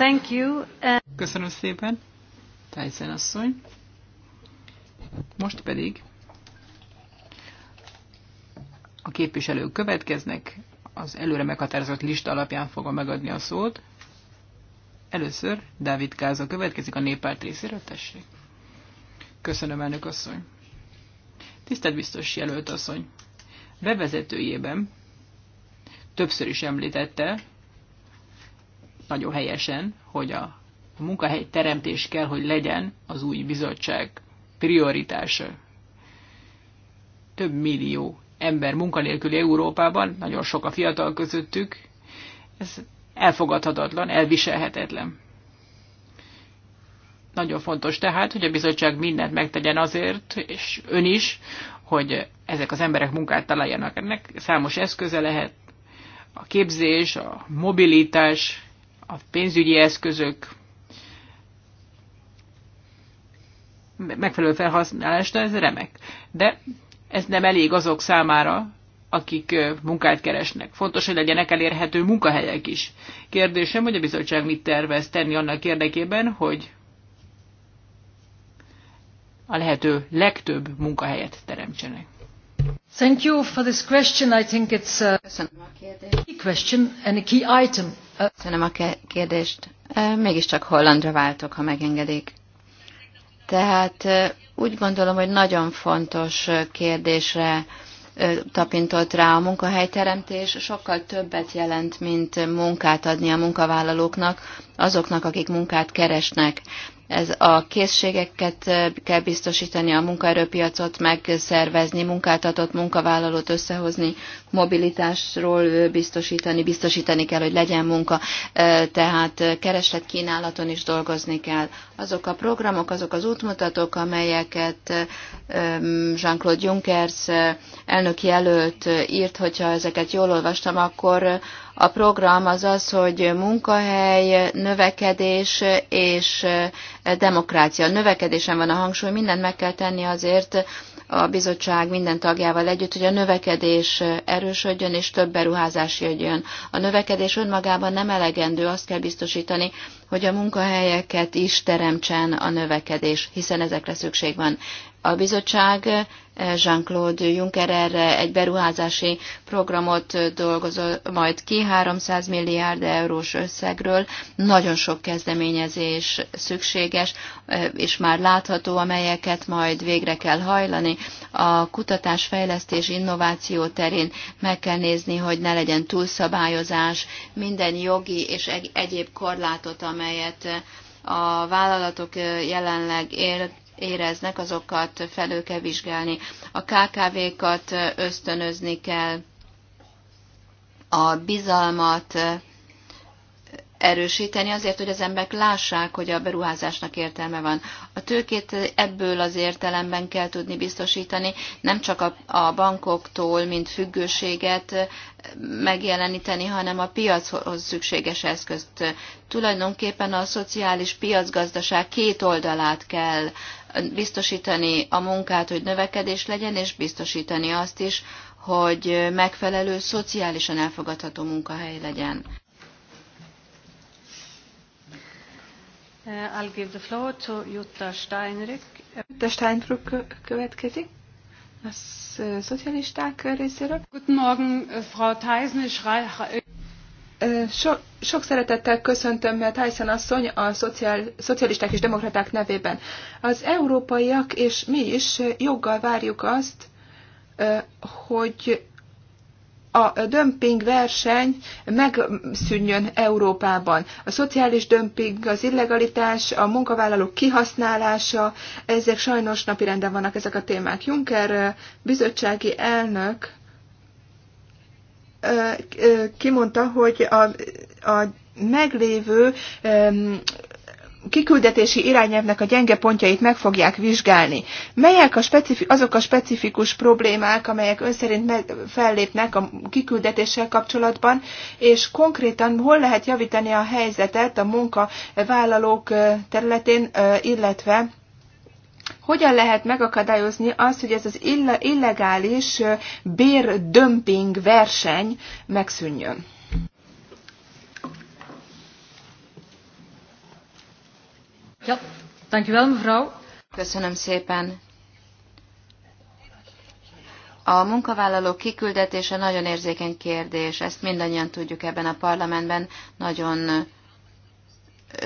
Thank you. Uh, Köszönöm szépen, Tyson asszony. Most pedig a képviselők következnek, az előre meghatározott lista alapján fogom megadni a szót. Először Dávid Káza következik a néppárt részéről, tessék. Köszönöm, elnök asszony. Tisztelt biztos jelölt asszony, bevezetőjében többször is említette, nagyon helyesen, hogy a munkahely teremtés kell, hogy legyen az új bizottság prioritása. Több millió ember munkanélküli Európában, nagyon sok a fiatal közöttük. Ez elfogadhatatlan, elviselhetetlen. Nagyon fontos tehát, hogy a bizottság mindent megtegyen azért, és ön is, hogy ezek az emberek munkát találjanak. Ennek számos eszköze lehet, a képzés, a mobilitás, a pénzügyi eszközök megfelelő felhasználása, ez remek. De ez nem elég azok számára, akik munkát keresnek. Fontos, hogy legyenek elérhető munkahelyek is. Kérdésem, hogy a bizottság mit tervez tenni annak érdekében, hogy a lehető legtöbb munkahelyet teremtsenek. Thank you for this question. I think it's a, a key question and a key item. Köszönöm a kérdést. Mégiscsak hollandra váltok, ha megengedik. Tehát úgy gondolom, hogy nagyon fontos kérdésre tapintott rá a munkahelyteremtés, sokkal többet jelent, mint munkát adni a munkavállalóknak, azoknak, akik munkát keresnek ez a készségeket eh, kell biztosítani, a munkaerőpiacot megszervezni, munkáltatott munkavállalót összehozni, mobilitásról eh, biztosítani, biztosítani kell, hogy legyen munka, eh, tehát keresletkínálaton is dolgozni kell. Azok a programok, azok az útmutatók, amelyeket Jean-Claude Junckers elnök jelölt írt, hogyha ezeket jól olvastam, akkor a program az az, hogy munkahely, növekedés és demokrácia. Növekedésen van a hangsúly, mindent meg kell tenni azért, a bizottság minden tagjával együtt, hogy a növekedés erősödjön és több beruházás jöjjön. A növekedés önmagában nem elegendő, azt kell biztosítani, hogy a munkahelyeket is teremtsen a növekedés, hiszen ezekre szükség van. A bizottság eh, Jean-Claude Juncker erre egy beruházási programot eh, dolgozott majd ki 300 milliárd eurós összegről. Nagyon sok kezdeményezés szükséges, eh, és már látható, amelyeket majd végre kell hajlani. A kutatás, fejlesztés, innováció terén meg kell nézni, hogy ne legyen túlszabályozás, minden jogi és egyéb korlátot, amelyet a vállalatok jelenleg él, éreznek, azokat felül kell vizsgálni. A KKV-kat ösztönözni kell, a bizalmat erősíteni azért, hogy az emberek lássák, hogy a beruházásnak értelme van. A tőkét ebből az értelemben kell tudni biztosítani, nem csak a, a bankoktól, mint függőséget megjeleníteni, hanem a piachoz szükséges eszközt. Tulajdonképpen a szociális piacgazdaság két oldalát kell biztosítani a munkát, hogy növekedés legyen, és biztosítani azt is, hogy megfelelő, szociálisan elfogadható munkahely legyen. Uh, I'll give the floor to Jutta Steinrück. Jutta Steinrück következik. A szocialisták részéről. Guten Morgen, Frau Theisen. So, sok szeretettel köszöntöm Tyson asszony a szociál, szocialisták és demokraták nevében. Az európaiak és mi is joggal várjuk azt, hogy a dömping verseny megszűnjön Európában. A szociális dömping, az illegalitás, a munkavállalók kihasználása, ezek sajnos napirenden vannak ezek a témák. Juncker bizottsági elnök kimondta, hogy a, a meglévő kiküldetési irányelvnek a gyenge pontjait meg fogják vizsgálni. Melyek a specifi- azok a specifikus problémák, amelyek ön szerint meg- fellépnek a kiküldetéssel kapcsolatban, és konkrétan hol lehet javítani a helyzetet a munkavállalók területén, illetve hogyan lehet megakadályozni azt, hogy ez az illegális bérdömping verseny megszűnjön? Ja, dankjewel mevrouw. Köszönöm szépen. A munkavállalók kiküldetése nagyon érzékeny kérdés, ezt mindannyian tudjuk ebben a parlamentben, nagyon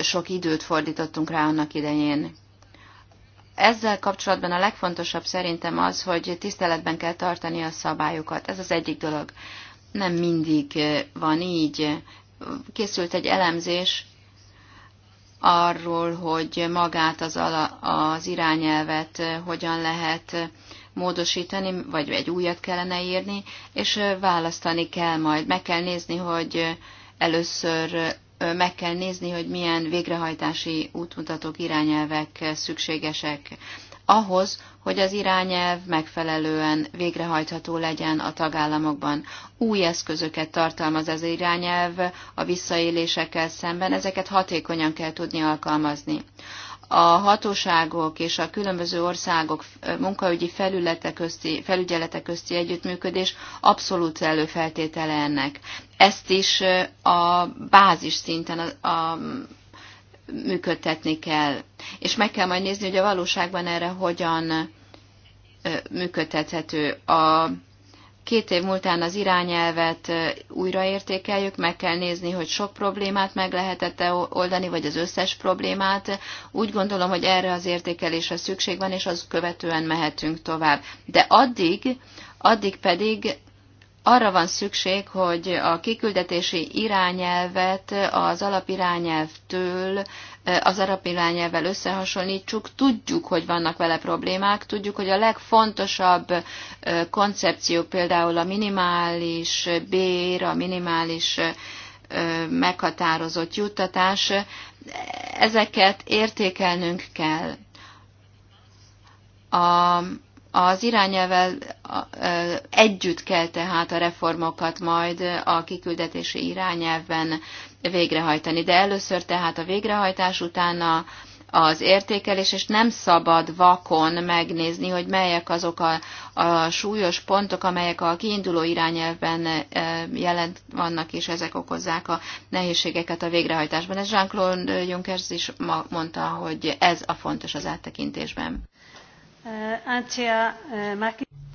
sok időt fordítottunk rá annak idején. Ezzel kapcsolatban a legfontosabb szerintem az, hogy tiszteletben kell tartani a szabályokat. Ez az egyik dolog. Nem mindig van így. Készült egy elemzés arról, hogy magát az, ala, az irányelvet hogyan lehet módosítani, vagy egy újat kellene írni, és választani kell majd. Meg kell nézni, hogy először meg kell nézni, hogy milyen végrehajtási útmutatók, irányelvek szükségesek ahhoz, hogy az irányelv megfelelően végrehajtható legyen a tagállamokban. Új eszközöket tartalmaz az irányelv a visszaélésekkel szemben, ezeket hatékonyan kell tudni alkalmazni a hatóságok és a különböző országok munkaügyi felülete közti, felügyelete közti együttműködés abszolút előfeltétele ennek. Ezt is a bázis szinten a, a, működtetni kell. És meg kell majd nézni, hogy a valóságban erre hogyan működtethető. A Két év múltán az irányelvet újraértékeljük, meg kell nézni, hogy sok problémát meg lehetett-e oldani, vagy az összes problémát. Úgy gondolom, hogy erre az értékelésre szükség van, és az követően mehetünk tovább. De addig, addig pedig arra van szükség, hogy a kiküldetési irányelvet az alapirányelvtől az arab irányelvvel összehasonlítsuk, tudjuk, hogy vannak vele problémák, tudjuk, hogy a legfontosabb koncepció például a minimális bér, a minimális meghatározott juttatás, ezeket értékelnünk kell. A, az irányelvel együtt kell tehát a reformokat majd a kiküldetési irányelvben végrehajtani. De először tehát a végrehajtás utána az értékelés, és nem szabad vakon megnézni, hogy melyek azok a, a súlyos pontok, amelyek a kiinduló irányelvben e, jelent vannak, és ezek okozzák a nehézségeket a végrehajtásban. Ez Jean-Claude Juncker is ma mondta, hogy ez a fontos az áttekintésben.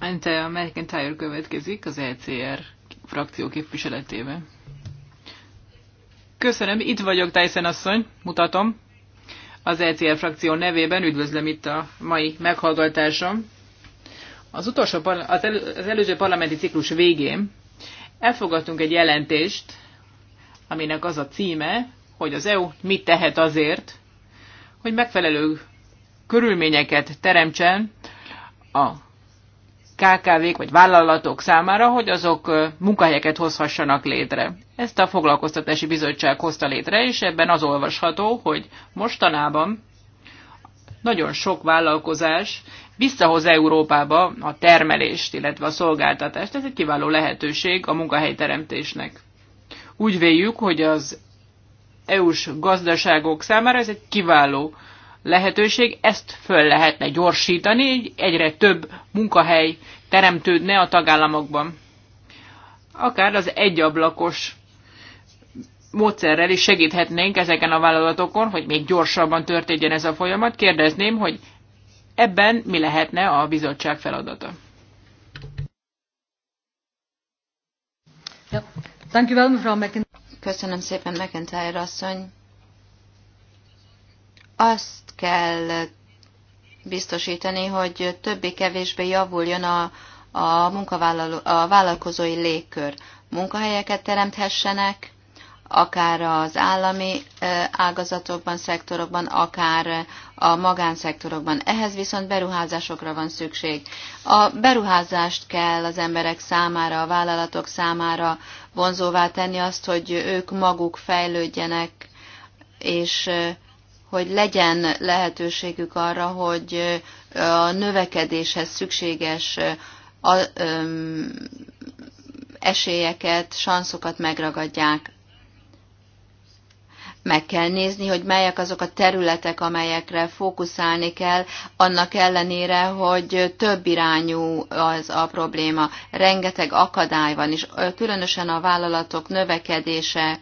Antea McIntyre következik az ECR frakció képviseletében. Köszönöm, itt vagyok, Tyson asszony, mutatom. Az ECL frakció nevében üdvözlöm itt a mai meghallgatásom. Az, utolsó, az, elő, az előző parlamenti ciklus végén elfogadtunk egy jelentést, aminek az a címe, hogy az EU mit tehet azért, hogy megfelelő körülményeket teremtsen a KKV-k vagy vállalatok számára, hogy azok munkahelyeket hozhassanak létre. Ezt a foglalkoztatási bizottság hozta létre, és ebben az olvasható, hogy mostanában nagyon sok vállalkozás visszahoz Európába a termelést, illetve a szolgáltatást. Ez egy kiváló lehetőség a munkahelyteremtésnek. Úgy véljük, hogy az EU-s gazdaságok számára ez egy kiváló lehetőség, ezt föl lehetne gyorsítani, így egyre több munkahely teremtődne a tagállamokban. Akár az egyablakos módszerrel is segíthetnénk ezeken a vállalatokon, hogy még gyorsabban történjen ez a folyamat. Kérdezném, hogy ebben mi lehetne a bizottság feladata? Köszönöm szépen, McIntyre asszony. Azt kell biztosítani, hogy többé-kevésbé javuljon a, a, munkavállaló, a vállalkozói légkör. Munkahelyeket teremthessenek, akár az állami ágazatokban, szektorokban, akár a magánszektorokban. Ehhez viszont beruházásokra van szükség. A beruházást kell az emberek számára, a vállalatok számára vonzóvá tenni azt, hogy ők maguk fejlődjenek, és hogy legyen lehetőségük arra, hogy a növekedéshez szükséges esélyeket, sanszokat megragadják. Meg kell nézni, hogy melyek azok a területek, amelyekre fókuszálni kell, annak ellenére, hogy több irányú az a probléma. Rengeteg akadály van, és különösen a vállalatok növekedése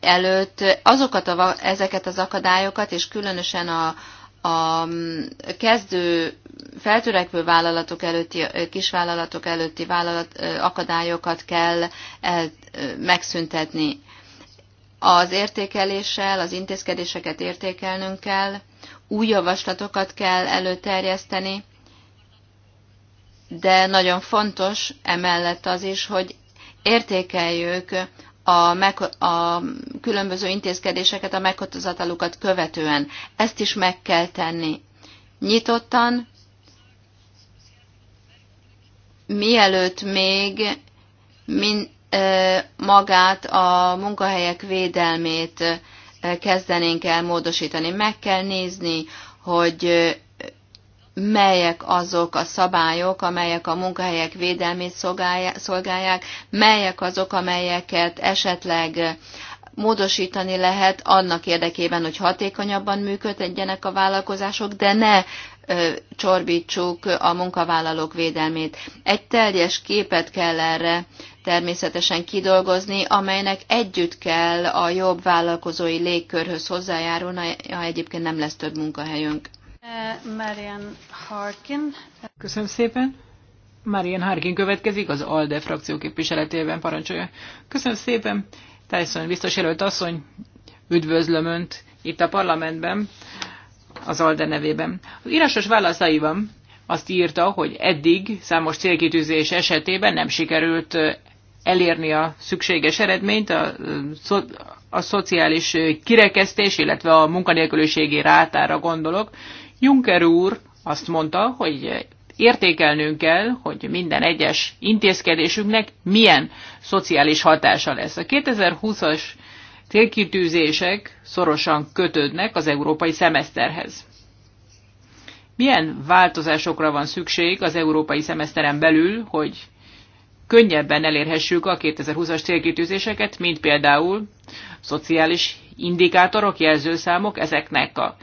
előtt azokat a, ezeket az akadályokat, és különösen a, a kezdő feltörekvő vállalatok előtti, kisvállalatok előtti vállalat, akadályokat kell el, megszüntetni. Az értékeléssel, az intézkedéseket értékelnünk kell, új javaslatokat kell előterjeszteni, de nagyon fontos emellett az is, hogy értékeljük a, meg, a különböző intézkedéseket a meghozatalukat követően. Ezt is meg kell tenni. Nyitottan, mielőtt még min, magát a munkahelyek védelmét kezdenénk el módosítani. Meg kell nézni, hogy melyek azok a szabályok, amelyek a munkahelyek védelmét szolgálják, melyek azok, amelyeket esetleg módosítani lehet annak érdekében, hogy hatékonyabban működjenek a vállalkozások, de ne csorbítsuk a munkavállalók védelmét. Egy teljes képet kell erre természetesen kidolgozni, amelynek együtt kell a jobb vállalkozói légkörhöz hozzájárulni, ha egyébként nem lesz több munkahelyünk. Eh, Marian Harkin. Köszönöm szépen. Marian Harkin következik, az ALDE frakció képviseletében parancsolja. Köszönöm szépen. Tyson biztos jelölt asszony, üdvözlöm Önt itt a parlamentben az ALDE nevében. Az írásos válaszaiban azt írta, hogy eddig számos célkitűzés esetében nem sikerült elérni a szükséges eredményt, a, szo, a szociális kirekesztés, illetve a munkanélküliségi rátára gondolok. Juncker úr azt mondta, hogy értékelnünk kell, hogy minden egyes intézkedésünknek milyen szociális hatása lesz. A 2020-as célkitűzések szorosan kötődnek az európai szemeszterhez. Milyen változásokra van szükség az európai szemeszteren belül, hogy könnyebben elérhessük a 2020-as célkitűzéseket, mint például szociális indikátorok, jelzőszámok, ezeknek a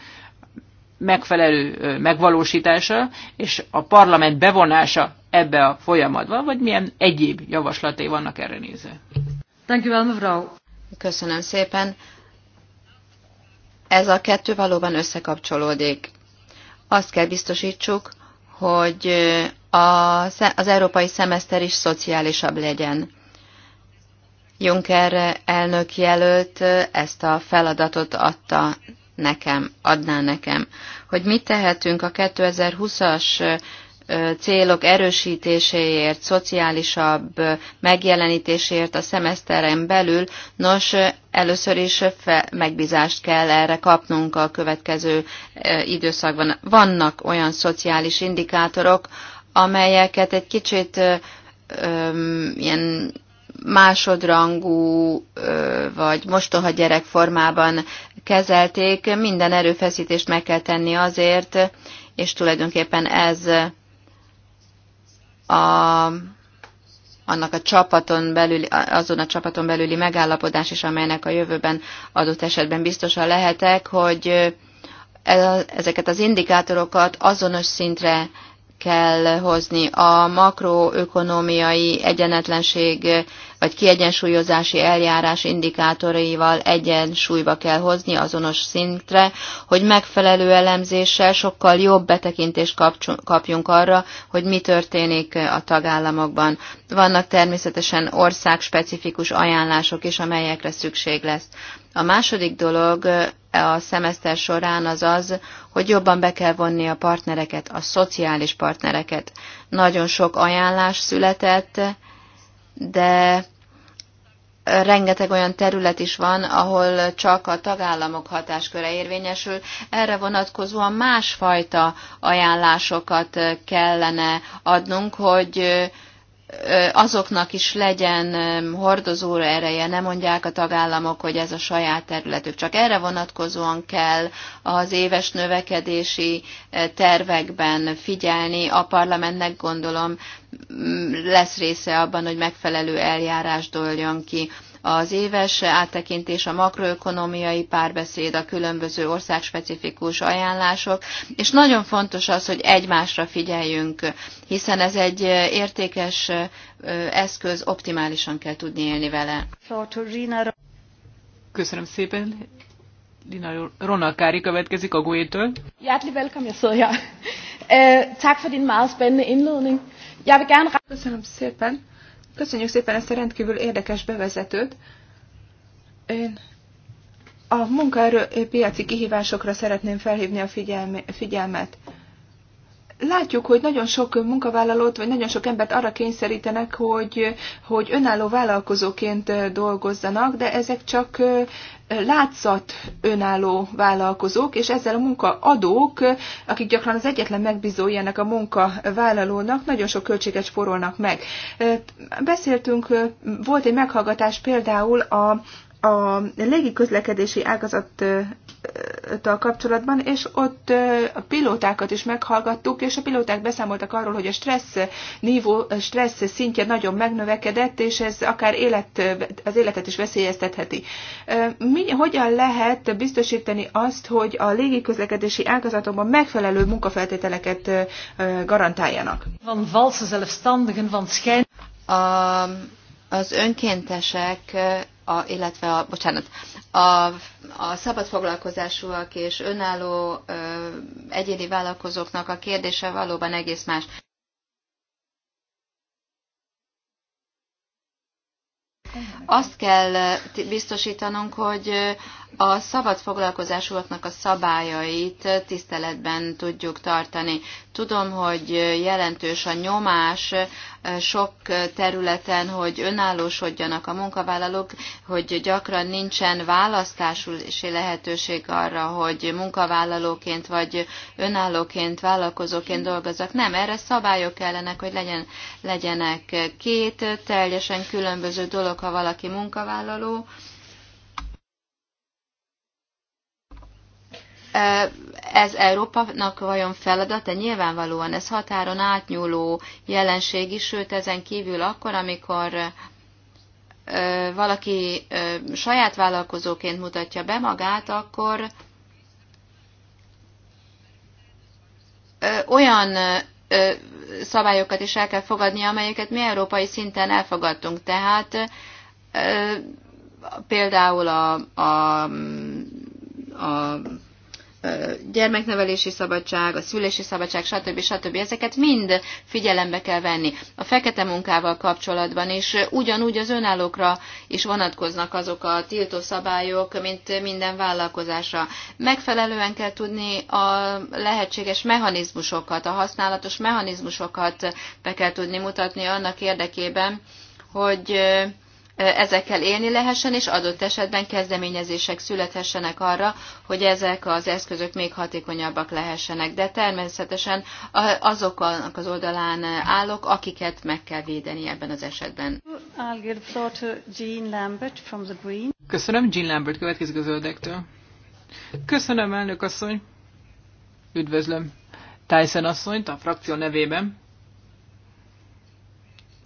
megfelelő megvalósítása és a parlament bevonása ebbe a folyamatba, vagy milyen egyéb javaslaté vannak erre nézve? Köszönöm szépen. Ez a kettő valóban összekapcsolódik. Azt kell biztosítsuk, hogy az európai szemeszter is szociálisabb legyen. Juncker elnök jelölt ezt a feladatot adta nekem, adná nekem, hogy mit tehetünk a 2020-as célok erősítéséért, szociálisabb megjelenítéséért a szemeszteren belül, nos, először is megbízást kell erre kapnunk a következő időszakban. Vannak olyan szociális indikátorok, amelyeket egy kicsit öm, ilyen másodrangú vagy mostoha gyerek formában kezelték, minden erőfeszítést meg kell tenni azért, és tulajdonképpen ez a annak a csapaton belüli, azon a csapaton belüli megállapodás is, amelynek a jövőben adott esetben biztosan lehetek, hogy ezeket az indikátorokat azonos szintre kell hozni. A makroökonomiai egyenetlenség vagy kiegyensúlyozási eljárás indikátoraival egyensúlyba kell hozni azonos szintre, hogy megfelelő elemzéssel sokkal jobb betekintést kapjunk arra, hogy mi történik a tagállamokban. Vannak természetesen országspecifikus ajánlások is, amelyekre szükség lesz. A második dolog eh, a szemeszter során az az, hogy jobban be kell vonni a partnereket, a szociális partnereket. Nagyon sok ajánlás született, de rengeteg olyan terület is van, ahol csak a tagállamok hatásköre érvényesül. Erre vonatkozóan másfajta ajánlásokat kellene adnunk, hogy azoknak is legyen hordozóra ereje, Nem mondják a tagállamok, hogy ez a saját területük. Csak erre vonatkozóan kell az éves növekedési tervekben figyelni. A parlamentnek gondolom lesz része abban, hogy megfelelő eljárás doljon ki az éves áttekintés, a makroökonomiai párbeszéd, a különböző országspecifikus ajánlások, és nagyon fontos az, hogy egymásra figyeljünk, hiszen ez egy értékes eszköz, optimálisan kell tudni élni vele. Köszönöm szépen. Lina Ronakári következik a GUE-től. Hjertelig velkommen, jeg sidder her. Uh, tak for din meget spændende indledning. Jeg vil gerne... Köszönöm szépen. Köszönjük szépen ezt a rendkívül érdekes bevezetőt. Én a munkaerőpiaci kihívásokra szeretném felhívni a figyelmet. Látjuk, hogy nagyon sok munkavállalót, vagy nagyon sok embert arra kényszerítenek, hogy, hogy önálló vállalkozóként dolgozzanak, de ezek csak látszat önálló vállalkozók, és ezzel a munkaadók, akik gyakran az egyetlen megbízói ennek a munkavállalónak, nagyon sok költséget spórolnak meg. Beszéltünk, volt egy meghallgatás például a a légiközlekedési ágazat kapcsolatban, és ott a pilótákat is meghallgattuk, és a pilóták beszámoltak arról, hogy a stressz nívó, a stressz szintje nagyon megnövekedett, és ez akár élet, az életet is veszélyeztetheti. Mi, hogyan lehet biztosítani azt, hogy a légiközlekedési ágazatokban megfelelő munkafeltételeket garantáljanak? Van valse zelfstandigen, van schijn... az önkéntesek a, illetve a, bocsánat, a, a szabad foglalkozásúak és önálló ö, egyéni vállalkozóknak a kérdése valóban egész más. Azt kell biztosítanunk, hogy a szabad foglalkozásúaknak a szabályait tiszteletben tudjuk tartani. Tudom, hogy jelentős a nyomás eh, sok területen, hogy önállósodjanak a munkavállalók, hogy gyakran nincsen választási lehetőség arra, hogy munkavállalóként vagy önállóként, vállalkozóként dolgozzak. Nem, erre szabályok kellenek, hogy legyen, legyenek két teljesen különböző dolog, ha valaki munkavállaló, ez Európának vajon feladata? Nyilvánvalóan ez határon átnyúló jelenség is, sőt ezen kívül akkor, amikor valaki saját vállalkozóként mutatja be magát, akkor olyan szabályokat is el kell fogadni, amelyeket mi európai szinten elfogadtunk. Tehát például a, a, a gyermeknevelési szabadság, a szülési szabadság, stb. stb. Ezeket mind figyelembe kell venni. A fekete munkával kapcsolatban is ugyanúgy az önállókra is vonatkoznak azok a tiltó szabályok, mint minden vállalkozásra. Megfelelően kell tudni a lehetséges mechanizmusokat, a használatos mechanizmusokat be kell tudni mutatni annak érdekében, hogy ezekkel élni lehessen, és adott esetben kezdeményezések születhessenek arra, hogy ezek az eszközök még hatékonyabbak lehessenek. De természetesen azoknak az oldalán állok, akiket meg kell védeni ebben az esetben. Jean Lambert from the Green. Köszönöm, Jean Lambert következik a zöldektől. Köszönöm, elnök asszony. Üdvözlöm Tyson asszonyt a frakció nevében.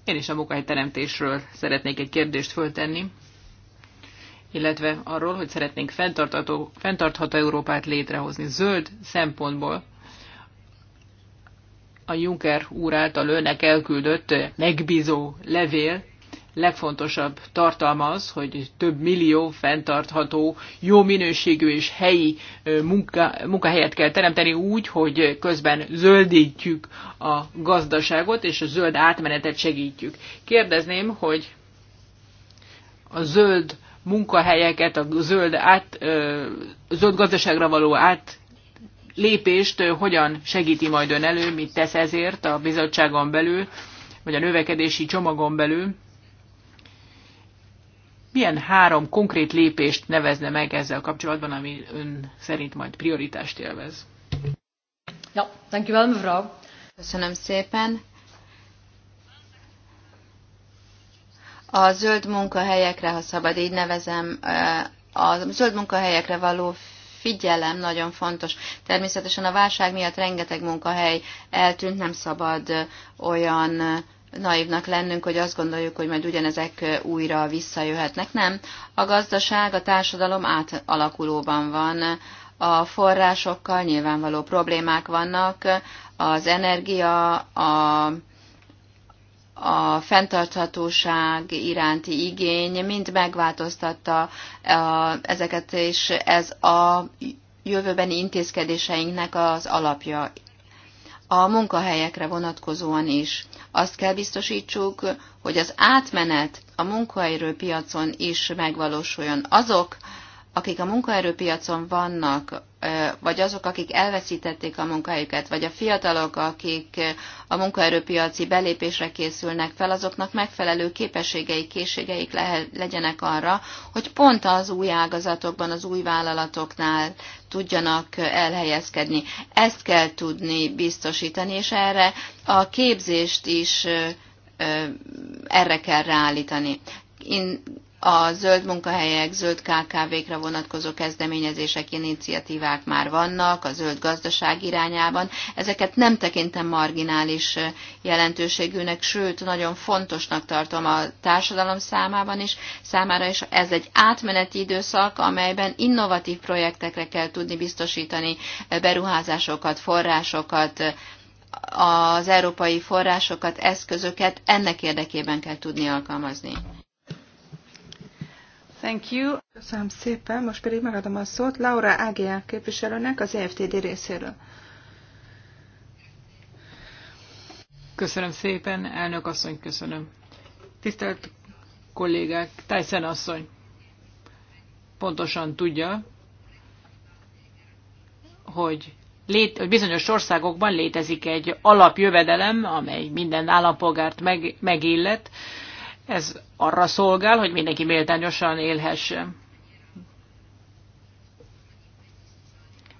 Én is a munkahelyteremtésről szeretnék egy kérdést föltenni, illetve arról, hogy szeretnénk fenntartható, Európát létrehozni zöld szempontból. A Juncker úr által önnek elküldött megbízó levél legfontosabb tartalma az, hogy több millió fenntartható, jó minőségű és helyi munka, munkahelyet kell teremteni úgy, hogy közben zöldítjük a gazdaságot, és a zöld átmenetet segítjük. Kérdezném, hogy a zöld munkahelyeket, a zöld, át, zöld gazdaságra való át lépést hogyan segíti majd ön elő, mit tesz ezért a bizottságon belül, vagy a növekedési csomagon belül, milyen három konkrét lépést nevezne meg ezzel kapcsolatban, ami ön szerint majd prioritást élvez? Ja, thank you, mevrouw. Köszönöm szépen. A zöld munkahelyekre, ha szabad így nevezem, eh, a zöld munkahelyekre való figyelem nagyon fontos. Természetesen a válság miatt rengeteg munkahely eltűnt, nem szabad eh, olyan eh, naívnak lennünk, hogy azt gondoljuk, hogy majd ugyanezek újra visszajöhetnek. Nem. A gazdaság, a társadalom átalakulóban van. A forrásokkal nyilvánvaló problémák vannak. Az energia, a, a fenntarthatóság iránti igény mind megváltoztatta ezeket, és ez a jövőbeni intézkedéseinknek az alapja a munkahelyekre vonatkozóan is. Azt kell biztosítsuk, hogy az átmenet a munkahelyről piacon is megvalósuljon. Azok, akik a munkaerőpiacon vannak, vagy azok, akik elveszítették a munkahelyüket, vagy a fiatalok, akik a munkaerőpiaci belépésre készülnek fel, azoknak megfelelő képességeik, készségeik le- legyenek arra, hogy pont az új ágazatokban, az új vállalatoknál tudjanak elhelyezkedni. Ezt kell tudni biztosítani, és erre a képzést is erre kell ráállítani. Én a zöld munkahelyek, zöld KKV-kra vonatkozó kezdeményezések, iniciatívák már vannak a zöld gazdaság irányában. Ezeket nem tekintem marginális jelentőségűnek, sőt, nagyon fontosnak tartom a társadalom számában is, számára is. Ez egy átmeneti időszak, amelyben innovatív projektekre kell tudni biztosítani beruházásokat, forrásokat, az európai forrásokat, eszközöket ennek érdekében kell tudni alkalmazni. Thank you. Köszönöm szépen, most pedig megadom a szót Laura Ágia képviselőnek az EFTD részéről. Köszönöm szépen, elnök asszony, köszönöm. Tisztelt kollégák, Tyson asszony pontosan tudja, hogy, lét, hogy bizonyos országokban létezik egy alapjövedelem, amely minden állampolgárt meg, megillet, ez arra szolgál, hogy mindenki méltányosan élhessen.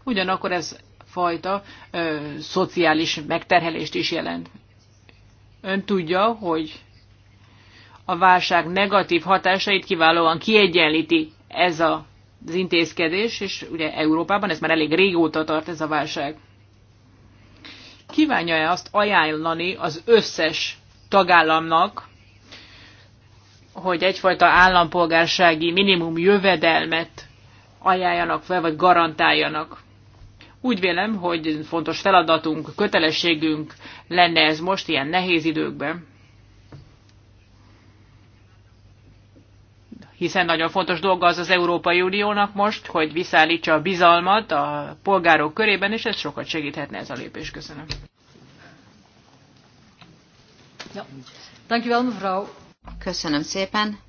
Ugyanakkor ez fajta ö, szociális megterhelést is jelent. Ön tudja, hogy a válság negatív hatásait kiválóan kiegyenlíti ez a, az intézkedés, és ugye Európában ez már elég régóta tart ez a válság. Kívánja-e azt ajánlani az összes tagállamnak, hogy egyfajta állampolgársági minimum jövedelmet ajánljanak fel, vagy garantáljanak. Úgy vélem, hogy fontos feladatunk, kötelességünk lenne ez most ilyen nehéz időkben. Hiszen nagyon fontos dolga az az Európai Uniónak most, hogy visszaállítsa a bizalmat a polgárok körében, és ez sokat segíthetne ez a lépés. Köszönöm. Ja. you well, Köszönöm szépen.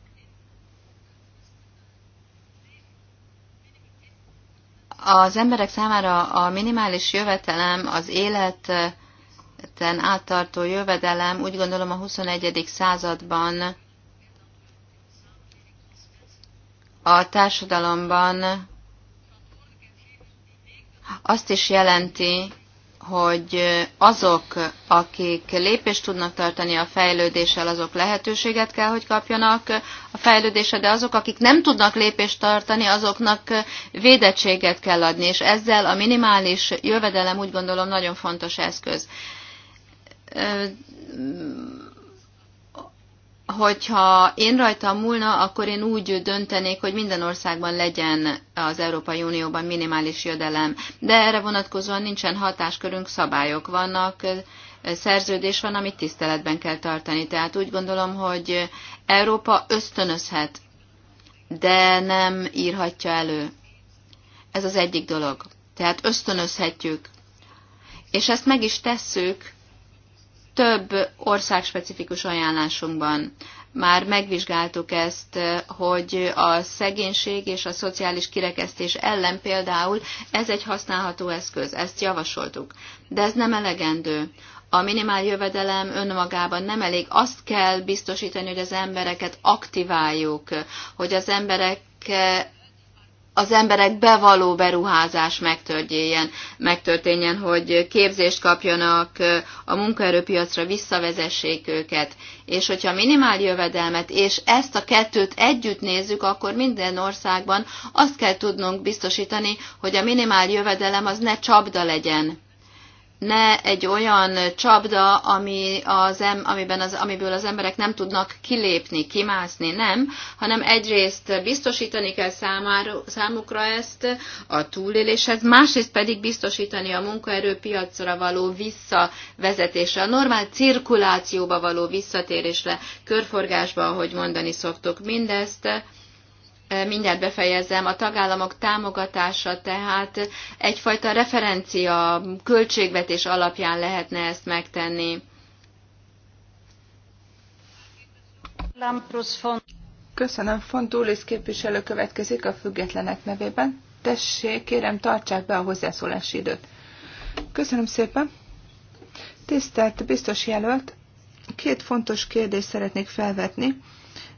Az emberek számára a minimális jövetelem, az életen áttartó jövedelem úgy gondolom a 21. században a társadalomban azt is jelenti, hogy azok, akik lépést tudnak tartani a fejlődéssel, azok lehetőséget kell, hogy kapjanak a fejlődésre, de azok, akik nem tudnak lépést tartani, azoknak védettséget kell adni, és ezzel a minimális jövedelem úgy gondolom nagyon fontos eszköz hogyha én rajta múlna, akkor én úgy döntenék, hogy minden országban legyen az Európai Unióban minimális jövedelem. De erre vonatkozóan nincsen hatáskörünk, szabályok vannak, szerződés van, amit tiszteletben kell tartani. Tehát úgy gondolom, hogy Európa ösztönözhet, de nem írhatja elő. Ez az egyik dolog. Tehát ösztönözhetjük. És ezt meg is tesszük, több országspecifikus ajánlásunkban már megvizsgáltuk ezt, hogy a szegénység és a szociális kirekesztés ellen például ez egy használható eszköz, ezt javasoltuk. De ez nem elegendő. A minimál jövedelem önmagában nem elég. Azt kell biztosítani, hogy az embereket aktiváljuk, hogy az emberek az emberek bevaló beruházás megtörténjen, megtörténjen, hogy képzést kapjanak, a munkaerőpiacra visszavezessék őket, és hogyha minimál jövedelmet és ezt a kettőt együtt nézzük, akkor minden országban azt kell tudnunk biztosítani, hogy a minimál jövedelem az ne csapda legyen ne egy olyan csapda, ami az, amiben az, amiből az emberek nem tudnak kilépni, kimászni, nem, hanem egyrészt biztosítani kell számára, számukra ezt a túléléshez, másrészt pedig biztosítani a munkaerőpiacra való visszavezetésre, a normál cirkulációba való visszatérésre, körforgásba, ahogy mondani szoktuk mindezt, mindjárt befejezem, a tagállamok támogatása tehát egyfajta referencia költségvetés alapján lehetne ezt megtenni. Köszönöm, Fontulis képviselő következik a függetlenek nevében. Tessék, kérem, tartsák be a hozzászólási időt. Köszönöm szépen. Tisztelt biztos jelölt, két fontos kérdést szeretnék felvetni,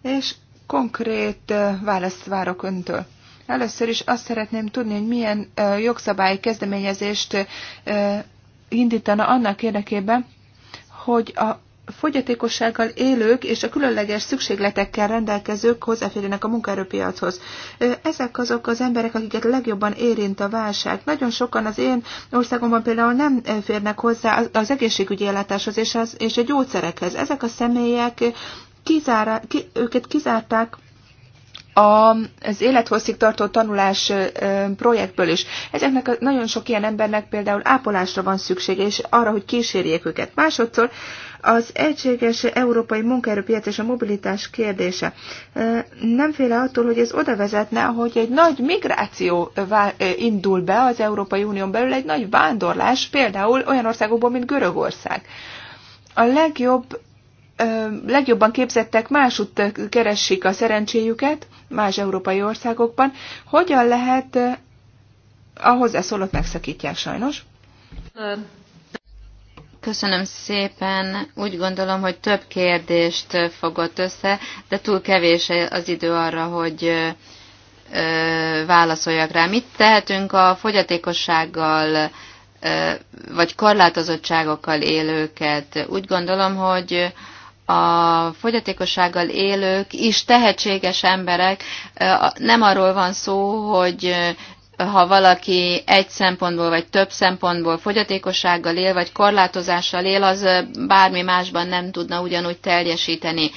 és Konkrét választ várok öntől. Először is azt szeretném tudni, hogy milyen jogszabályi kezdeményezést indítana annak érdekében, hogy a fogyatékossággal élők és a különleges szükségletekkel rendelkezők hozzáférjenek a munkaerőpiachoz. Ezek azok az emberek, akiket legjobban érint a válság. Nagyon sokan az én országomban például nem férnek hozzá az egészségügyi ellátáshoz és, az, és a gyógyszerekhez. Ezek a személyek kizára, ki, őket kizárták az élethosszig tartó tanulás projektből is. Ezeknek a, nagyon sok ilyen embernek például ápolásra van szüksége, és arra, hogy kísérjék őket. Másodszor az egységes európai munkaerőpiac és a mobilitás kérdése. Nem féle attól, hogy ez oda vezetne, hogy egy nagy migráció indul be az Európai Unión belül, egy nagy vándorlás, például olyan országokból, mint Görögország. A legjobb legjobban képzettek másút keressék a szerencséjüket, más európai országokban. Hogyan lehet a hozzászólott megszakítják sajnos? Köszönöm szépen. Úgy gondolom, hogy több kérdést fogott össze, de túl kevés az idő arra, hogy válaszoljak rá. Mit tehetünk a fogyatékossággal vagy korlátozottságokkal élőket? Úgy gondolom, hogy a fogyatékossággal élők is tehetséges emberek. Nem arról van szó, hogy ha valaki egy szempontból vagy több szempontból fogyatékossággal él, vagy korlátozással él, az bármi másban nem tudna ugyanúgy teljesíteni.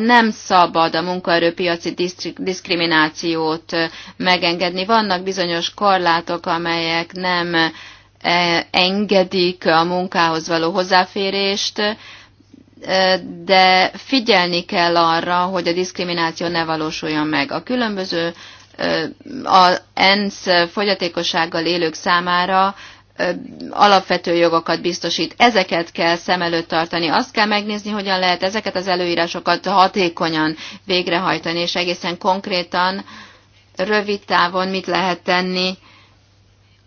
Nem szabad a munkaerőpiaci diszkriminációt megengedni. Vannak bizonyos korlátok, amelyek nem engedik a munkához való hozzáférést, de figyelni kell arra, hogy a diszkrimináció ne valósuljon meg. A különböző a ENSZ fogyatékossággal élők számára alapvető jogokat biztosít. Ezeket kell szem előtt tartani. Azt kell megnézni, hogyan lehet ezeket az előírásokat hatékonyan végrehajtani, és egészen konkrétan, rövid távon mit lehet tenni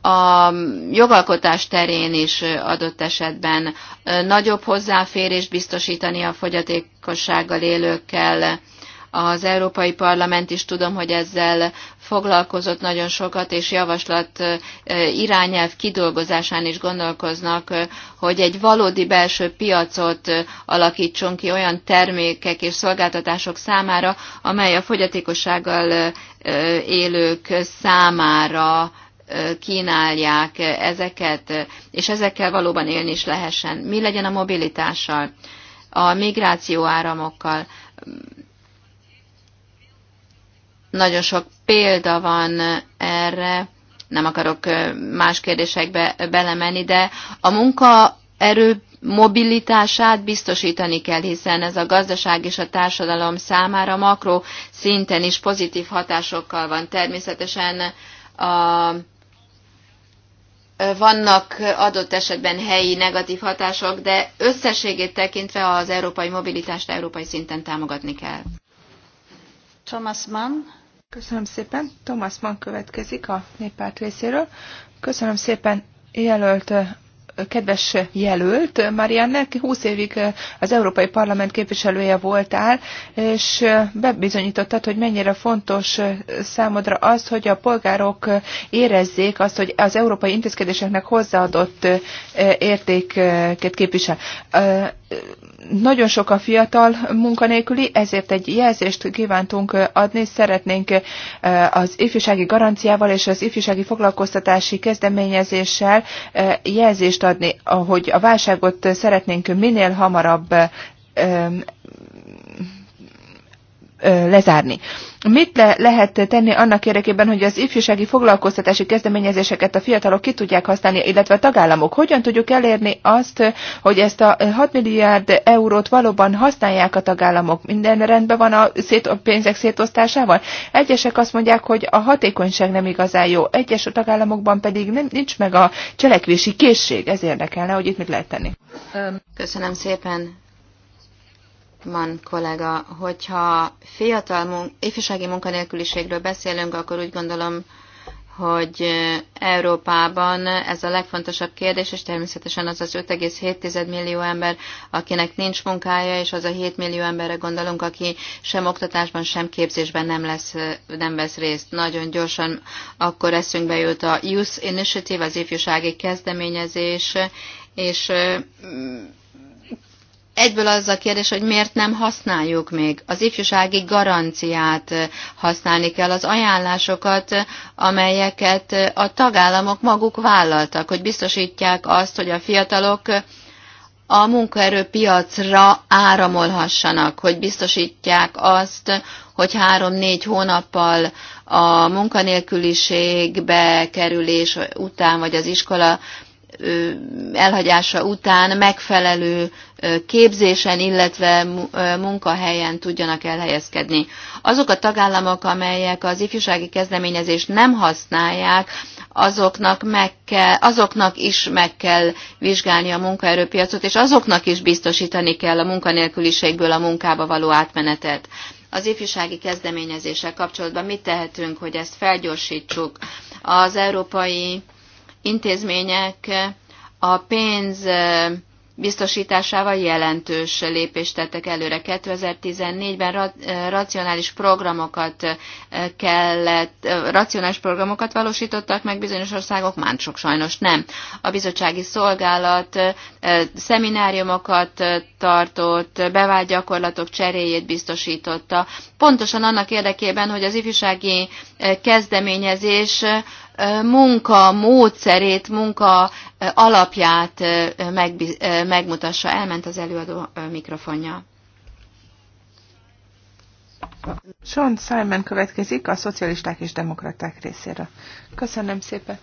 a jogalkotás terén is adott esetben nagyobb hozzáférés biztosítani a fogyatékossággal élőkkel. Az Európai Parlament is tudom, hogy ezzel foglalkozott nagyon sokat, és javaslat irányelv kidolgozásán is gondolkoznak, hogy egy valódi belső piacot alakítson ki olyan termékek és szolgáltatások számára, amely a fogyatékossággal élők számára kínálják ezeket, és ezekkel valóban élni is lehessen. Mi legyen a mobilitással, a migráció áramokkal? Nagyon sok példa van erre, nem akarok más kérdésekbe belemenni, de a munkaerő mobilitását biztosítani kell, hiszen ez a gazdaság és a társadalom számára makro szinten is pozitív hatásokkal van. Természetesen a vannak adott esetben helyi negatív hatások, de összességét tekintve az európai mobilitást európai szinten támogatni kell. Thomas Mann. Köszönöm szépen. Thomas Mann következik a néppárt részéről. Köszönöm szépen, jelölt kedves jelölt, Marianne 20 évig eh, az Európai Parlament képviselője voltál, és eh, bebizonyítottad, hogy mennyire fontos eh, számodra az, hogy a polgárok érezzék azt, hogy az európai intézkedéseknek hozzáadott értéket képvisel nagyon sok a fiatal munkanélküli, ezért egy jelzést kívántunk adni, szeretnénk eh, az ifjúsági garanciával és az ifjúsági foglalkoztatási kezdeményezéssel eh, jelzést adni, hogy a válságot szeretnénk minél hamarabb eh, lezárni. Mit le lehet tenni annak érdekében, hogy az ifjúsági foglalkoztatási kezdeményezéseket a fiatalok ki tudják használni, illetve a tagállamok? Hogyan tudjuk elérni azt, hogy ezt a 6 milliárd eurót valóban használják a tagállamok? Minden rendben van a, szét, a pénzek szétosztásával? Egyesek azt mondják, hogy a hatékonyság nem igazán jó, egyes a tagállamokban pedig nem, nincs meg a cselekvési készség. Ez érdekelne, hogy itt mit lehet tenni. Köszönöm szépen. Dorfman kollega, hogyha fiatal mun- ifjúsági munkanélküliségről beszélünk, akkor úgy gondolom, hogy Európában ez a legfontosabb kérdés, és természetesen az az 5,7 millió ember, akinek nincs munkája, és az a 7 millió emberre gondolunk, aki sem oktatásban, sem képzésben nem, lesz, nem vesz részt. Nagyon gyorsan akkor eszünkbe jut a Youth Initiative, az ifjúsági kezdeményezés, és mm, egyből az a kérdés, hogy miért nem használjuk még. Az ifjúsági garanciát eh, használni kell, az ajánlásokat, amelyeket eh, a tagállamok maguk vállaltak, hogy biztosítják azt, hogy a fiatalok eh, a munkaerőpiacra áramolhassanak, hogy biztosítják azt, hogy három-négy hónappal a munkanélküliségbe kerülés után, vagy az iskola elhagyása után megfelelő képzésen, illetve munkahelyen tudjanak elhelyezkedni. Azok a tagállamok, amelyek az ifjúsági kezdeményezést nem használják, azoknak, meg kell, azoknak is meg kell vizsgálni a munkaerőpiacot, és azoknak is biztosítani kell a munkanélküliségből a munkába való átmenetet. Az ifjúsági kezdeményezéssel kapcsolatban mit tehetünk, hogy ezt felgyorsítsuk? Az európai intézmények a pénz biztosításával jelentős lépést tettek előre. 2014-ben racionális programokat kellett, racionális programokat valósítottak meg bizonyos országok, mások sajnos nem. A bizottsági szolgálat szemináriumokat tartott, bevált gyakorlatok cseréjét biztosította, pontosan annak érdekében, hogy az ifjúsági kezdeményezés munka módszerét, munka alapját megmutassa. Elment az előadó mikrofonja. Sean Simon következik a szocialisták és demokraták részéről. Köszönöm szépen.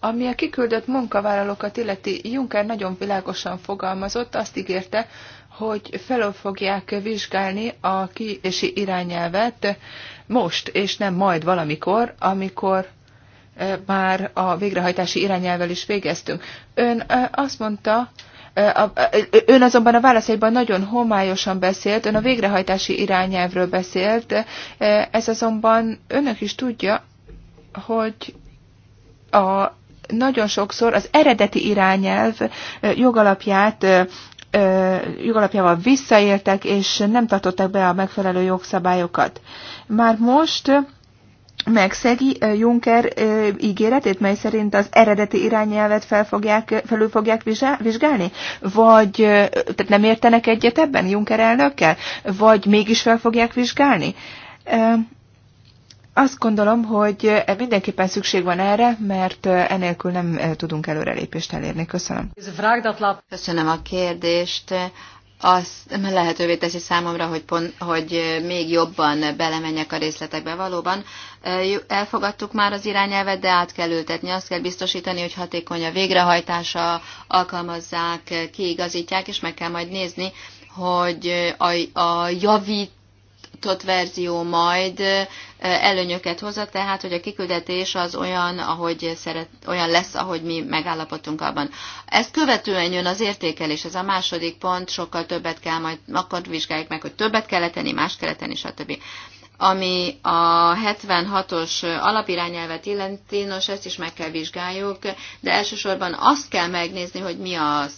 Ami a kiküldött munkavállalókat illeti, Juncker nagyon világosan fogalmazott, azt ígérte, hogy fel fogják vizsgálni a kiési irányelvet most, és nem majd valamikor, amikor már a végrehajtási irányelvel is végeztünk. Ön azt mondta, Ön azonban a válaszaiban nagyon homályosan beszélt, ön a végrehajtási irányelvről beszélt, ez azonban önök is tudja, hogy a, nagyon sokszor az eredeti irányelv jogalapját jogalapjával visszaéltek, és nem tartották be a megfelelő jogszabályokat. Már most megszegi Juncker ígéretét, mely szerint az eredeti irányelvet fel fogják, felül fogják vizsgálni? Vagy tehát nem értenek egyet ebben Juncker elnökkel? Vagy mégis fel fogják vizsgálni? Azt gondolom, hogy mindenképpen szükség van erre, mert enélkül nem tudunk előrelépést elérni. Köszönöm. Köszönöm a kérdést az lehetővé teszi számomra, hogy, pont, hogy még jobban belemenjek a részletekbe valóban. Elfogadtuk már az irányelvet, de át kell ültetni. Azt kell biztosítani, hogy hatékony a végrehajtása, alkalmazzák, kiigazítják, és meg kell majd nézni, hogy a, a javít, tot verzió majd előnyöket hozott, tehát hogy a kiküldetés az olyan, ahogy szeret, olyan lesz, ahogy mi megállapodtunk abban. Ezt követően jön az értékelés, ez a második pont, sokkal többet kell majd, akkor vizsgáljuk meg, hogy többet kell tenni, más kell tenni, stb. Ami a 76-os alapirányelvet illeti, nos, ezt is meg kell vizsgáljuk, de elsősorban azt kell megnézni, hogy mi az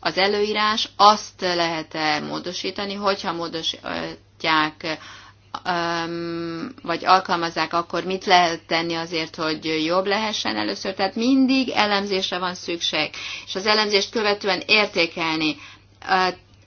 az előírás, azt lehet-e módosítani, hogyha módos, alkalmazhatják, vagy alkalmazzák, akkor mit lehet tenni azért, hogy jobb lehessen először. Tehát mindig elemzésre van szükség, és az elemzést követően értékelni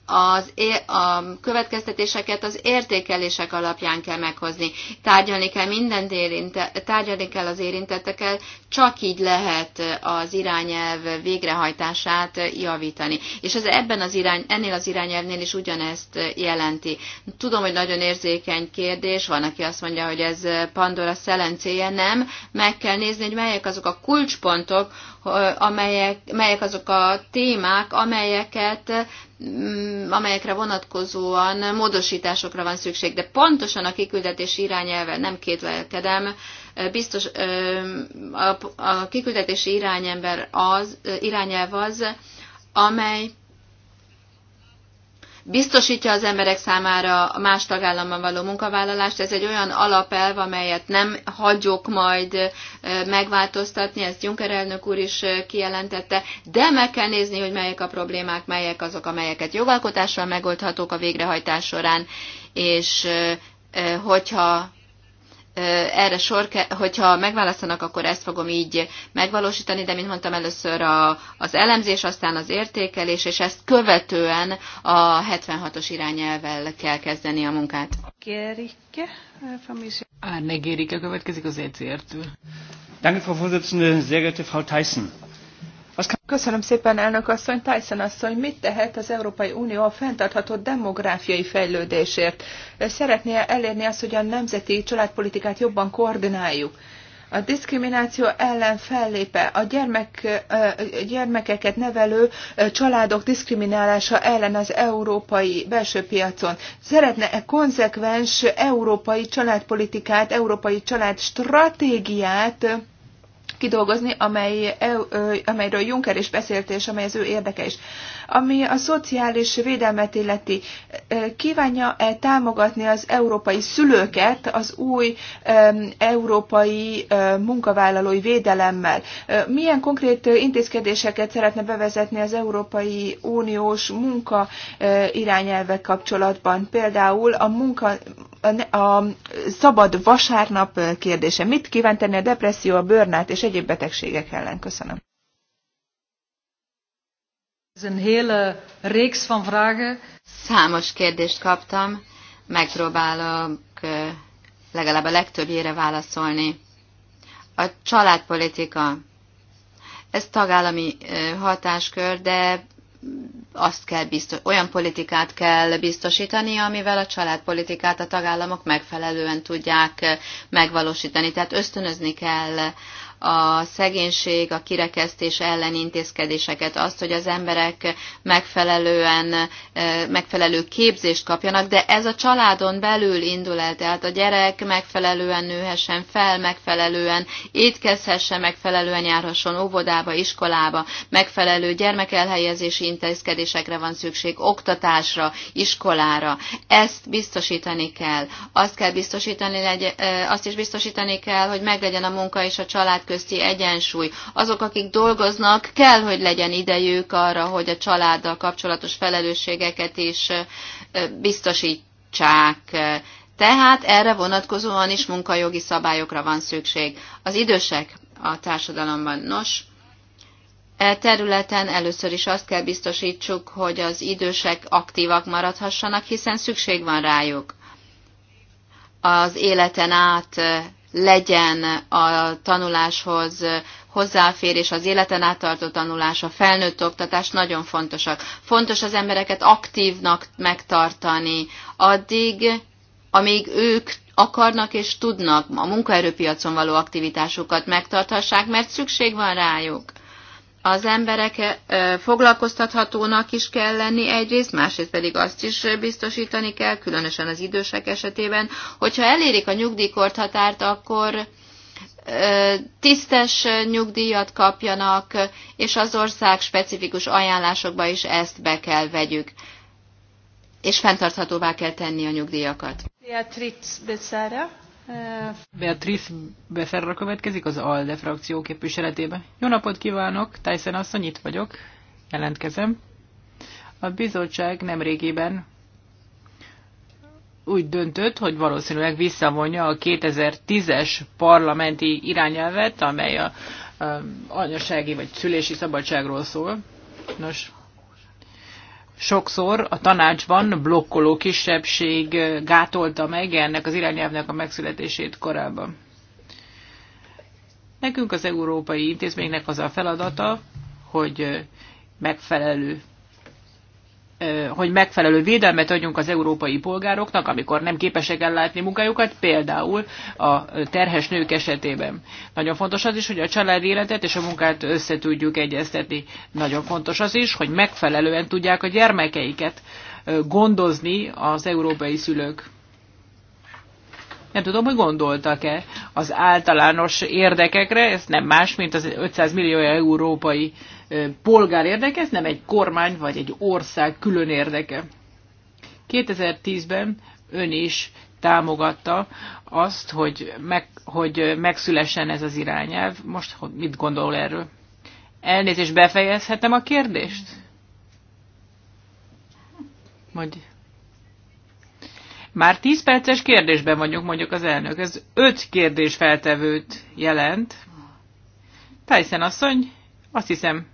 az, a következtetéseket az értékelések alapján kell meghozni. Tárgyalni kell mindent érinte, tárgyalni kell az érintettekkel, csak így lehet az irányelv végrehajtását javítani. És ez ebben az irány, ennél az irányelvnél is ugyanezt jelenti. Tudom, hogy nagyon érzékeny kérdés, van, aki azt mondja, hogy ez Pandora szelencéje, nem. Meg kell nézni, hogy melyek azok a kulcspontok, amelyek, melyek azok a témák, amelyeket Mm, amelyekre vonatkozóan módosításokra van szükség, de pontosan a kiküldetés irányelve nem kétvelkedem, biztos a kiküldetési irányember az, irányelv az, amely biztosítja az emberek számára a más tagállamban való munkavállalást. Ez egy olyan alapelv, amelyet nem hagyok majd megváltoztatni, ezt Juncker elnök úr is kijelentette, de meg kell nézni, hogy melyek a problémák, melyek azok, amelyeket jogalkotással megoldhatók a végrehajtás során, és hogyha erre sor, hogyha megválasztanak, akkor ezt fogom így megvalósítani, de mint mondtam először a, az elemzés, aztán az értékelés, és ezt követően a 76-os irányelvel kell kezdeni a munkát. Gerike, Árne Gerike következik az ECR-től. Danke, Frau Vorsitzende, sehr geehrte Frau Tyson. Köszönöm szépen, elnök asszony. Tyson asszony, mit tehet az Európai Unió a fenntartható demográfiai fejlődésért? Szeretné elérni azt, hogy a nemzeti családpolitikát jobban koordináljuk? a diszkrimináció ellen fellépe, a gyermek, gyermekeket nevelő családok diszkriminálása ellen az európai belső piacon. Szeretne -e konzekvens európai családpolitikát, európai stratégiát kidolgozni, amely, e, amelyről Juncker is beszélt, és amely az ő érdeke is. Ami a szociális védelmet illeti, e, kívánja-e támogatni az európai szülőket az új e, európai munkavállalói védelemmel? Milyen konkrét intézkedéseket szeretne bevezetni az Európai Uniós munka irányelvek kapcsolatban? Például a munka a szabad vasárnap kérdése. Mit kíván tenni a depresszió, a burnout és egyéb betegségek ellen? Köszönöm. Ez egy hele eh, reeks van vragen. Számos kérdést kaptam, megpróbálok eh, legalább a legtöbbjére válaszolni. A családpolitika. Ez tagállami eh, hatáskör, de azt kell biztos, olyan politikát kell biztosítani, amivel a családpolitikát a tagállamok megfelelően tudják eh, megvalósítani. Tehát ösztönözni kell a szegénység, a kirekesztés ellen intézkedéseket, azt, hogy az emberek megfelelően, eh, megfelelő képzést kapjanak, de ez a családon belül indul el, tehát a gyerek megfelelően nőhessen fel, megfelelően étkezhessen, megfelelően járhasson óvodába, iskolába, megfelelő gyermekelhelyezési intézkedésekre van szükség, oktatásra, iskolára. Ezt biztosítani kell. Azt kell biztosítani, eh, azt is biztosítani kell, hogy meglegyen a munka és a család közti egyensúly. Azok, akik dolgoznak, kell, hogy legyen idejük arra, hogy a családdal kapcsolatos felelősségeket is biztosítsák. Tehát erre vonatkozóan is munkajogi szabályokra van szükség. Az idősek a társadalomban. Nos, e területen először is azt kell biztosítsuk, hogy az idősek aktívak maradhassanak, hiszen szükség van rájuk. Az életen át legyen a tanuláshoz hozzáférés, az életen áttartó tanulás, a felnőtt oktatás nagyon fontosak. Fontos az embereket aktívnak megtartani, addig, amíg ők akarnak és tudnak a munkaerőpiacon való aktivitásukat megtarthassák, mert szükség van rájuk az emberek foglalkoztathatónak is kell lenni egyrészt, másrészt pedig azt is biztosítani kell, különösen az idősek esetében, hogyha elérik a nyugdíjkort határt, akkor tisztes nyugdíjat kapjanak, és az ország specifikus ajánlásokba is ezt be kell vegyük, és fenntarthatóvá kell tenni a nyugdíjakat. Becerra. Beatrice Becerra következik az ALDE frakció képviseletébe. Jó napot kívánok, Tyson asszony, itt vagyok, jelentkezem. A bizottság nemrégiben úgy döntött, hogy valószínűleg visszavonja a 2010-es parlamenti irányelvet, amely a, a anyasági vagy szülési szabadságról szól. Nos, sokszor a tanácsban blokkoló kisebbség gátolta meg ennek az irányelvnek a megszületését korábban. Nekünk az európai intézménynek az a feladata, hogy megfelelő hogy megfelelő védelmet adjunk az európai polgároknak, amikor nem képesek ellátni munkájukat, például a terhes nők esetében. Nagyon fontos az is, hogy a család életet és a munkát össze tudjuk egyeztetni. Nagyon fontos az is, hogy megfelelően tudják a gyermekeiket gondozni az európai szülők. Nem tudom, hogy gondoltak-e az általános érdekekre, ez nem más, mint az 500 millió európai polgár érdeke, ez nem egy kormány vagy egy ország külön érdeke. 2010-ben ön is támogatta azt, hogy, meg, hogy megszülessen ez az irányelv. Most mit gondol erről? Elnézést, befejezhetem a kérdést? Mondj. Már 10 perces kérdésben vagyunk, mondjuk az elnök. Ez 5 kérdés feltevőt jelent. Tyson asszony, azt hiszem,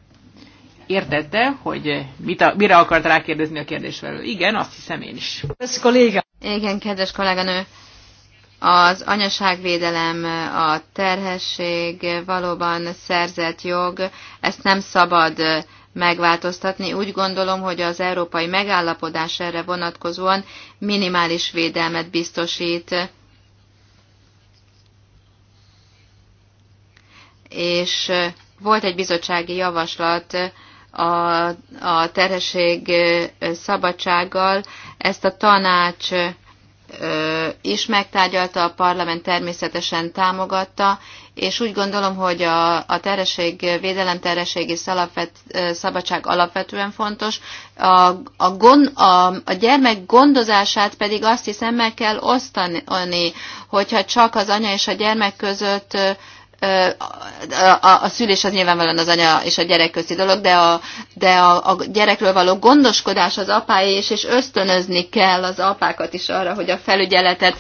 értette, hogy mit a, mire akart rákérdezni a kérdésvelő. Igen, azt hiszem én is. Ez kolléga. Igen, kedves kolléganő. Az anyaságvédelem, a terhesség valóban szerzett jog, ezt nem szabad megváltoztatni. Úgy gondolom, hogy az európai megállapodás erre vonatkozóan minimális védelmet biztosít. És volt egy bizottsági javaslat a, a terhesség szabadsággal. Ezt a tanács is megtárgyalta, a parlament természetesen támogatta, és úgy gondolom, hogy a, a terhesség, védelem terhesség és szabadság alapvetően fontos. A, a, gond, a, a gyermek gondozását pedig azt hiszem meg kell osztani, hogyha csak az anya és a gyermek között a, a szülés az nyilvánvalóan az anya és a gyerek közti dolog, de a, de a, a gyerekről való gondoskodás az apáé is, és ösztönözni kell az apákat is arra, hogy a felügyeletet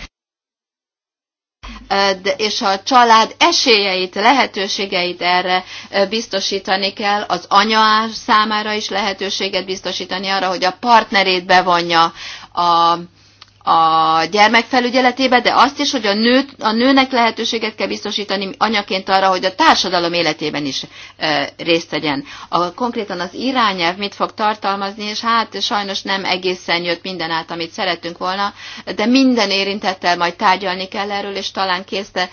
de, és a család esélyeit, lehetőségeit erre biztosítani kell, az anya számára is lehetőséget biztosítani arra, hogy a partnerét bevonja a, a gyermekfelügyeletébe, de azt is, hogy a, nő a nőnek lehetőséget kell biztosítani anyaként arra, hogy a társadalom életében is e, részt vegyen. A, konkrétan az irányelv mit fog tartalmazni, és hát sajnos nem egészen jött minden át, amit szerettünk volna, de minden érintettel majd tárgyalni kell erről, és talán készne,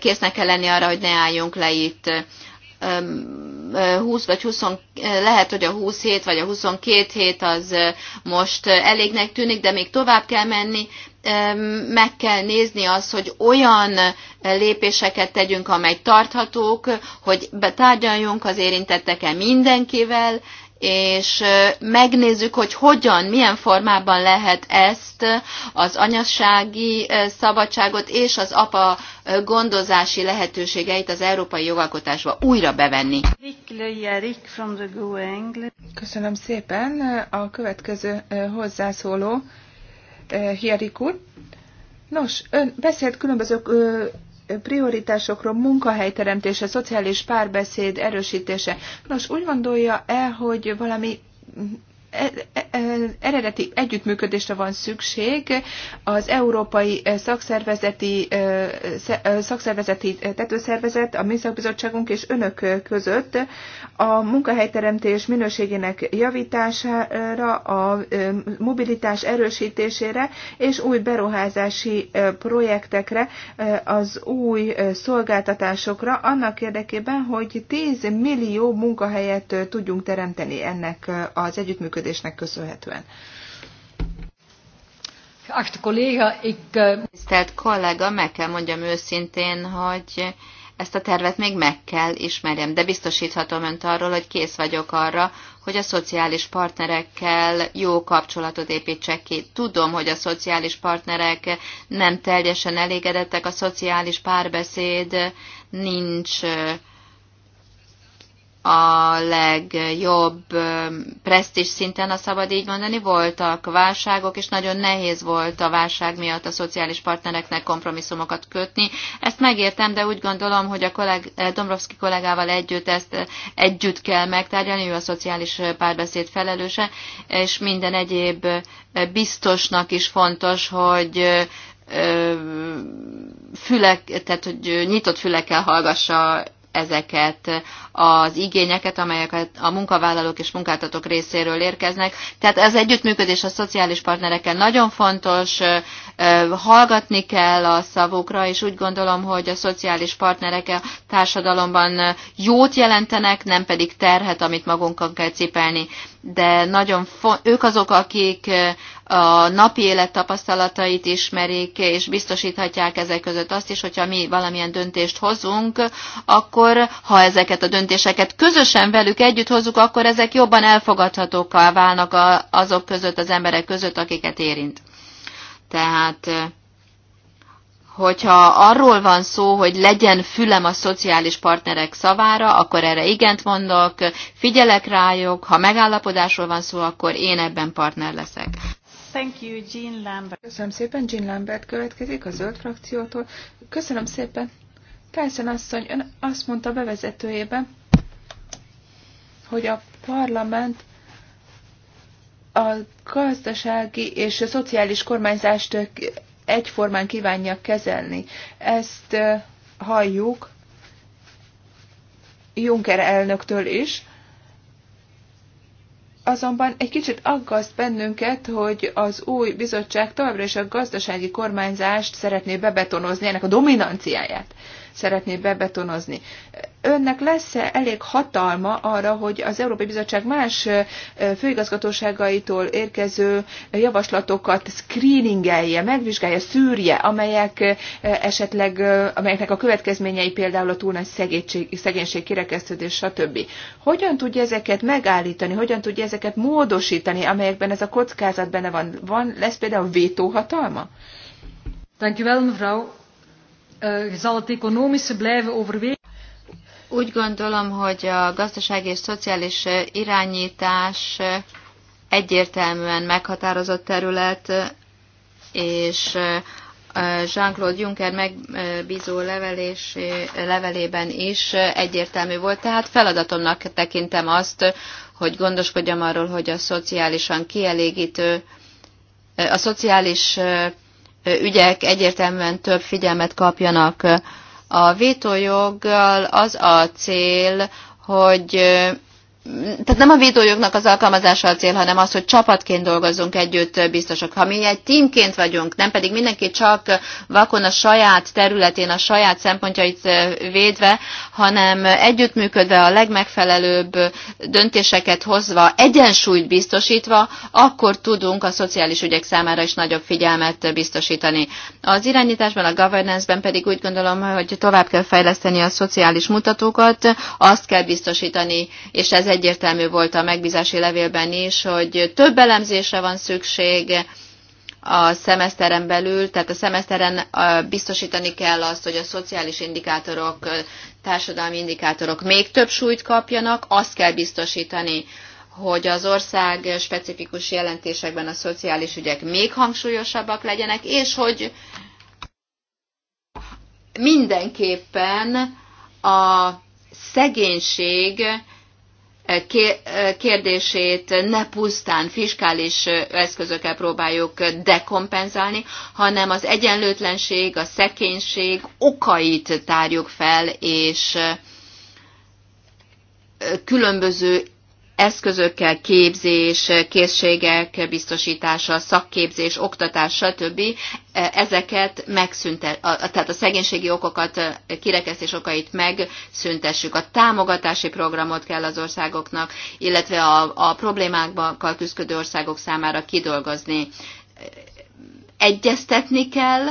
késznek kell lenni arra, hogy ne álljunk le itt 20 vagy 20, lehet, hogy a 20 hét vagy a 22 hét az most elégnek tűnik, de még tovább kell menni, meg kell nézni azt, hogy olyan lépéseket tegyünk, amely tarthatók, hogy tárgyaljunk az érintettekkel mindenkivel, és megnézzük, hogy hogyan, milyen formában lehet ezt az anyassági szabadságot és az apa gondozási lehetőségeit az európai jogalkotásba újra bevenni. Köszönöm szépen. A következő hozzászóló Hierik úr. Nos, ön beszélt különböző prioritásokról munkahelyteremtése, szociális párbeszéd erősítése. Nos, úgy gondolja-e, hogy valami E, e, e, eredeti együttműködésre van szükség az Európai Szakszervezeti, szakszervezeti Tetőszervezet, a Műszakbizottságunk és Önök között a munkahelyteremtés minőségének javítására, a mobilitás erősítésére és új beruházási projektekre, az új szolgáltatásokra, annak érdekében, hogy 10 millió munkahelyet tudjunk teremteni ennek az együttműködésnek együttműködésnek köszönhetően. Achte kolléga, ik... Eh, Tisztelt kollega, meg kell mondjam őszintén, hogy ezt a tervet még meg kell ismerjem, de biztosíthatom önt arról, hogy kész vagyok arra, hogy a szociális partnerekkel jó kapcsolatot építsek ki. Tudom, hogy a szociális partnerek nem teljesen elégedettek, a szociális párbeszéd nincs eh, a legjobb presztis szinten, a szabad így mondani, voltak válságok, és nagyon nehéz volt a válság miatt a szociális partnereknek kompromisszumokat kötni. Ezt megértem, de úgy gondolom, hogy a kolleg, Dombrovski kollégával együtt ezt együtt kell megtárgyalni, ő a szociális párbeszéd felelőse, és minden egyéb biztosnak is fontos, hogy fülek, tehát hogy nyitott fülekkel hallgassa ezeket az igényeket, amelyeket a munkavállalók és munkáltatók részéről érkeznek. Tehát az együttműködés a szociális partnerekkel nagyon fontos, hallgatni kell a szavukra, és úgy gondolom, hogy a szociális partnerek a társadalomban jót jelentenek, nem pedig terhet, amit magunkon kell cipelni de nagyon fo- ők azok, akik a napi élet tapasztalatait ismerik, és biztosíthatják ezek között azt is, hogyha mi valamilyen döntést hozunk, akkor ha ezeket a döntéseket közösen velük együtt hozzuk, akkor ezek jobban elfogadhatókkal válnak azok között, az emberek között, akiket érint. Tehát hogyha arról van szó, hogy legyen fülem a szociális partnerek szavára, akkor erre igent mondok, figyelek rájuk, ha megállapodásról van szó, akkor én ebben partner leszek. Thank you, Jean Lambert. Köszönöm szépen, Jean Lambert következik a zöld frakciótól. Köszönöm szépen. Tyson asszony, ön azt mondta bevezetőjében, hogy a parlament a gazdasági és a szociális kormányzást egyformán kívánja kezelni. Ezt halljuk Juncker elnöktől is, azonban egy kicsit aggaszt bennünket, hogy az új bizottság továbbra is a gazdasági kormányzást szeretné bebetonozni, ennek a dominanciáját szeretné bebetonozni. Önnek lesz-e elég hatalma arra, hogy az Európai Bizottság más főigazgatóságaitól érkező javaslatokat screeningelje, megvizsgálja, szűrje, amelyek esetleg, amelyeknek a következményei például a túl nagy szegénység, kirekesztődés, stb. Hogyan tudja ezeket megállítani, hogyan tudja ezeket módosítani, amelyekben ez a kockázat benne van? van lesz például vétóhatalma? Dankjewel, Frau. Eh, zal het economische blijven overwegen. Úgy gondolom, hogy a gazdasági és szociális eh, irányítás eh, egyértelműen meghatározott terület, és Jean-Claude Juncker megbízó levelés, levelében is egyértelmű volt. Tehát feladatomnak tekintem azt, hogy gondoskodjam arról, hogy a szociálisan kielégítő, a szociális ügyek egyértelműen több figyelmet kapjanak. A vétójoggal az a cél, hogy tehát nem a védőjognak az alkalmazása a cél, hanem az, hogy csapatként dolgozzunk együtt biztosok. Ha mi egy teamként vagyunk, nem pedig mindenki csak vakon a saját területén, a saját szempontjait védve, hanem együttműködve a legmegfelelőbb döntéseket hozva, egyensúlyt biztosítva, akkor tudunk a szociális ügyek számára is nagyobb figyelmet biztosítani. Az irányításban, a governance-ben pedig úgy gondolom, hogy tovább kell fejleszteni a szociális mutatókat, azt kell biztosítani, és ez egy egyértelmű volt a megbízási levélben is, hogy több elemzésre van szükség a szemeszteren belül, tehát a szemeszteren biztosítani kell azt, hogy a szociális indikátorok, társadalmi indikátorok még több súlyt kapjanak, azt kell biztosítani, hogy az ország specifikus jelentésekben a szociális ügyek még hangsúlyosabbak legyenek, és hogy mindenképpen a szegénység kérdését ne pusztán fiskális eszközökkel próbáljuk dekompenzálni, hanem az egyenlőtlenség, a szekénység okait tárjuk fel, és különböző eszközökkel, képzés, készségek biztosítása, szakképzés, oktatás, stb. Ezeket megszüntet, tehát a szegénységi okokat, kirekesztés okait megszüntessük. A támogatási programot kell az országoknak, illetve a, a problémákkal küzdő országok számára kidolgozni. Egyeztetni kell,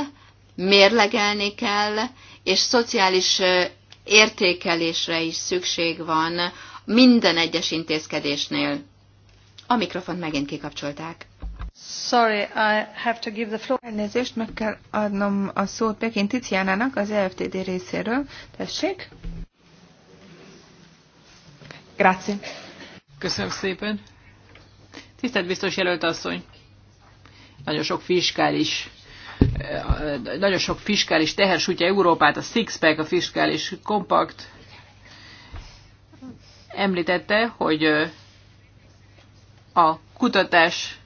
mérlegelni kell, és szociális értékelésre is szükség van minden egyes intézkedésnél. A mikrofont megint kikapcsolták. Sorry, I have to give the floor. Elnézést, meg kell adnom a szót Pekin Tiziánának az EFTD részéről. Tessék. Grazie. Köszönöm szépen. Tisztelt biztos jelölt asszony, nagyon sok fiskális eh, nagyon sok fiskális tehersútja Európát, a Sixpack, a fiskális kompakt, említette, hogy a kutatás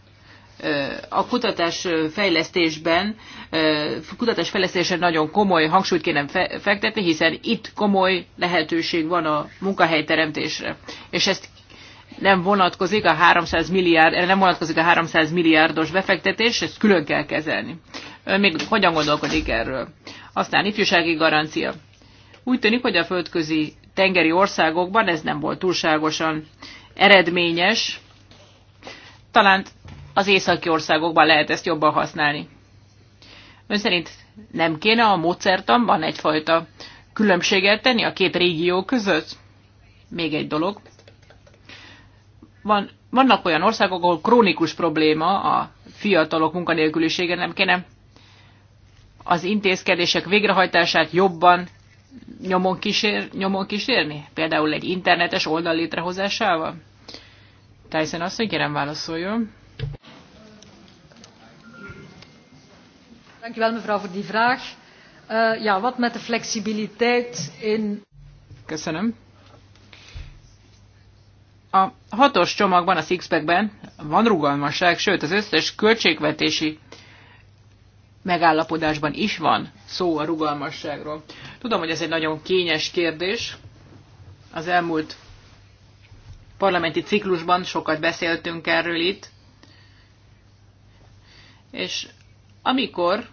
a kutatás fejlesztésben, kutatás fejlesztésen nagyon komoly hangsúlyt kéne fektetni, hiszen itt komoly lehetőség van a munkahelyteremtésre. És ezt nem vonatkozik a 300 milliárd, nem vonatkozik a 300 milliárdos befektetés, ezt külön kell kezelni. Ön még hogyan gondolkodik erről? Aztán ifjúsági garancia. Úgy tűnik, hogy a földközi tengeri országokban ez nem volt túlságosan eredményes. Talán az északi országokban lehet ezt jobban használni. Ön szerint nem kéne a módszertanban egyfajta különbséget tenni a két régió között? Még egy dolog. Van, vannak olyan országok, ahol krónikus probléma a fiatalok munkanélkülisége, nem kéne az intézkedések végrehajtását jobban nyomon, kísér, nyomon kísérni? Például egy internetes oldal létrehozásával? Tyson asszony, kérem válaszoljon. Dankjewel mevrouw voor die vraag. Uh, ja, wat met de flexibiliteit in... Köszönöm. A hatos csomagban, a sixpackben van rugalmasság, sőt az összes költségvetési megállapodásban is van szó a rugalmasságról. Tudom, hogy ez egy nagyon kényes kérdés. Az elmúlt parlamenti ciklusban sokat beszéltünk erről itt. És amikor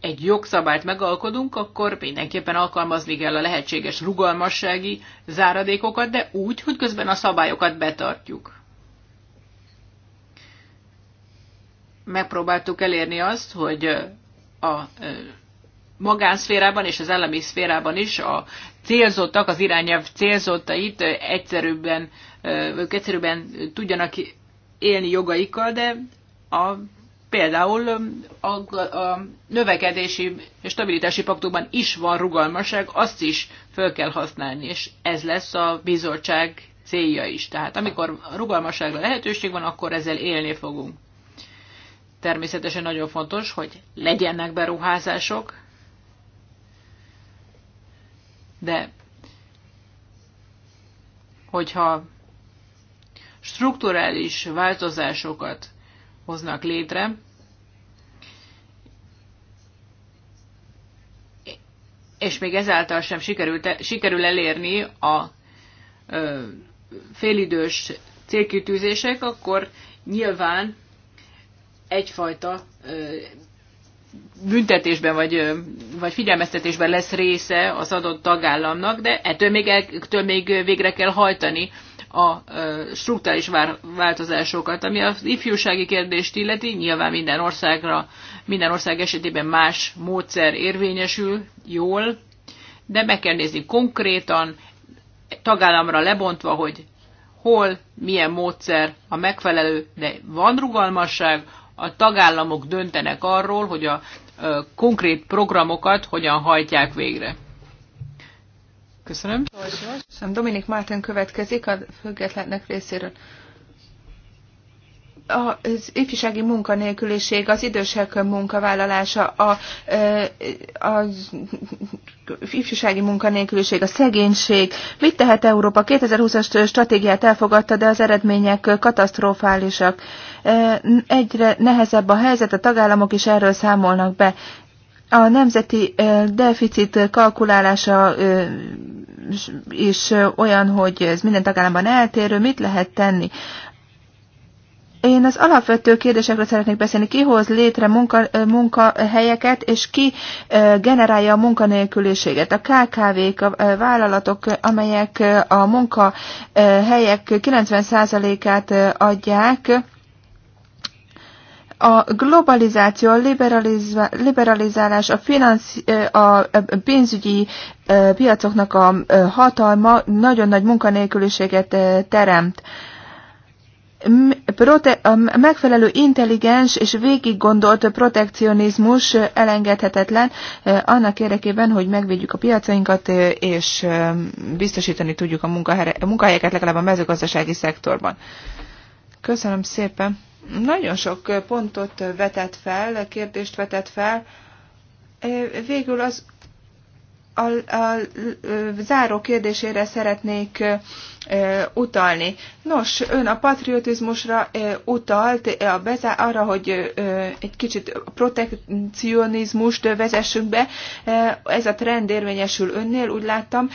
egy jogszabályt megalkodunk, akkor mindenképpen alkalmazni kell a lehetséges rugalmassági záradékokat, de úgy, hogy közben a szabályokat betartjuk. megpróbáltuk elérni azt, hogy a magánszférában és az állami szférában is a célzottak, az irányelv célzottait egyszerűbben, ők egyszerűbben tudjanak élni jogaikkal, de a, például a, a növekedési és stabilitási paktumban is van rugalmasság, azt is föl kell használni, és ez lesz a bizottság célja is. Tehát amikor rugalmaságra lehetőség van, akkor ezzel élni fogunk természetesen nagyon fontos, hogy legyenek beruházások, de hogyha strukturális változásokat hoznak létre, és még ezáltal sem sikerül, sikerül elérni a félidős célkitűzések, akkor nyilván egyfajta büntetésben vagy, vagy figyelmeztetésben lesz része az adott tagállamnak, de ettől még, ettől még végre kell hajtani a struktúrális változásokat. Ami az ifjúsági kérdést illeti, nyilván minden országra, minden ország esetében más módszer érvényesül jól, de meg kell nézni konkrétan, tagállamra lebontva, hogy hol, milyen módszer a megfelelő, de van rugalmasság, a tagállamok döntenek arról, hogy a konkrét programokat hogyan hajtják végre. Köszönöm. Köszönöm. Dominik Márton következik a függetlenek részéről az ifjúsági munkanélküliség, az idősek munkavállalása, a, az ifjúsági munkanélküliség, a szegénység. Mit tehet Európa? 2020-as stratégiát elfogadta, de az eredmények katasztrofálisak. Egyre nehezebb a helyzet, a tagállamok is erről számolnak be. A nemzeti deficit kalkulálása is olyan, hogy ez minden tagállamban eltérő. Mit lehet tenni? Én az alapvető kérdésekre szeretnék beszélni. Ki hoz létre munka, munkahelyeket, és ki generálja a munkanélküliséget? A KKV-k, a vállalatok, amelyek a munkahelyek 90%-át adják, a globalizáció, a liberalizálás, a, finanszi, a pénzügyi piacoknak a hatalma nagyon nagy munkanélküliséget teremt prote- a megfelelő intelligens és végiggondolt protekcionizmus elengedhetetlen annak érdekében, hogy megvédjük a piacainkat, és biztosítani tudjuk a, a munkahelyeket legalább a mezőgazdasági szektorban. Köszönöm szépen. Nagyon sok pontot vetett fel, kérdést vetett fel. Végül az a, a záró kérdésére szeretnék utalni. Nos, ön a patriotizmusra utalt, a bezá, arra, hogy egy kicsit protekcionizmust vezessünk be. Ez a trend érvényesül önnél, úgy láttam.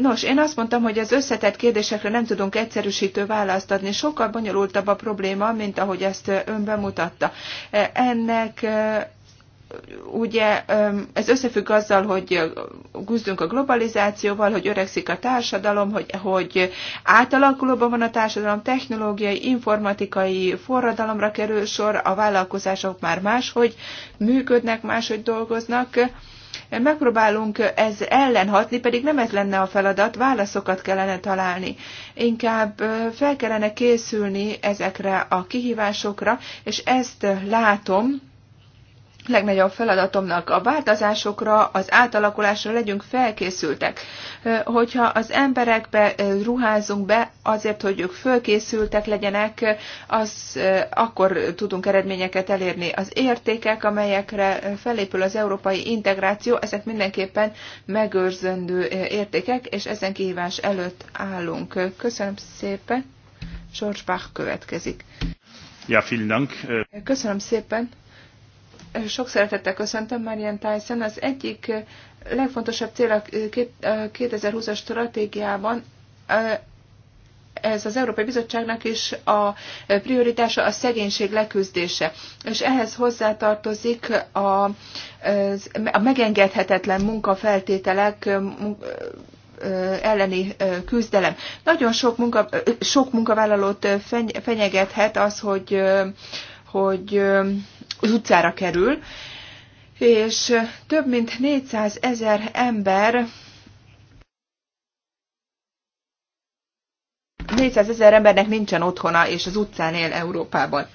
Nos, én azt mondtam, hogy az összetett kérdésekre nem tudunk egyszerűsítő választ adni. Sokkal bonyolultabb a probléma, mint ahogy ezt ön bemutatta. Ennek ugye ez összefügg azzal, hogy guzdunk a globalizációval, hogy öregszik a társadalom, hogy, hogy átalakulóban van a társadalom, technológiai, informatikai forradalomra kerül sor, a vállalkozások már máshogy működnek, máshogy dolgoznak. Megpróbálunk ez ellen hatni, pedig nem ez lenne a feladat, válaszokat kellene találni. Inkább fel kellene készülni ezekre a kihívásokra, és ezt látom, legnagyobb feladatomnak a változásokra, az átalakulásra legyünk felkészültek. Hogyha az emberekbe ruházunk be azért, hogy ők fölkészültek legyenek, az akkor tudunk eredményeket elérni. Az értékek, amelyekre felépül az európai integráció, ezek mindenképpen megőrzendő értékek, és ezen kihívás előtt állunk. Köszönöm szépen. George Bach következik. Ja, vielen Dank. Köszönöm szépen. Sok szeretettel köszöntöm Marian Tyson. Az egyik legfontosabb cél a 2020-as stratégiában ez az Európai Bizottságnak is a prioritása a szegénység leküzdése, és ehhez hozzátartozik a, a megengedhetetlen munkafeltételek elleni küzdelem. Nagyon sok, munka, sok munkavállalót fenyegethet az, hogy hogy az utcára kerül, és több mint 400 ezer ember 400 ezer embernek nincsen otthona, és az utcán él Európában.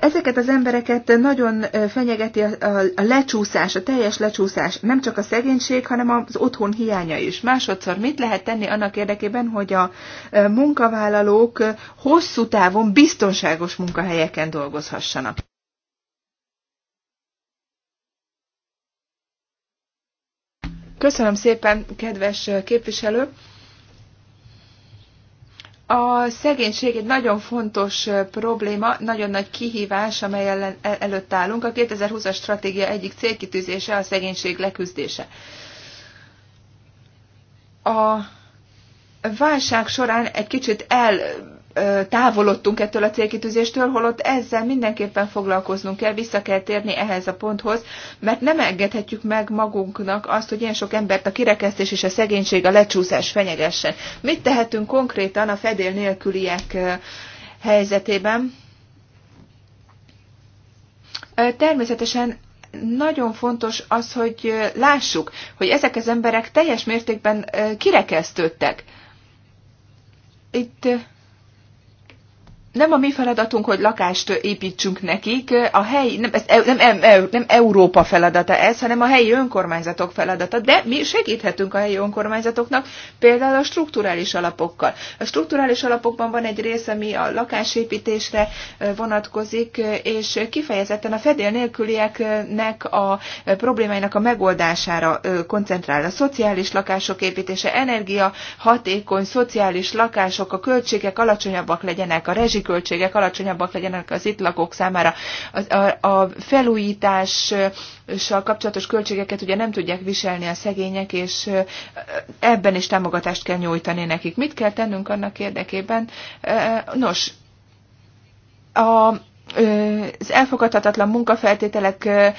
Ezeket az embereket nagyon fenyegeti a, lecsúszás, a teljes lecsúszás, nem csak a szegénység, hanem az otthon hiánya is. Másodszor mit lehet tenni annak érdekében, hogy a munkavállalók hosszú távon biztonságos munkahelyeken dolgozhassanak? Köszönöm szépen, kedves képviselő! A szegénység egy nagyon fontos probléma, nagyon nagy kihívás, amely ellen, e, előtt állunk. A 2020-as stratégia egyik célkitűzése a szegénység leküzdése. A válság során egy kicsit el távolodtunk ettől a célkitűzéstől, holott ezzel mindenképpen foglalkoznunk kell, vissza kell térni ehhez a ponthoz, mert nem engedhetjük meg magunknak azt, hogy ilyen sok embert a kirekesztés és a szegénység, a lecsúszás fenyegessen. Mit tehetünk konkrétan a fedél nélküliek helyzetében? Természetesen nagyon fontos az, hogy lássuk, hogy ezek az emberek teljes mértékben kirekesztődtek. Itt nem a mi feladatunk, hogy lakást építsünk nekik, a helyi, nem, ez, e, nem, nem, nem Európa feladata ez, hanem a helyi önkormányzatok feladata, de mi segíthetünk a helyi önkormányzatoknak, például a strukturális alapokkal. A strukturális alapokban van egy rész, ami a lakásépítésre vonatkozik, és kifejezetten a fedél nélkülieknek a problémáinak a megoldására koncentrál. A szociális lakások építése, energia, hatékony, szociális lakások, a költségek alacsonyabbak legyenek, a rezsik költségek alacsonyabbak legyenek az itt lakók számára. A, a, a felújítással kapcsolatos költségeket ugye nem tudják viselni a szegények, és ebben is támogatást kell nyújtani nekik. Mit kell tennünk annak érdekében? Nos, a az elfogadhatatlan munkafeltételeket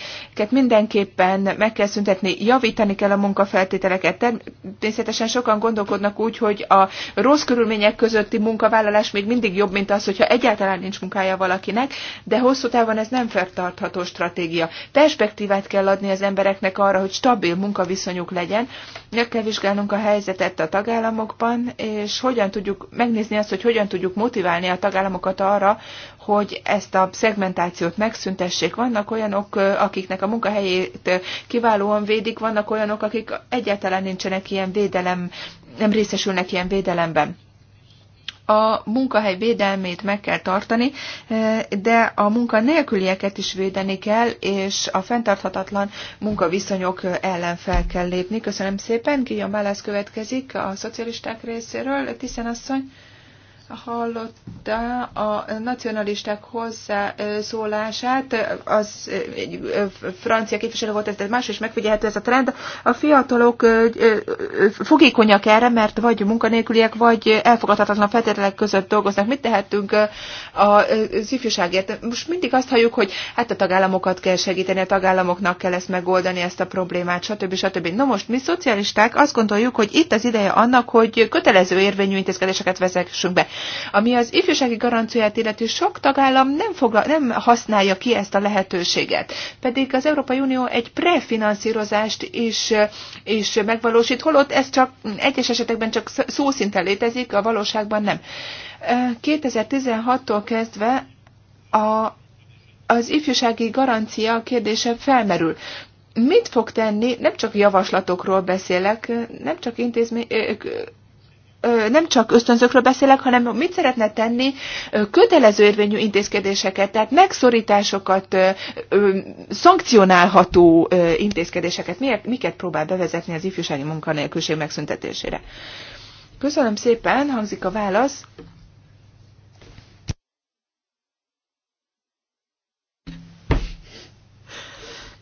mindenképpen meg kell szüntetni, javítani kell a munkafeltételeket. Természetesen sokan gondolkodnak úgy, hogy a rossz körülmények közötti munkavállalás még mindig jobb, mint az, hogyha egyáltalán nincs munkája valakinek, de hosszú távon ez nem fenntartható stratégia. Perspektívát kell adni az embereknek arra, hogy stabil munkaviszonyuk legyen. Meg kell vizsgálnunk a helyzetet a tagállamokban, és hogyan tudjuk megnézni azt, hogy hogyan tudjuk motiválni a tagállamokat arra, hogy ezt a szegmentációt megszüntessék. Vannak olyanok, akiknek a munkahelyét kiválóan védik, vannak olyanok, akik egyáltalán nincsenek ilyen védelem, nem részesülnek ilyen védelemben a munkahely védelmét meg kell tartani, de a munkanélkülieket is védeni kell, és a fenntarthatatlan munkaviszonyok ellen fel kell lépni. Köszönöm szépen, Guillaume Válasz következik a szocialisták részéről, Tiszen asszony hallotta a nacionalisták hozzászólását, az egy francia képviselő volt, ez más is megfigyelhető ez a trend. A fiatalok fogékonyak erre, mert vagy munkanélküliek, vagy elfogadhatatlan feltételek között dolgoznak. Mit tehetünk az ifjúságért? Most mindig azt halljuk, hogy hát a tagállamokat kell segíteni, a tagállamoknak kell ezt megoldani, ezt a problémát, stb. stb. Na most mi szocialisták azt gondoljuk, hogy itt az ideje annak, hogy kötelező érvényű intézkedéseket vezessünk be. Ami az ifjúsági garanciát illeti, sok tagállam nem, fogla, nem használja ki ezt a lehetőséget. Pedig az Európai Unió egy prefinanszírozást is, is megvalósít, holott ez csak egyes esetekben csak szószinten létezik, a valóságban nem. 2016-tól kezdve a, az ifjúsági garancia kérdése felmerül. Mit fog tenni, nem csak javaslatokról beszélek, nem csak intézmény, nem csak ösztönzőkről beszélek, hanem mit szeretne tenni kötelező érvényű intézkedéseket, tehát megszorításokat, szankcionálható intézkedéseket, miért, miket próbál bevezetni az ifjúsági munkanélküliség megszüntetésére. Köszönöm szépen, hangzik a válasz.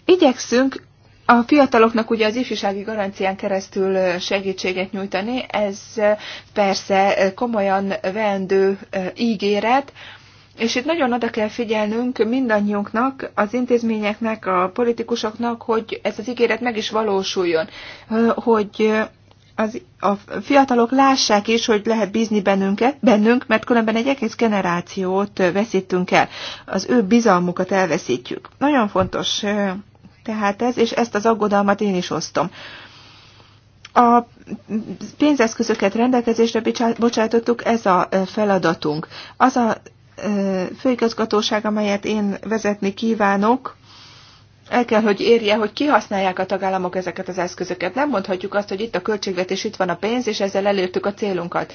Igyekszünk a fiataloknak ugye az ifjúsági garancián keresztül segítséget nyújtani, ez persze komolyan vendő ígéret, és itt nagyon oda kell figyelnünk mindannyiunknak, az intézményeknek, a politikusoknak, hogy ez az ígéret meg is valósuljon, hogy az, a fiatalok lássák is, hogy lehet bízni bennünket, bennünk, mert különben egy egész generációt veszítünk el. Az ő bizalmukat elveszítjük. Nagyon fontos tehát ez, és ezt az aggodalmat én is osztom. A pénzeszközöket rendelkezésre bocsátottuk, ez a feladatunk. Az a főigazgatóság, amelyet én vezetni kívánok, el kell, hogy érje, hogy kihasználják a tagállamok ezeket az eszközöket. Nem mondhatjuk azt, hogy itt a költségvetés, itt van a pénz, és ezzel elértük a célunkat.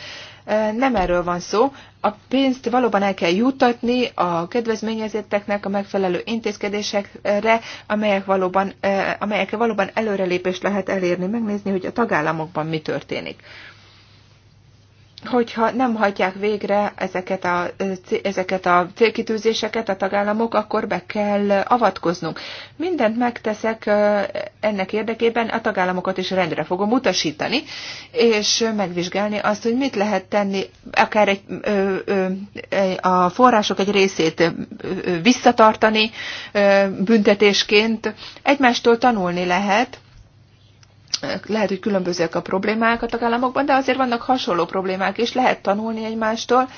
Nem erről van szó. A pénzt valóban el kell juttatni a kedvezményezetteknek a megfelelő intézkedésekre, amelyek valóban, amelyekkel valóban előrelépést lehet elérni, megnézni, hogy a tagállamokban mi történik hogyha nem hagyják végre ezeket a, ezeket a célkitűzéseket a tagállamok, akkor be kell avatkoznunk. Mindent megteszek ennek érdekében, a tagállamokat is rendre fogom utasítani, és megvizsgálni azt, hogy mit lehet tenni, akár egy, a források egy részét visszatartani büntetésként. Egymástól tanulni lehet, lehet, hogy különbözőek a problémák a tagállamokban, de azért vannak hasonló problémák, és lehet tanulni egymástól,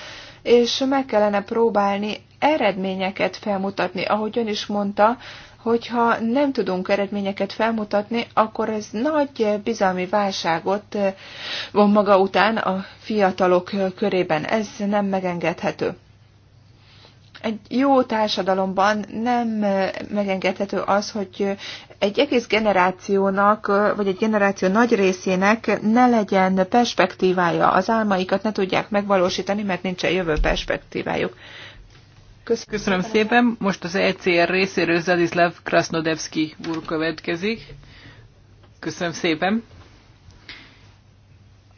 és meg kellene próbálni eredményeket felmutatni, ahogy ön is mondta, hogyha nem tudunk eredményeket felmutatni, akkor ez nagy bizalmi válságot von maga után a fiatalok körében. Ez nem megengedhető egy jó társadalomban nem megengedhető az, hogy egy egész generációnak, vagy egy generáció nagy részének ne legyen perspektívája, az álmaikat ne tudják megvalósítani, mert nincsen jövő perspektívájuk. Köszönöm, Köszönöm szépen. Most az ECR részéről Zadislav Krasnodevski úr következik. Köszönöm szépen.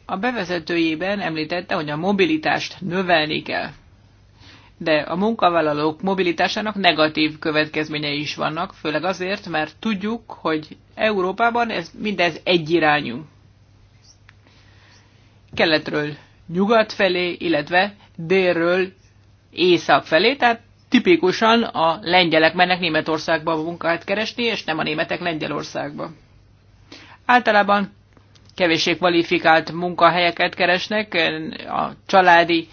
A bevezetőjében említette, hogy a mobilitást növelni kell de a munkavállalók mobilitásának negatív következményei is vannak, főleg azért, mert tudjuk, hogy Európában ez mindez egyirányú. Keletről nyugat felé, illetve délről észak felé, tehát tipikusan a lengyelek mennek Németországba munkát keresni, és nem a németek Lengyelországba. Általában kevéssé kvalifikált munkahelyeket keresnek, a családi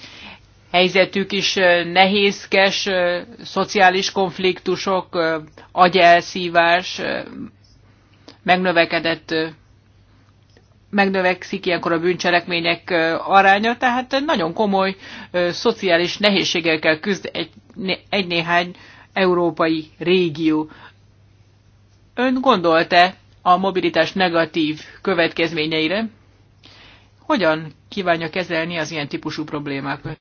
helyzetük is nehézkes, szociális konfliktusok, agyelszívás, megnövekedett megnövekszik ilyenkor a bűncselekmények aránya, tehát nagyon komoly szociális nehézségekkel küzd egy, egy néhány európai régió. Ön gondolta a mobilitás negatív következményeire? Hogyan kívánja kezelni az ilyen típusú problémákat?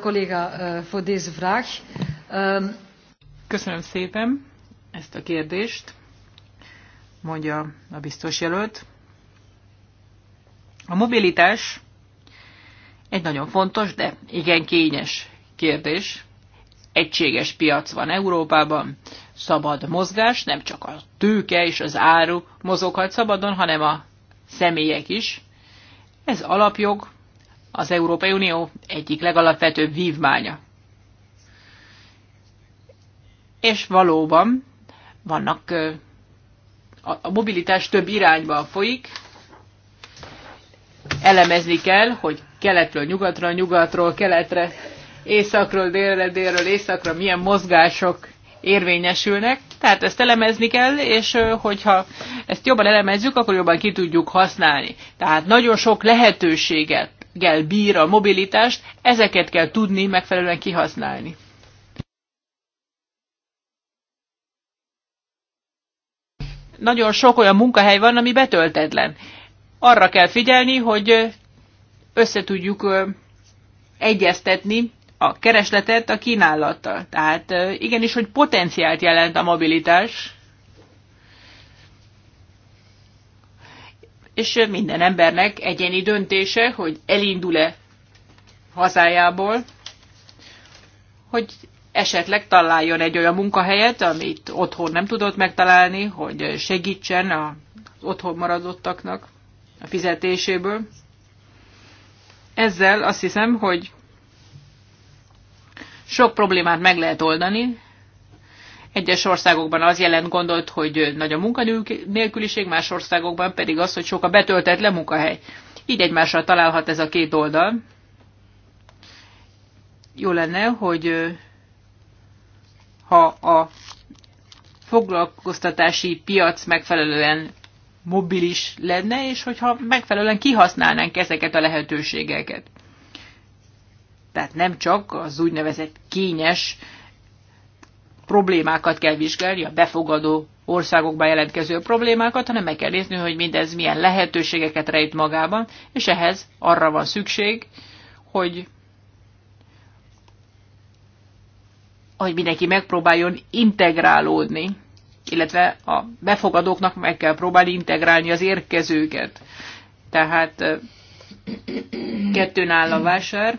collega voor deze vraag. Um, Köszönöm szépen ezt a kérdést, mondja a biztos jelölt. A mobilitás egy nagyon fontos, de igen kényes kérdés. Egységes piac van Európában, szabad mozgás, nem csak a tőke és az áru mozoghat szabadon, hanem a személyek is. Ez alapjog, az Európai Unió egyik legalapvetőbb vívmánya. És valóban vannak a mobilitás több irányba folyik. Elemezni kell, hogy keletről nyugatra, nyugatról keletre, északról délre, délről északra milyen mozgások érvényesülnek. Tehát ezt elemezni kell, és hogyha ezt jobban elemezzük, akkor jobban ki tudjuk használni. Tehát nagyon sok lehetőséget gel bír a mobilitást, ezeket kell tudni megfelelően kihasználni. Nagyon sok olyan munkahely van, ami betöltetlen. Arra kell figyelni, hogy összetudjuk egyeztetni a keresletet a kínálattal. Tehát igenis, hogy potenciált jelent a mobilitás, és minden embernek egyéni döntése, hogy elindul-e hazájából, hogy esetleg találjon egy olyan munkahelyet, amit otthon nem tudott megtalálni, hogy segítsen az otthon maradottaknak a fizetéséből. Ezzel azt hiszem, hogy sok problémát meg lehet oldani, egyes országokban az jelent gondolt, hogy nagy a munkanélküliség, más országokban pedig az, hogy sok a betöltetlen munkahely. Így egymással találhat ez a két oldal. Jó lenne, hogy ha a foglalkoztatási piac megfelelően mobilis lenne, és hogyha megfelelően kihasználnánk ezeket a lehetőségeket. Tehát nem csak az úgynevezett kényes problémákat kell vizsgálni, a befogadó országokban jelentkező problémákat, hanem meg kell nézni, hogy mindez milyen lehetőségeket rejt magában, és ehhez arra van szükség, hogy, hogy mindenki megpróbáljon integrálódni, illetve a befogadóknak meg kell próbálni integrálni az érkezőket. Tehát kettőn áll a vásár,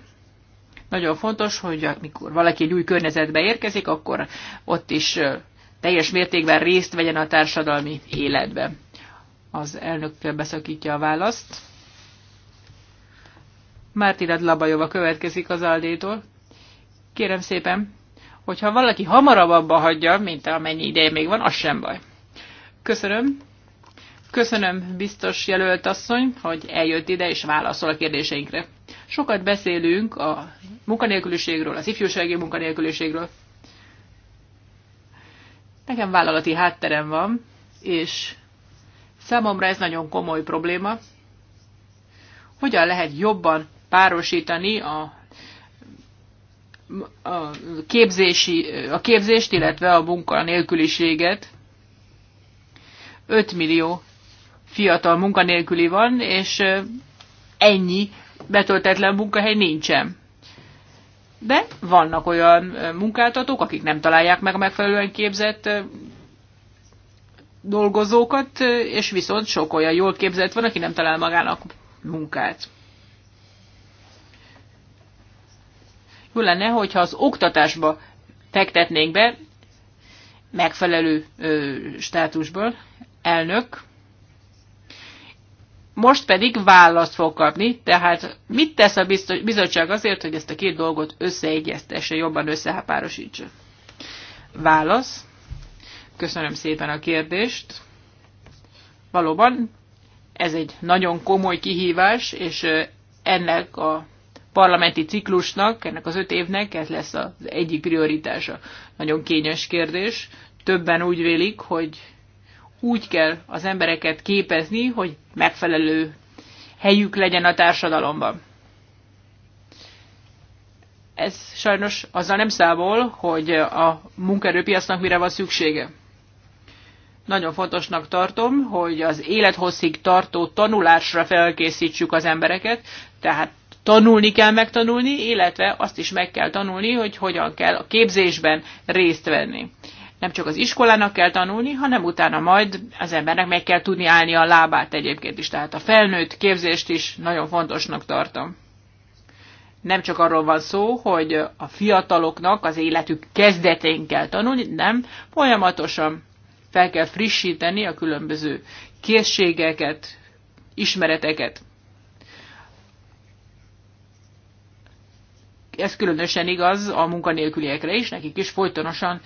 nagyon fontos, hogy amikor valaki egy új környezetbe érkezik, akkor ott is teljes mértékben részt vegyen a társadalmi életbe. Az elnök beszakítja a választ. Mártirad Labajova következik az Aldétól. Kérem szépen, hogyha valaki hamarabb abba hagyja, mint amennyi ideje még van, az sem baj. Köszönöm. Köszönöm, biztos jelölt asszony, hogy eljött ide és válaszol a kérdéseinkre. Sokat beszélünk a munkanélküliségről, az ifjúsági munkanélküliségről. Nekem vállalati hátterem van, és számomra ez nagyon komoly probléma. Hogyan lehet jobban párosítani a a, képzési, a képzést, illetve a munkanélküliséget. 5 millió fiatal munkanélküli van, és ennyi betöltetlen munkahely nincsen. De vannak olyan munkáltatók, akik nem találják meg a megfelelően képzett dolgozókat, és viszont sok olyan jól képzett van, aki nem talál magának munkát. Jó lenne, hogyha az oktatásba fektetnénk be megfelelő ö, státusból elnök most pedig választ fog kapni, tehát mit tesz a bizottság azért, hogy ezt a két dolgot összeegyeztesse, jobban összehápárosítsa? Válasz. Köszönöm szépen a kérdést. Valóban ez egy nagyon komoly kihívás, és ennek a parlamenti ciklusnak, ennek az öt évnek ez lesz az egyik prioritása. Nagyon kényes kérdés. Többen úgy vélik, hogy úgy kell az embereket képezni, hogy megfelelő helyük legyen a társadalomban. Ez sajnos azzal nem számol, hogy a munkerőpiacnak mire van szüksége. Nagyon fontosnak tartom, hogy az élethosszig tartó tanulásra felkészítsük az embereket, tehát tanulni kell megtanulni, illetve azt is meg kell tanulni, hogy hogyan kell a képzésben részt venni nem csak az iskolának kell tanulni, hanem utána majd az embernek meg kell tudni állni a lábát egyébként is. Tehát a felnőtt képzést is nagyon fontosnak tartom. Nem csak arról van szó, hogy a fiataloknak az életük kezdetén kell tanulni, nem, folyamatosan fel kell frissíteni a különböző készségeket, ismereteket. ez különösen igaz a munkanélküliekre is, nekik is folytonosan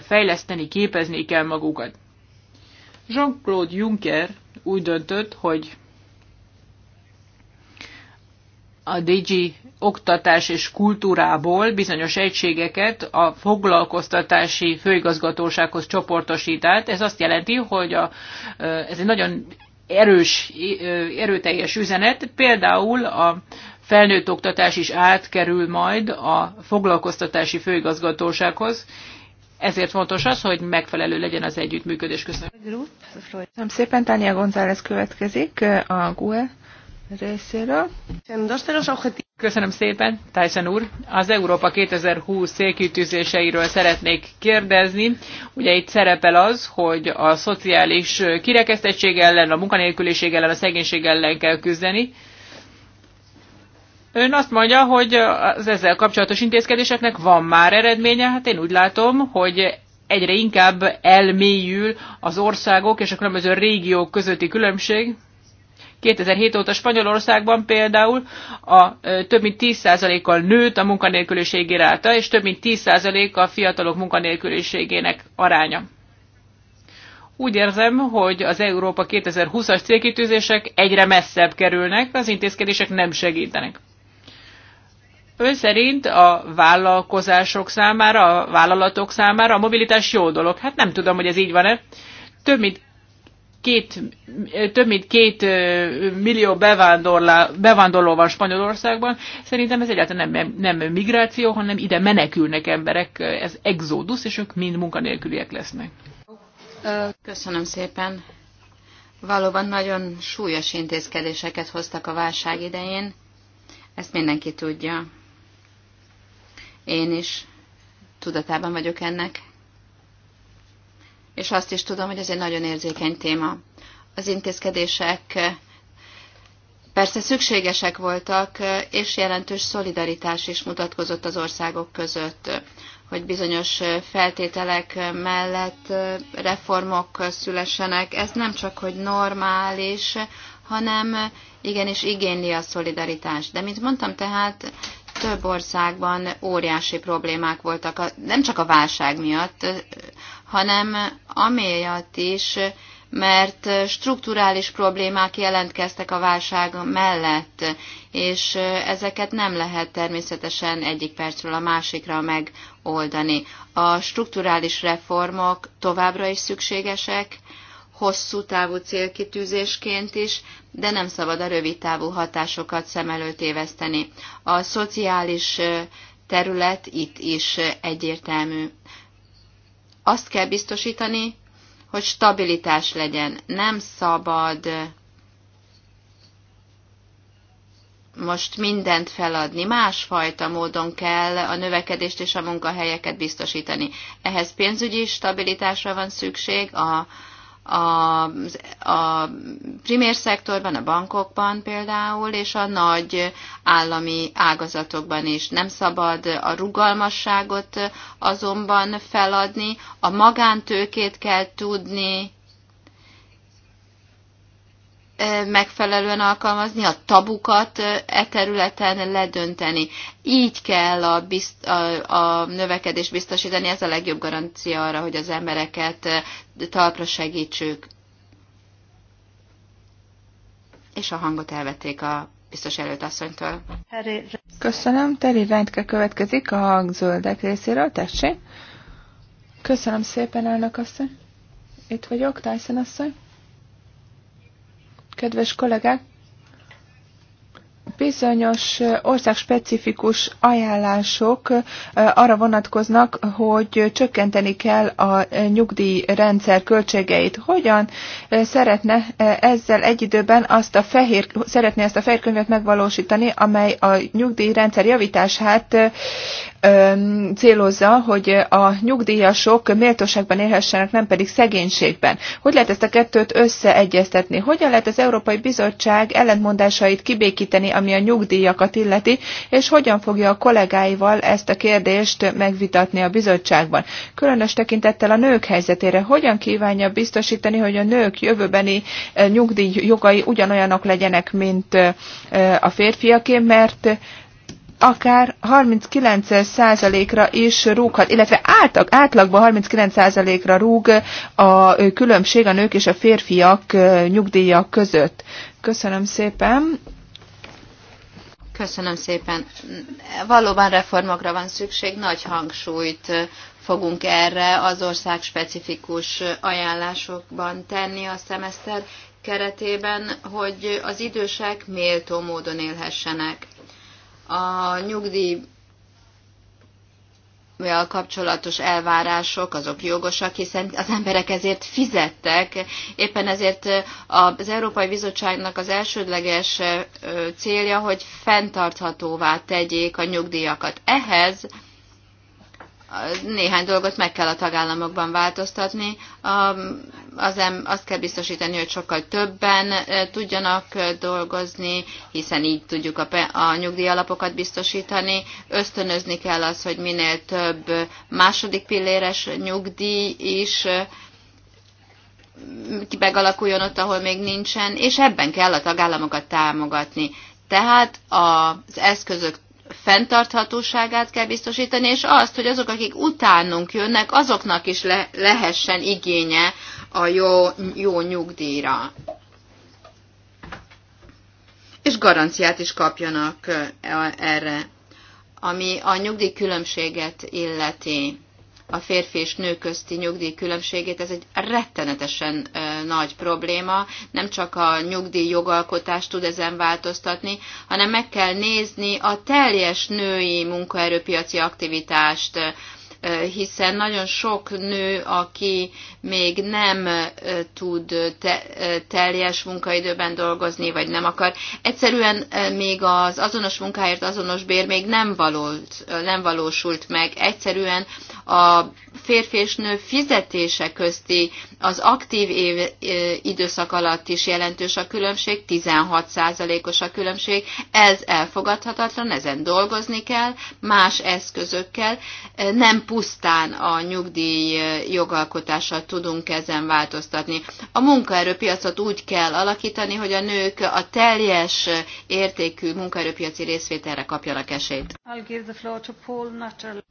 fejleszteni, képezni kell magukat. Jean-Claude Juncker úgy döntött, hogy a DG oktatás és kultúrából bizonyos egységeket a foglalkoztatási főigazgatósághoz csoportosítát. Ez azt jelenti, hogy a, ez egy nagyon erős, erőteljes üzenet, például a felnőtt oktatás is átkerül majd a foglalkoztatási főigazgatósághoz, ezért fontos az, hogy megfelelő legyen az együttműködés. Köszönöm. Köszönöm szépen, Tánia González következik eh, a GUE részéről. Köszönöm szépen, Tyson úr. Az Európa 2020 célkitűzéseiről szeretnék kérdezni. Ugye itt szerepel az, hogy a szociális kirekesztettség ellen, a munkanélküliség ellen, a szegénység ellen kell küzdeni. Ön azt mondja, hogy az ezzel kapcsolatos intézkedéseknek van már eredménye, hát én úgy látom, hogy egyre inkább elmélyül az országok és a különböző régiók közötti különbség. 2007 óta Spanyolországban például a több mint 10%-kal nőtt a munkanélküliség iráta, és több mint 10% a fiatalok munkanélküliségének aránya. Úgy érzem, hogy az Európa 2020-as célkitűzések egyre messzebb kerülnek, az intézkedések nem segítenek. Ön szerint a vállalkozások számára, a vállalatok számára a mobilitás jó dolog. Hát nem tudom, hogy ez így van-e. Több mint két, több mint két millió bevándorló van Spanyolországban. Szerintem ez egyáltalán nem, nem migráció, hanem ide menekülnek emberek. Ez exodus, és ők mind munkanélküliek lesznek. Köszönöm szépen. Valóban nagyon súlyos intézkedéseket hoztak a válság idején. Ezt mindenki tudja. Én is tudatában vagyok ennek. És azt is tudom, hogy ez egy nagyon érzékeny téma. Az intézkedések eh, persze szükségesek voltak, eh, és jelentős szolidaritás is mutatkozott az országok között, eh, hogy bizonyos feltételek mellett reformok szülessenek. Ez nem csak, hogy normális, hanem igenis igényli a szolidaritást. De, mint mondtam, tehát több országban óriási problémák voltak, nem csak a válság miatt, hanem amiatt is, mert strukturális problémák jelentkeztek a válság mellett, és ezeket nem lehet természetesen egyik percről a másikra megoldani. A strukturális reformok továbbra is szükségesek, hosszú távú célkitűzésként is, de nem szabad a rövid távú hatásokat szem előtt éveszteni. A szociális terület itt is egyértelmű. Azt kell biztosítani, hogy stabilitás legyen. Nem szabad most mindent feladni, másfajta módon kell a növekedést és a munkahelyeket biztosítani. Ehhez pénzügyi stabilitásra van szükség, a, a, a primér szektorban, a bankokban például, és a nagy állami ágazatokban is. Nem szabad a rugalmasságot azonban feladni, a magántőkét kell tudni megfelelően alkalmazni, a tabukat e területen ledönteni. Így kell a, bizt, a, a növekedés biztosítani, ez a legjobb garancia arra, hogy az embereket talpra segítsük. És a hangot elvették a biztos előtasszonytól. Köszönöm, Teri rendke következik a zöldek részéről, tessék. Köszönöm szépen, elnök asszony. Itt vagyok, Tyson asszony. Kedves kollégák, bizonyos országspecifikus ajánlások arra vonatkoznak, hogy csökkenteni kell a nyugdíjrendszer költségeit. Hogyan szeretne ezzel egy időben azt a fehér, szeretné ezt a fehér könyvet megvalósítani, amely a nyugdíjrendszer javítását célozza, hogy a nyugdíjasok méltóságban élhessenek, nem pedig szegénységben. Hogy lehet ezt a kettőt összeegyeztetni? Hogyan lehet az Európai Bizottság ellentmondásait kibékíteni, ami a nyugdíjakat illeti, és hogyan fogja a kollégáival ezt a kérdést megvitatni a bizottságban. Különös tekintettel a nők helyzetére hogyan kívánja biztosítani, hogy a nők jövőbeni eh, nyugdíj jogai ugyanolyanok legyenek, mint eh, a férfiaké, mert akár 39%-ra is rúghat, illetve átlag, átlagban 39%-ra rúg a különbség a nők és a férfiak nyugdíjak között. Köszönöm szépen. Köszönöm szépen. Valóban reformokra van szükség, nagy hangsúlyt fogunk erre az ország specifikus ajánlásokban tenni a szemeszter keretében, hogy az idősek méltó módon élhessenek. A nyugdíj mivel kapcsolatos elvárások, azok jogosak, hiszen az emberek ezért fizettek. Éppen ezért az Európai Bizottságnak az elsődleges célja, hogy fenntarthatóvá tegyék a nyugdíjakat. Ehhez néhány dolgot meg kell a tagállamokban változtatni. Az, azt kell biztosítani, hogy sokkal többen tudjanak dolgozni, hiszen így tudjuk a, a nyugdíjalapokat biztosítani. Ösztönözni kell az, hogy minél több második pilléres nyugdíj is megalakuljon ott, ahol még nincsen, és ebben kell a tagállamokat támogatni. Tehát az eszközök fenntarthatóságát kell biztosítani, és azt, hogy azok, akik utánunk jönnek, azoknak is le, lehessen igénye a jó, jó nyugdíjra. És garanciát is kapjanak eh, erre, ami a nyugdíj különbséget illeti a férfi és nő közti nyugdíj különbségét, ez egy rettenetesen nagy probléma. Nem csak a nyugdíj jogalkotást tud ezen változtatni, hanem meg kell nézni a teljes női munkaerőpiaci aktivitást, hiszen nagyon sok nő, aki még nem tud te, teljes munkaidőben dolgozni, vagy nem akar, egyszerűen még az azonos munkáért azonos bér még nem, valót, nem valósult meg, egyszerűen a férfi és nő fizetése közti az aktív év, időszak alatt is jelentős a különbség, 16%-os a különbség, ez elfogadhatatlan, ezen dolgozni kell, más eszközökkel, nem pusztán a nyugdíj jogalkotással tudunk ezen változtatni. A munkaerőpiacot úgy kell alakítani, hogy a nők a teljes értékű munkaerőpiaci részvételre kapjanak esélyt.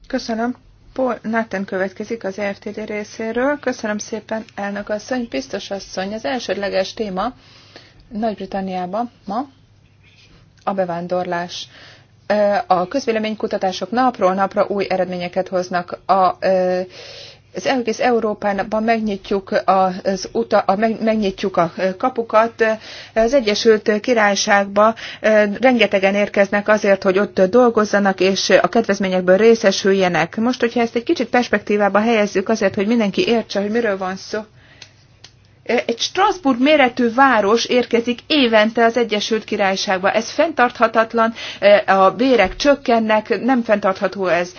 Köszönöm. Paul Nathan következik az RTD részéről. Köszönöm szépen, elnök asszony, biztos asszony. Az elsődleges téma Nagy-Britanniában ma a bevándorlás. A közvéleménykutatások napról napra új eredményeket hoznak. A az egész Európában megnyitjuk, az uta, a, megnyitjuk a kapukat. Az Egyesült Királyságba rengetegen érkeznek azért, hogy ott dolgozzanak, és a kedvezményekből részesüljenek. Most, hogyha ezt egy kicsit perspektívába helyezzük, azért, hogy mindenki értse, hogy miről van szó, egy Strasbourg méretű város érkezik évente az Egyesült Királyságba. Ez fenntarthatatlan, a bérek csökkennek, nem fenntartható ez.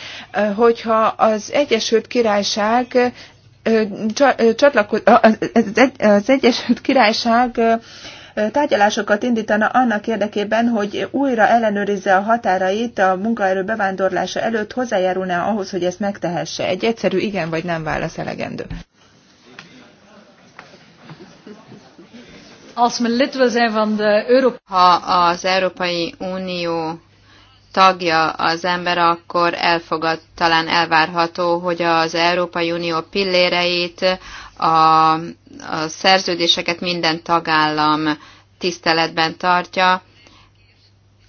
Hogyha az Egyesült Királyság az Egyesült Királyság tárgyalásokat indítana annak érdekében, hogy újra ellenőrizze a határait a munkaerő bevándorlása előtt, hozzájárulna ahhoz, hogy ezt megtehesse. Egy egyszerű igen vagy nem válasz elegendő. Als men lid wil zijn van de Europa... Ha az Európai Unió tagja az ember, akkor elfogad, talán elvárható, hogy az Európai Unió pilléreit, a, a szerződéseket minden tagállam tiszteletben tartja,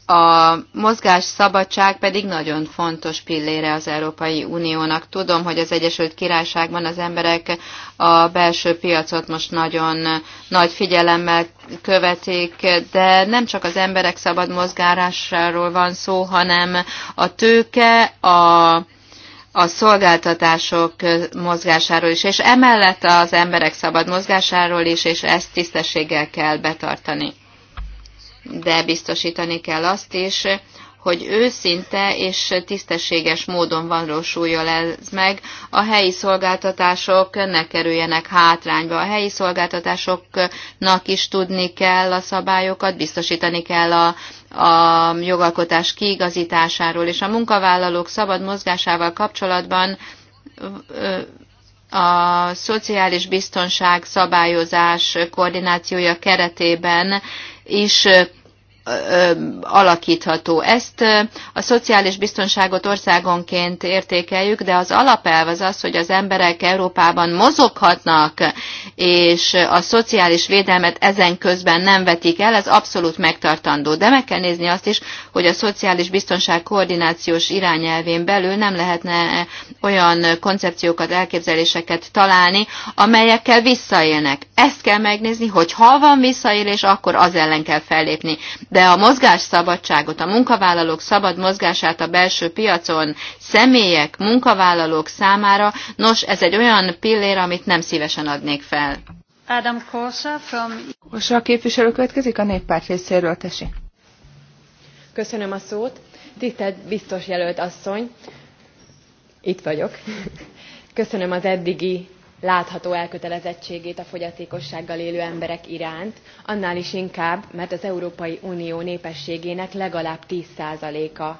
a mozgás szabadság pedig nagyon fontos pillére az Európai Uniónak. Tudom, hogy az Egyesült Királyságban az emberek a belső piacot most nagyon nagy figyelemmel követik, de nem csak az emberek szabad mozgásáról van szó, hanem a tőke, a a szolgáltatások mozgásáról is, és emellett az emberek szabad mozgásáról is, és ezt tisztességgel kell betartani de biztosítani kell azt is, hogy őszinte és tisztességes módon valósuljon ez meg, a helyi szolgáltatások ne kerüljenek hátrányba. A helyi szolgáltatásoknak is tudni kell a szabályokat, biztosítani kell a, a jogalkotás kiigazításáról, és a munkavállalók szabad mozgásával kapcsolatban a szociális biztonság szabályozás koordinációja keretében is alakítható. Ezt a szociális biztonságot országonként értékeljük, de az alapelv az az, hogy az emberek Európában mozoghatnak, és a szociális védelmet ezen közben nem vetik el, ez abszolút megtartandó. De meg kell nézni azt is, hogy a szociális biztonság koordinációs irányelvén belül nem lehetne olyan koncepciókat, elképzeléseket találni, amelyekkel visszaélnek. Ezt kell megnézni, hogy ha van visszaélés, akkor az ellen kell fellépni. De de a mozgásszabadságot, a munkavállalók szabad mozgását a belső piacon személyek, munkavállalók számára, nos, ez egy olyan pillér, amit nem szívesen adnék fel. Adam Korsa from... Korsa a képviselő következik a néppárt részéről, tesi. Köszönöm a szót. Tisztelt biztos jelölt asszony, itt vagyok. Köszönöm az eddigi látható elkötelezettségét a fogyatékossággal élő emberek iránt, annál is inkább, mert az Európai Unió népességének legalább 10%-a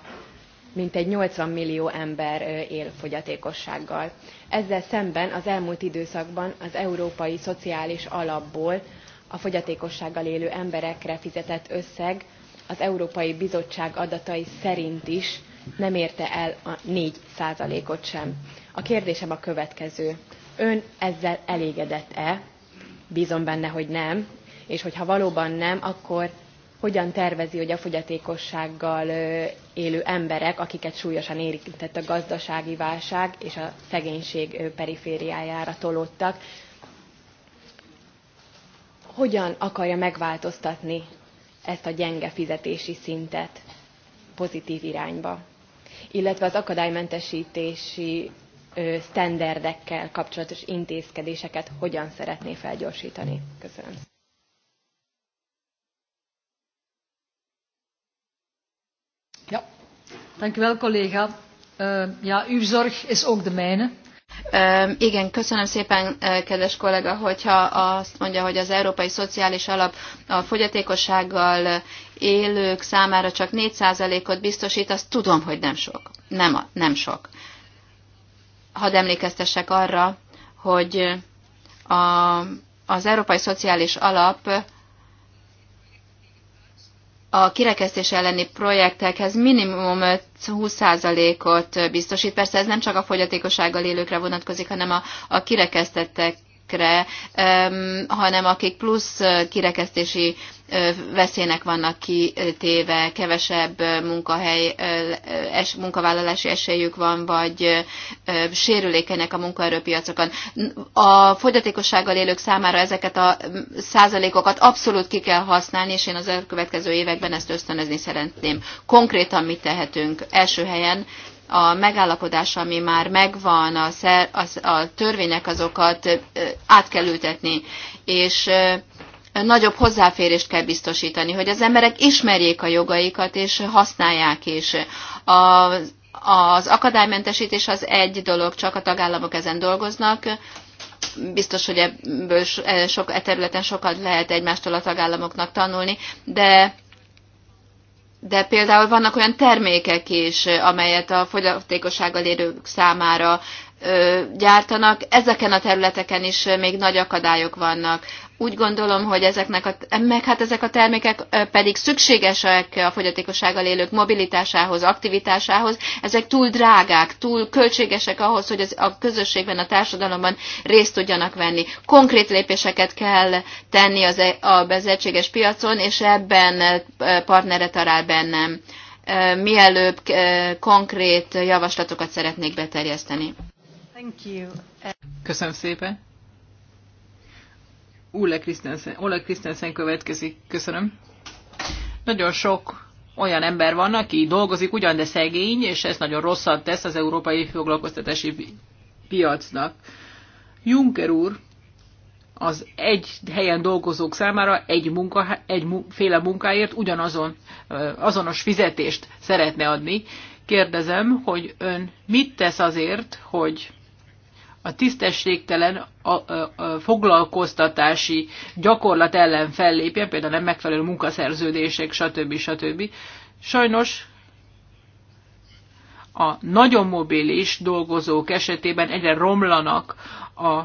mintegy 80 millió ember él fogyatékossággal. Ezzel szemben az elmúlt időszakban az Európai Szociális Alapból a fogyatékossággal élő emberekre fizetett összeg az Európai Bizottság adatai szerint is nem érte el a 4 ot sem. A kérdésem a következő ön ezzel elégedett-e? Bízom benne, hogy nem. És hogyha valóban nem, akkor hogyan tervezi, hogy a fogyatékossággal élő emberek, akiket súlyosan érintett a gazdasági válság és a szegénység perifériájára tolódtak, hogyan akarja megváltoztatni ezt a gyenge fizetési szintet pozitív irányba? Illetve az akadálymentesítési sztenderdekkel kapcsolatos intézkedéseket hogyan szeretné felgyorsítani. Köszönöm. Ja, dank u collega. Uh, ja, uw zorg is ook de mijne. Eh, igen, köszönöm szépen, eh, kedves kollega, hogyha azt mondja, hogy az Európai Szociális Alap a fogyatékossággal élők számára csak 4%-ot biztosít, azt tudom, hogy nem sok. Nem, nem sok hadd emlékeztessek arra, hogy a, az Európai Szociális Alap a kirekesztés elleni projektekhez minimum 20%-ot biztosít. Persze ez nem csak a fogyatékossággal élőkre vonatkozik, hanem a, a kirekesztettekre, hanem akik plusz kirekesztési veszélynek vannak kitéve, kevesebb munkahely, es, munkavállalási esélyük van, vagy sérülékenyek a munkaerőpiacokon. A fogyatékossággal élők számára ezeket a százalékokat abszolút ki kell használni, és én az elkövetkező években ezt ösztönözni szeretném. Konkrétan mit tehetünk? Első helyen a megállapodás, ami már megvan, a, szer, a, a törvények azokat át kell ültetni, és nagyobb hozzáférést kell biztosítani, hogy az emberek ismerjék a jogaikat és használják is. Az, az akadálymentesítés az egy dolog, csak a tagállamok ezen dolgoznak, biztos, hogy ebből e, sok e területen sokat lehet egymástól a tagállamoknak tanulni, de de például vannak olyan termékek is, amelyet a fogyatékossággal élők számára ö, gyártanak. Ezeken a területeken is még nagy akadályok vannak úgy gondolom, hogy ezeknek a, meg hát ezek a termékek pedig szükségesek a fogyatékossággal élők mobilitásához, aktivitásához. Ezek túl drágák, túl költségesek ahhoz, hogy az, a közösségben, a társadalomban részt tudjanak venni. Konkrét lépéseket kell tenni az, e, az egységes piacon, és ebben partnere talál bennem. Mielőbb konkrét javaslatokat szeretnék beterjeszteni. Thank you. Köszönöm szépen. Ulle Krisztensen Ulle következik. Köszönöm. Nagyon sok olyan ember van, aki dolgozik ugyan, de szegény, és ez nagyon rosszat tesz az európai foglalkoztatási piacnak. Juncker úr az egy helyen dolgozók számára egy, munka, egy féle munkáért ugyanazon azonos fizetést szeretne adni. Kérdezem, hogy ön mit tesz azért, hogy a tisztességtelen a, a, a foglalkoztatási gyakorlat ellen fellépjen, például nem megfelelő munkaszerződések, stb. stb. Sajnos a nagyon mobilis dolgozók esetében egyre romlanak a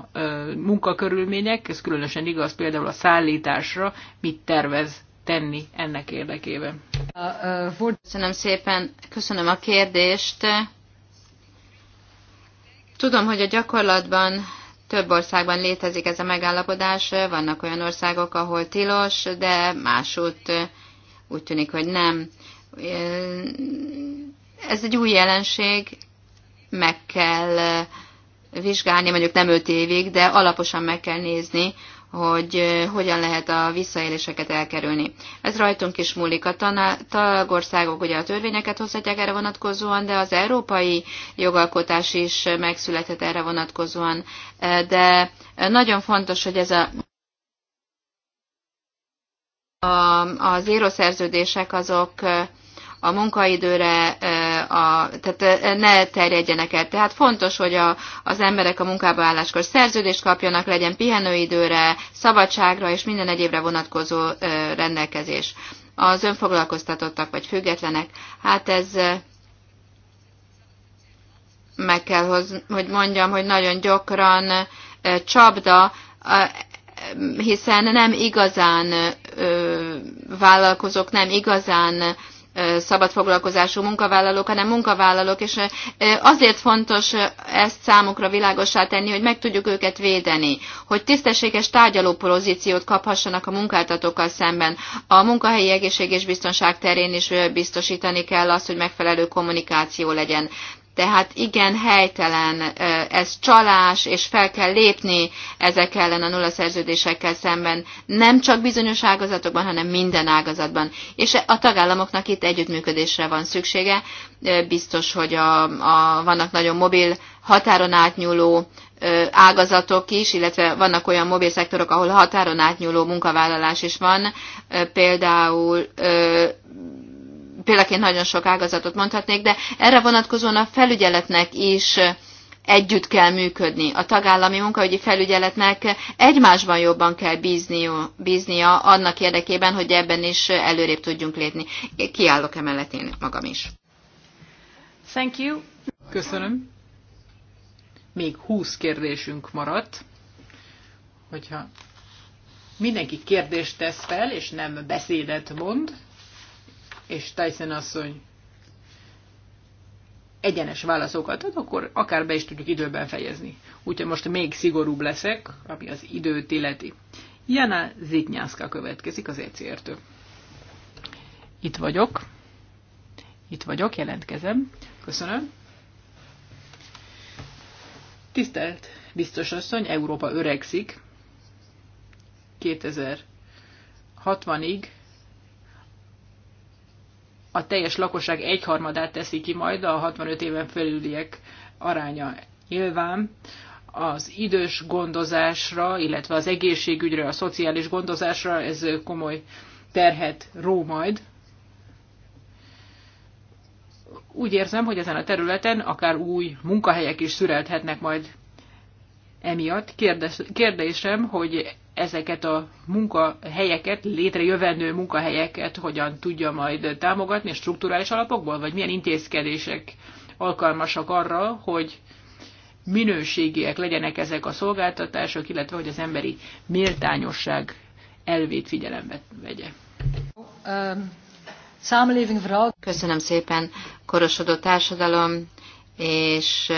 munkakörülmények, ez különösen igaz például a szállításra, mit tervez tenni ennek érdekében. Köszönöm szépen, köszönöm a kérdést. Tudom, hogy a gyakorlatban több országban létezik ez a megállapodás, vannak olyan országok, ahol tilos, de másút eh, úgy tűnik, hogy nem. Eh, ez egy új jelenség, meg kell eh, vizsgálni, mondjuk nem öt évig, de alaposan meg kell nézni, hogy hogyan lehet a visszaéléseket elkerülni. Ez rajtunk is múlik. A tagországok ugye a törvényeket hozhatják erre vonatkozóan, de az európai jogalkotás is megszületett erre vonatkozóan. De nagyon fontos, hogy ez a a, az írószerződések azok a munkaidőre, a, tehát ne terjedjenek el. Tehát fontos, hogy a, az emberek a munkába álláskor szerződést kapjanak, legyen pihenőidőre, szabadságra és minden egyébre vonatkozó rendelkezés. Az önfoglalkoztatottak vagy függetlenek, hát ez meg kell, hozni, hogy mondjam, hogy nagyon gyakran csapda, hiszen nem igazán vállalkozók, nem igazán szabad foglalkozású munkavállalók, hanem munkavállalók, és azért fontos ezt számukra világosá tenni, hogy meg tudjuk őket védeni, hogy tisztességes tárgyaló pozíciót kaphassanak a munkáltatókkal szemben. A munkahelyi egészség és biztonság terén is biztosítani kell azt, hogy megfelelő kommunikáció legyen. Tehát igen, helytelen, ez csalás, és fel kell lépni ezek ellen a nulla szerződésekkel szemben, nem csak bizonyos ágazatokban, hanem minden ágazatban. És a tagállamoknak itt együttműködésre van szüksége. Biztos, hogy a, a, vannak nagyon mobil, határon átnyúló ágazatok is, illetve vannak olyan mobil szektorok, ahol határon átnyúló munkavállalás is van, például én nagyon sok ágazatot mondhatnék, de erre vonatkozóan a felügyeletnek is együtt kell működni. A tagállami munkahogyi felügyeletnek egymásban jobban kell bíznia, bíznia annak érdekében, hogy ebben is előrébb tudjunk lépni. Kiállok emellett én magam is. Thank you. Köszönöm. Még 20 kérdésünk maradt. Hogyha mindenki kérdést tesz fel, és nem beszédet mond, és Tyson asszony egyenes válaszokat ad, akkor akár be is tudjuk időben fejezni. Úgyhogy most még szigorúbb leszek, ami az időt illeti. Jana Zitnyászka következik az ECR-től. Itt vagyok. Itt vagyok, jelentkezem. Köszönöm. Tisztelt biztos asszony, Európa öregszik. 2060-ig a teljes lakosság egyharmadát teszi ki majd a 65 éven felüliek aránya. Nyilván az idős gondozásra, illetve az egészségügyre, a szociális gondozásra ez komoly terhet ró majd. Úgy érzem, hogy ezen a területen akár új munkahelyek is szürelthetnek majd emiatt. kérdésem, hogy ezeket a munkahelyeket, létrejövendő munkahelyeket hogyan tudja majd támogatni, strukturális alapokból, vagy milyen intézkedések alkalmasak arra, hogy minőségiek legyenek ezek a szolgáltatások, illetve hogy az emberi méltányosság elvét figyelembe vegye. Um, Köszönöm szépen. Korosodó társadalom, és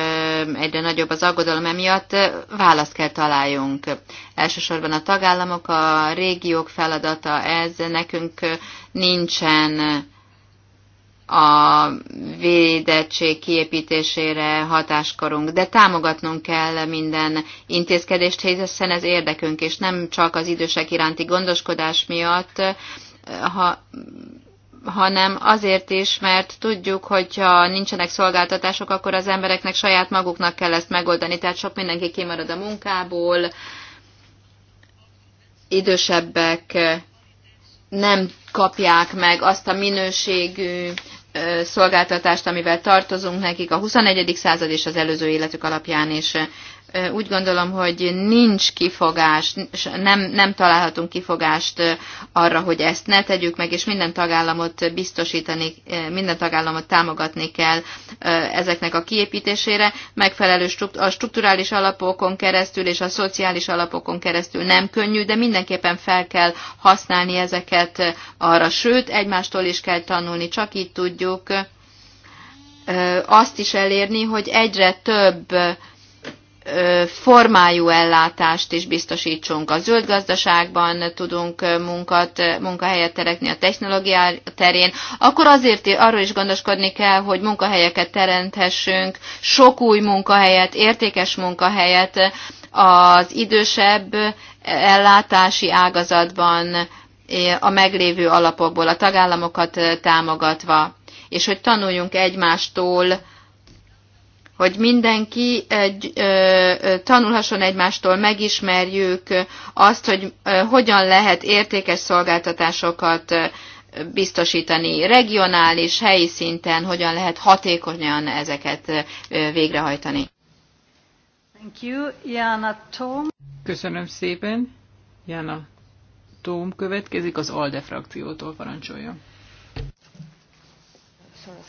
egyre nagyobb az aggodalom emiatt, választ kell találjunk. Elsősorban a tagállamok, a régiók feladata ez, nekünk nincsen a védettség kiépítésére hatáskorunk, de támogatnunk kell minden intézkedést, hiszen ez érdekünk, és nem csak az idősek iránti gondoskodás miatt, ha hanem azért is, mert tudjuk, hogyha nincsenek szolgáltatások, akkor az embereknek saját maguknak kell ezt megoldani, tehát sok mindenki kimarad a munkából, idősebbek nem kapják meg azt a minőségű szolgáltatást, amivel tartozunk nekik a 21. század és az előző életük alapján is úgy gondolom, hogy nincs kifogás, nem, nem találhatunk kifogást arra, hogy ezt ne tegyük meg, és minden tagállamot biztosítani, minden tagállamot támogatni kell ezeknek a kiépítésére. Megfelelő strukt, a strukturális alapokon keresztül és a szociális alapokon keresztül nem könnyű, de mindenképpen fel kell használni ezeket arra, sőt, egymástól is kell tanulni, csak így tudjuk azt is elérni, hogy egyre több formájú ellátást is biztosítsunk. A zöld gazdaságban tudunk munkat, munkahelyet teremteni a technológia terén, akkor azért arról is gondoskodni kell, hogy munkahelyeket teremthessünk, sok új munkahelyet, értékes munkahelyet az idősebb ellátási ágazatban a meglévő alapokból, a tagállamokat támogatva, és hogy tanuljunk egymástól, hogy mindenki egy, ö, tanulhasson egymástól, megismerjük azt, hogy ö, hogyan lehet értékes szolgáltatásokat ö, biztosítani regionális, helyi szinten, hogyan lehet hatékonyan ezeket végrehajtani. Thank you, Jana Tom. Köszönöm szépen. Jana Tom következik az ALDE frakciótól, parancsoljon.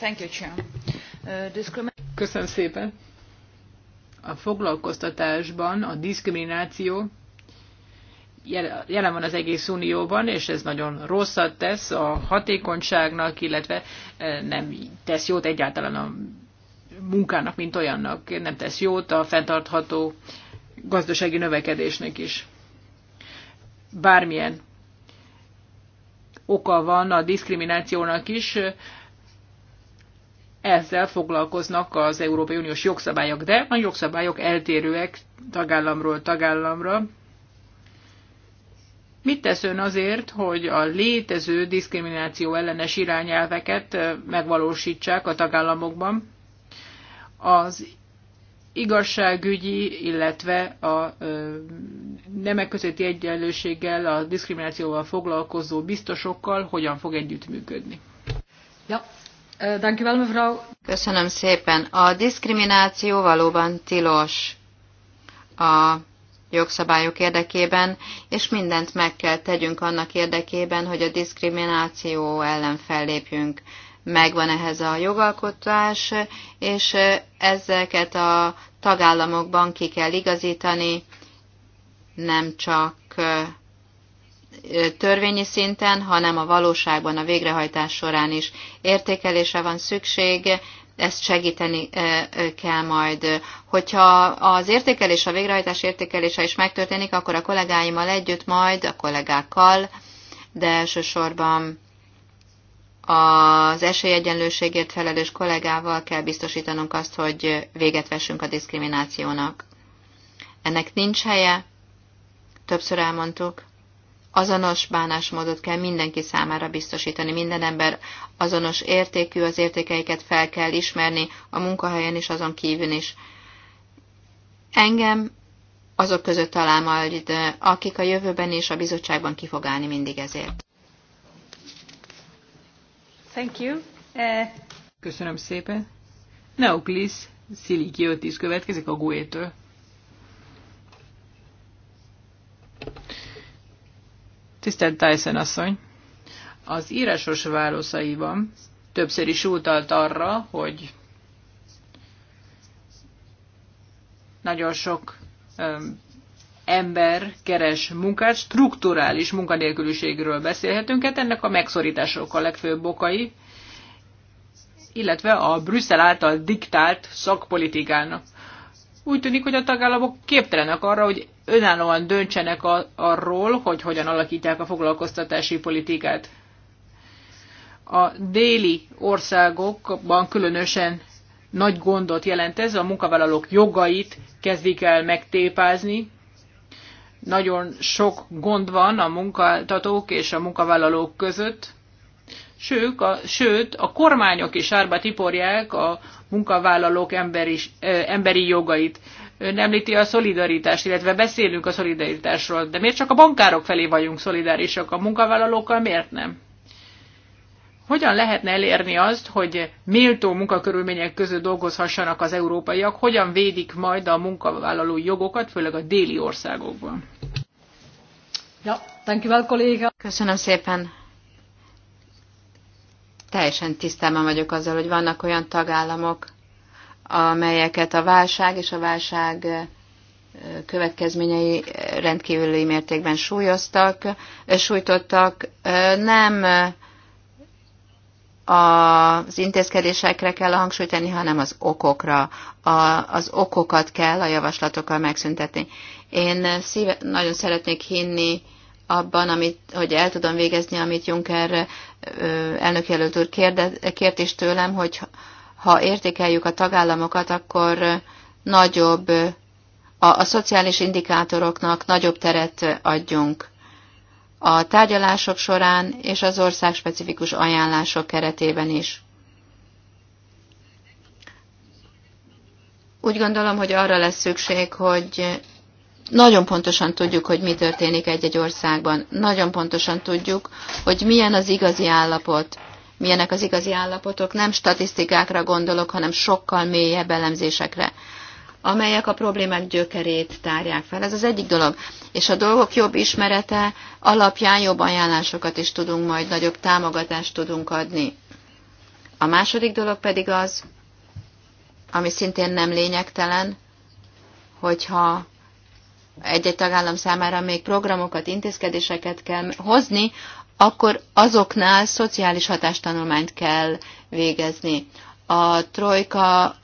Uh, Köszönöm szépen. A foglalkoztatásban a diszkrimináció jelen van az egész unióban, és ez nagyon rosszat tesz a hatékonyságnak, illetve eh, nem tesz jót egyáltalán a munkának, mint olyannak, nem tesz jót a fenntartható gazdasági növekedésnek is. Bármilyen oka van a diszkriminációnak is, ezzel foglalkoznak az Európai Uniós jogszabályok, de a jogszabályok eltérőek tagállamról tagállamra. Mit tesz ön azért, hogy a létező diszkrimináció ellenes irányelveket megvalósítsák a tagállamokban? Az igazságügyi, illetve a nemek közötti egyenlőséggel, a diszkriminációval foglalkozó biztosokkal hogyan fog együttműködni? Ja, Eh, Köszönöm szépen. A diszkrimináció valóban tilos a jogszabályok érdekében, és mindent meg kell tegyünk annak érdekében, hogy a diszkrimináció ellen fellépjünk. Megvan ehhez a jogalkotás, és eh, ezeket a tagállamokban ki kell igazítani, nem csak eh, törvényi szinten, hanem a valóságban, a végrehajtás során is értékelése van szükség, ezt segíteni kell majd. Hogyha az értékelés, a végrehajtás értékelése is megtörténik, akkor a kollégáimmal együtt majd, a kollégákkal, de elsősorban az esélyegyenlőségért felelős kollégával kell biztosítanunk azt, hogy véget vessünk a diszkriminációnak. Ennek nincs helye, többször elmondtuk, azonos bánásmódot kell mindenki számára biztosítani. Minden ember azonos értékű, az értékeiket fel kell ismerni a munkahelyen és azon kívül is. Engem azok között talál majd, akik a jövőben és a bizottságban ki fog állni mindig ezért. Thank you. Uh... Köszönöm szépen. Neoklis is következik a Guétől. Tisztelt Tyson asszony, az írásos válaszaiban többször is utalt arra, hogy nagyon sok ember keres munkát, strukturális munkanélküliségről beszélhetünk, hát ennek a megszorítások a legfőbb okai, illetve a Brüsszel által diktált szakpolitikának úgy tűnik, hogy a tagállamok képtelenek arra, hogy önállóan döntsenek a, arról, hogy hogyan alakítják a foglalkoztatási politikát. A déli országokban különösen nagy gondot jelent ez, a munkavállalók jogait kezdik el megtépázni. Nagyon sok gond van a munkáltatók és a munkavállalók között sők a, sőt a kormányok is árba tiporják a munkavállalók emberi, emberi jogait. Ön említi a szolidaritást, illetve beszélünk a szolidaritásról, de miért csak a bankárok felé vagyunk szolidárisak, a munkavállalókkal miért nem? Hogyan lehetne elérni azt, hogy méltó munkakörülmények között dolgozhassanak az európaiak, hogyan védik majd a munkavállaló jogokat, főleg a déli országokban? Ja, thank you well, Köszönöm szépen teljesen tisztában vagyok azzal, hogy vannak olyan tagállamok, amelyeket a válság és a válság következményei rendkívüli mértékben súlyoztak, sújtottak. Nem az intézkedésekre kell a hangsúlyt tenni, hanem az okokra. A, az okokat kell a javaslatokkal megszüntetni. Én szíve, nagyon szeretnék hinni abban, amit, hogy el tudom végezni, amit Juncker elnökjelölt úr kért is tőlem, hogy ha értékeljük a tagállamokat, akkor nagyobb, a, a szociális indikátoroknak nagyobb teret adjunk a tárgyalások során és az ország specifikus ajánlások keretében is. Úgy gondolom, hogy arra lesz szükség, hogy nagyon pontosan tudjuk, hogy mi történik egy-egy országban. Nagyon pontosan tudjuk, hogy milyen az igazi állapot. Milyenek az igazi állapotok? Nem statisztikákra gondolok, hanem sokkal mélyebb elemzésekre, amelyek a problémák gyökerét tárják fel. Ez az egyik dolog. És a dolgok jobb ismerete alapján jobb ajánlásokat is tudunk majd, nagyobb támogatást tudunk adni. A második dolog pedig az, ami szintén nem lényegtelen, hogyha egy-egy tagállam számára még programokat, intézkedéseket kell hozni, akkor azoknál szociális hatástanulmányt kell végezni. A trojka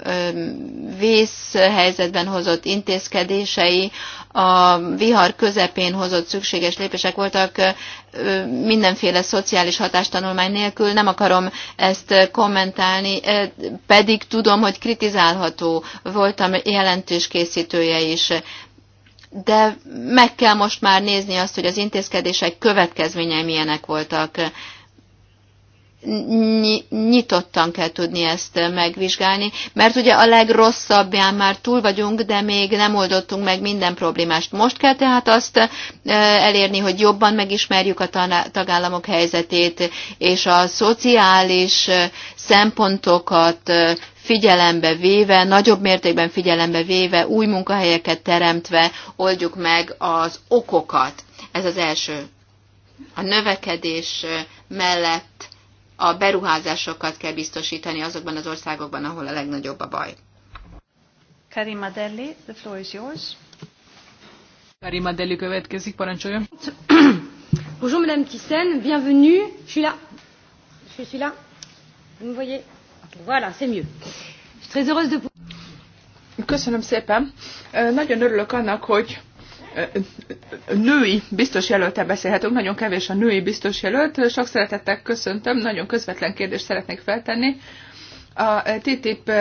vészhelyzetben hozott intézkedései, a vihar közepén hozott szükséges lépések voltak mindenféle szociális hatástanulmány nélkül. Nem akarom ezt kommentálni, pedig tudom, hogy kritizálható. Voltam jelentős készítője is de meg kell most már nézni azt, hogy az intézkedések következményei milyenek voltak. Nyitottan kell tudni ezt megvizsgálni, mert ugye a legrosszabbján már túl vagyunk, de még nem oldottunk meg minden problémást. Most kell tehát azt elérni, hogy jobban megismerjük a tagállamok helyzetét, és a szociális szempontokat figyelembe véve, nagyobb mértékben figyelembe véve, új munkahelyeket teremtve oldjuk meg az okokat. Ez az első. A növekedés mellett a beruházásokat kell biztosítani azokban az országokban, ahol a legnagyobb a baj. Karima Delli, the floor is yours. Karima Delli következik, parancsoljon. Bonjour Madame Kissen, bienvenue. Je suis là. Je suis là. Vous me voyez Voilà, c'est mieux. Je suis très heureuse de Köszönöm szépen. Nagyon örülök annak, hogy női biztos jelöltel beszélhetünk, nagyon kevés a női biztos jelölt. Sok szeretettel köszöntöm, nagyon közvetlen kérdést szeretnék feltenni. A TTIP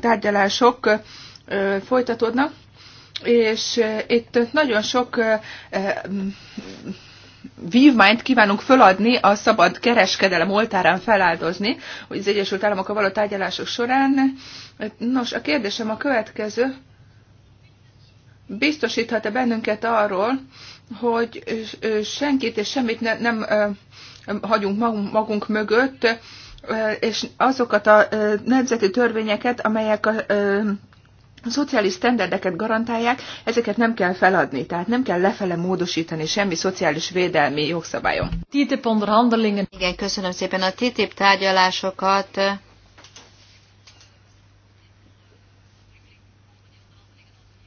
tárgyalások folytatódnak, és itt nagyon sok vívmányt kívánunk föladni a szabad kereskedelem oltárán feláldozni, hogy az Egyesült a való tárgyalások során. Nos, a kérdésem a következő. Biztosíthat-e bennünket arról, hogy senkit és semmit ne, nem hagyunk magunk, magunk mögött, és azokat a nemzeti törvényeket, amelyek a a szociális sztenderdeket garantálják, ezeket nem kell feladni, tehát nem kell lefele módosítani semmi szociális védelmi jogszabályon. TTIP onderhandelingen. Igen, köszönöm szépen. A TTIP tárgyalásokat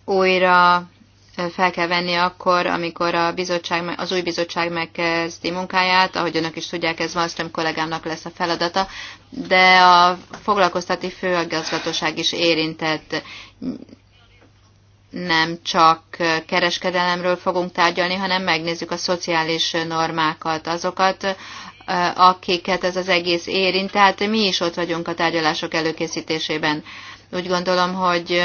újra fel kell venni akkor, amikor a bizottság, az új bizottság megkezdi munkáját, ahogy önök is tudják, ez Malmström kollégámnak lesz a feladata, de a foglalkoztati főgazgatóság is érintett. Nem csak kereskedelemről fogunk tárgyalni, hanem megnézzük a szociális normákat, azokat, akiket ez az egész érint. Tehát mi is ott vagyunk a tárgyalások előkészítésében. Úgy gondolom, hogy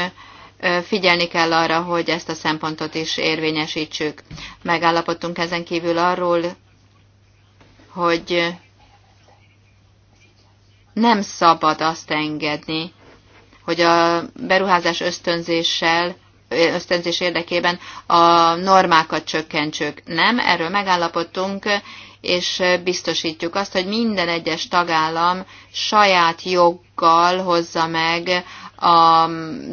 figyelni kell arra, hogy ezt a szempontot is érvényesítsük. Megállapodtunk ezen kívül arról, hogy nem szabad azt engedni, hogy a beruházás ösztönzéssel, ösztönzés érdekében a normákat csökkentsük. Nem, erről megállapodtunk, és biztosítjuk azt, hogy minden egyes tagállam saját joggal hozza meg a,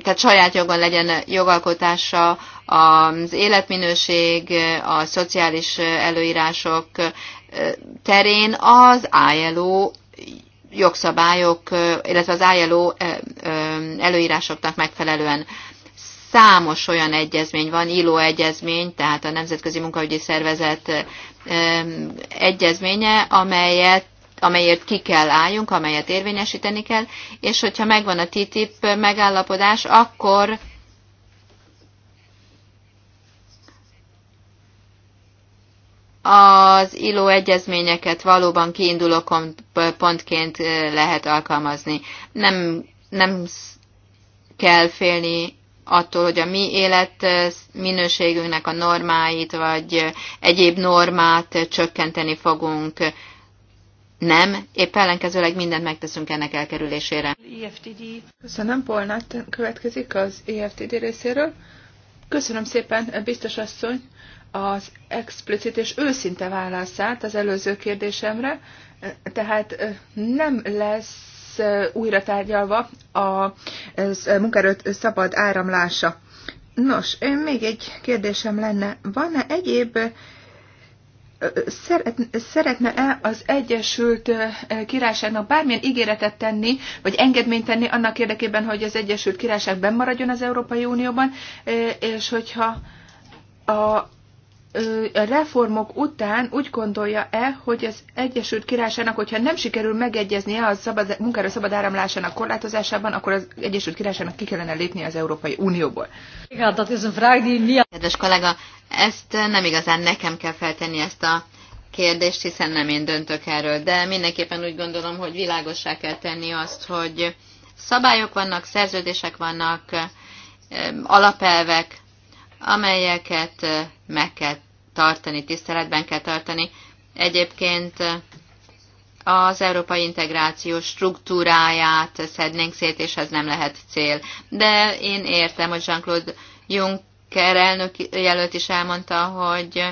tehát saját jogon legyen jogalkotása, az életminőség, a szociális előírások terén az ILO jogszabályok, illetve az ILO előírásoknak megfelelően számos olyan egyezmény van, ILO egyezmény, tehát a Nemzetközi Munkaügyi Szervezet egyezménye, amelyet amelyért ki kell álljunk, amelyet érvényesíteni kell, és hogyha megvan a TTIP megállapodás, akkor az ILO egyezményeket valóban kiinduló pontként lehet alkalmazni. Nem, nem kell félni attól, hogy a mi élet minőségünknek a normáit, vagy egyéb normát csökkenteni fogunk nem, épp ellenkezőleg mindent megteszünk ennek elkerülésére. EFTD. Köszönöm, Polnát következik az EFTD részéről. Köszönöm szépen, biztos asszony, az explicit és őszinte válaszát az előző kérdésemre. Tehát nem lesz újra tárgyalva a munkerőt szabad áramlása. Nos, még egy kérdésem lenne. Van-e egyéb szeretne-e az Egyesült Királyságnak bármilyen ígéretet tenni, vagy engedményt tenni annak érdekében, hogy az Egyesült Királyság maradjon az Európai Unióban, és hogyha a reformok után úgy gondolja-e, hogy az Egyesült Királyságnak, hogyha nem sikerül megegyeznie a szabad, munkára szabad áramlásának korlátozásában, akkor az Egyesült Királyságnak ki kellene lépni az Európai Unióból? Igen, Kedves kollega, ezt nem igazán nekem kell feltenni ezt a kérdést, hiszen nem én döntök erről, de mindenképpen úgy gondolom, hogy világossá kell tenni azt, hogy szabályok vannak, szerződések vannak, alapelvek, amelyeket meg kell tartani, tiszteletben kell tartani. Egyébként az európai integráció struktúráját szednénk szét, és ez nem lehet cél. De én értem, hogy Jean-Claude Juncker elnök jelölt is elmondta, hogy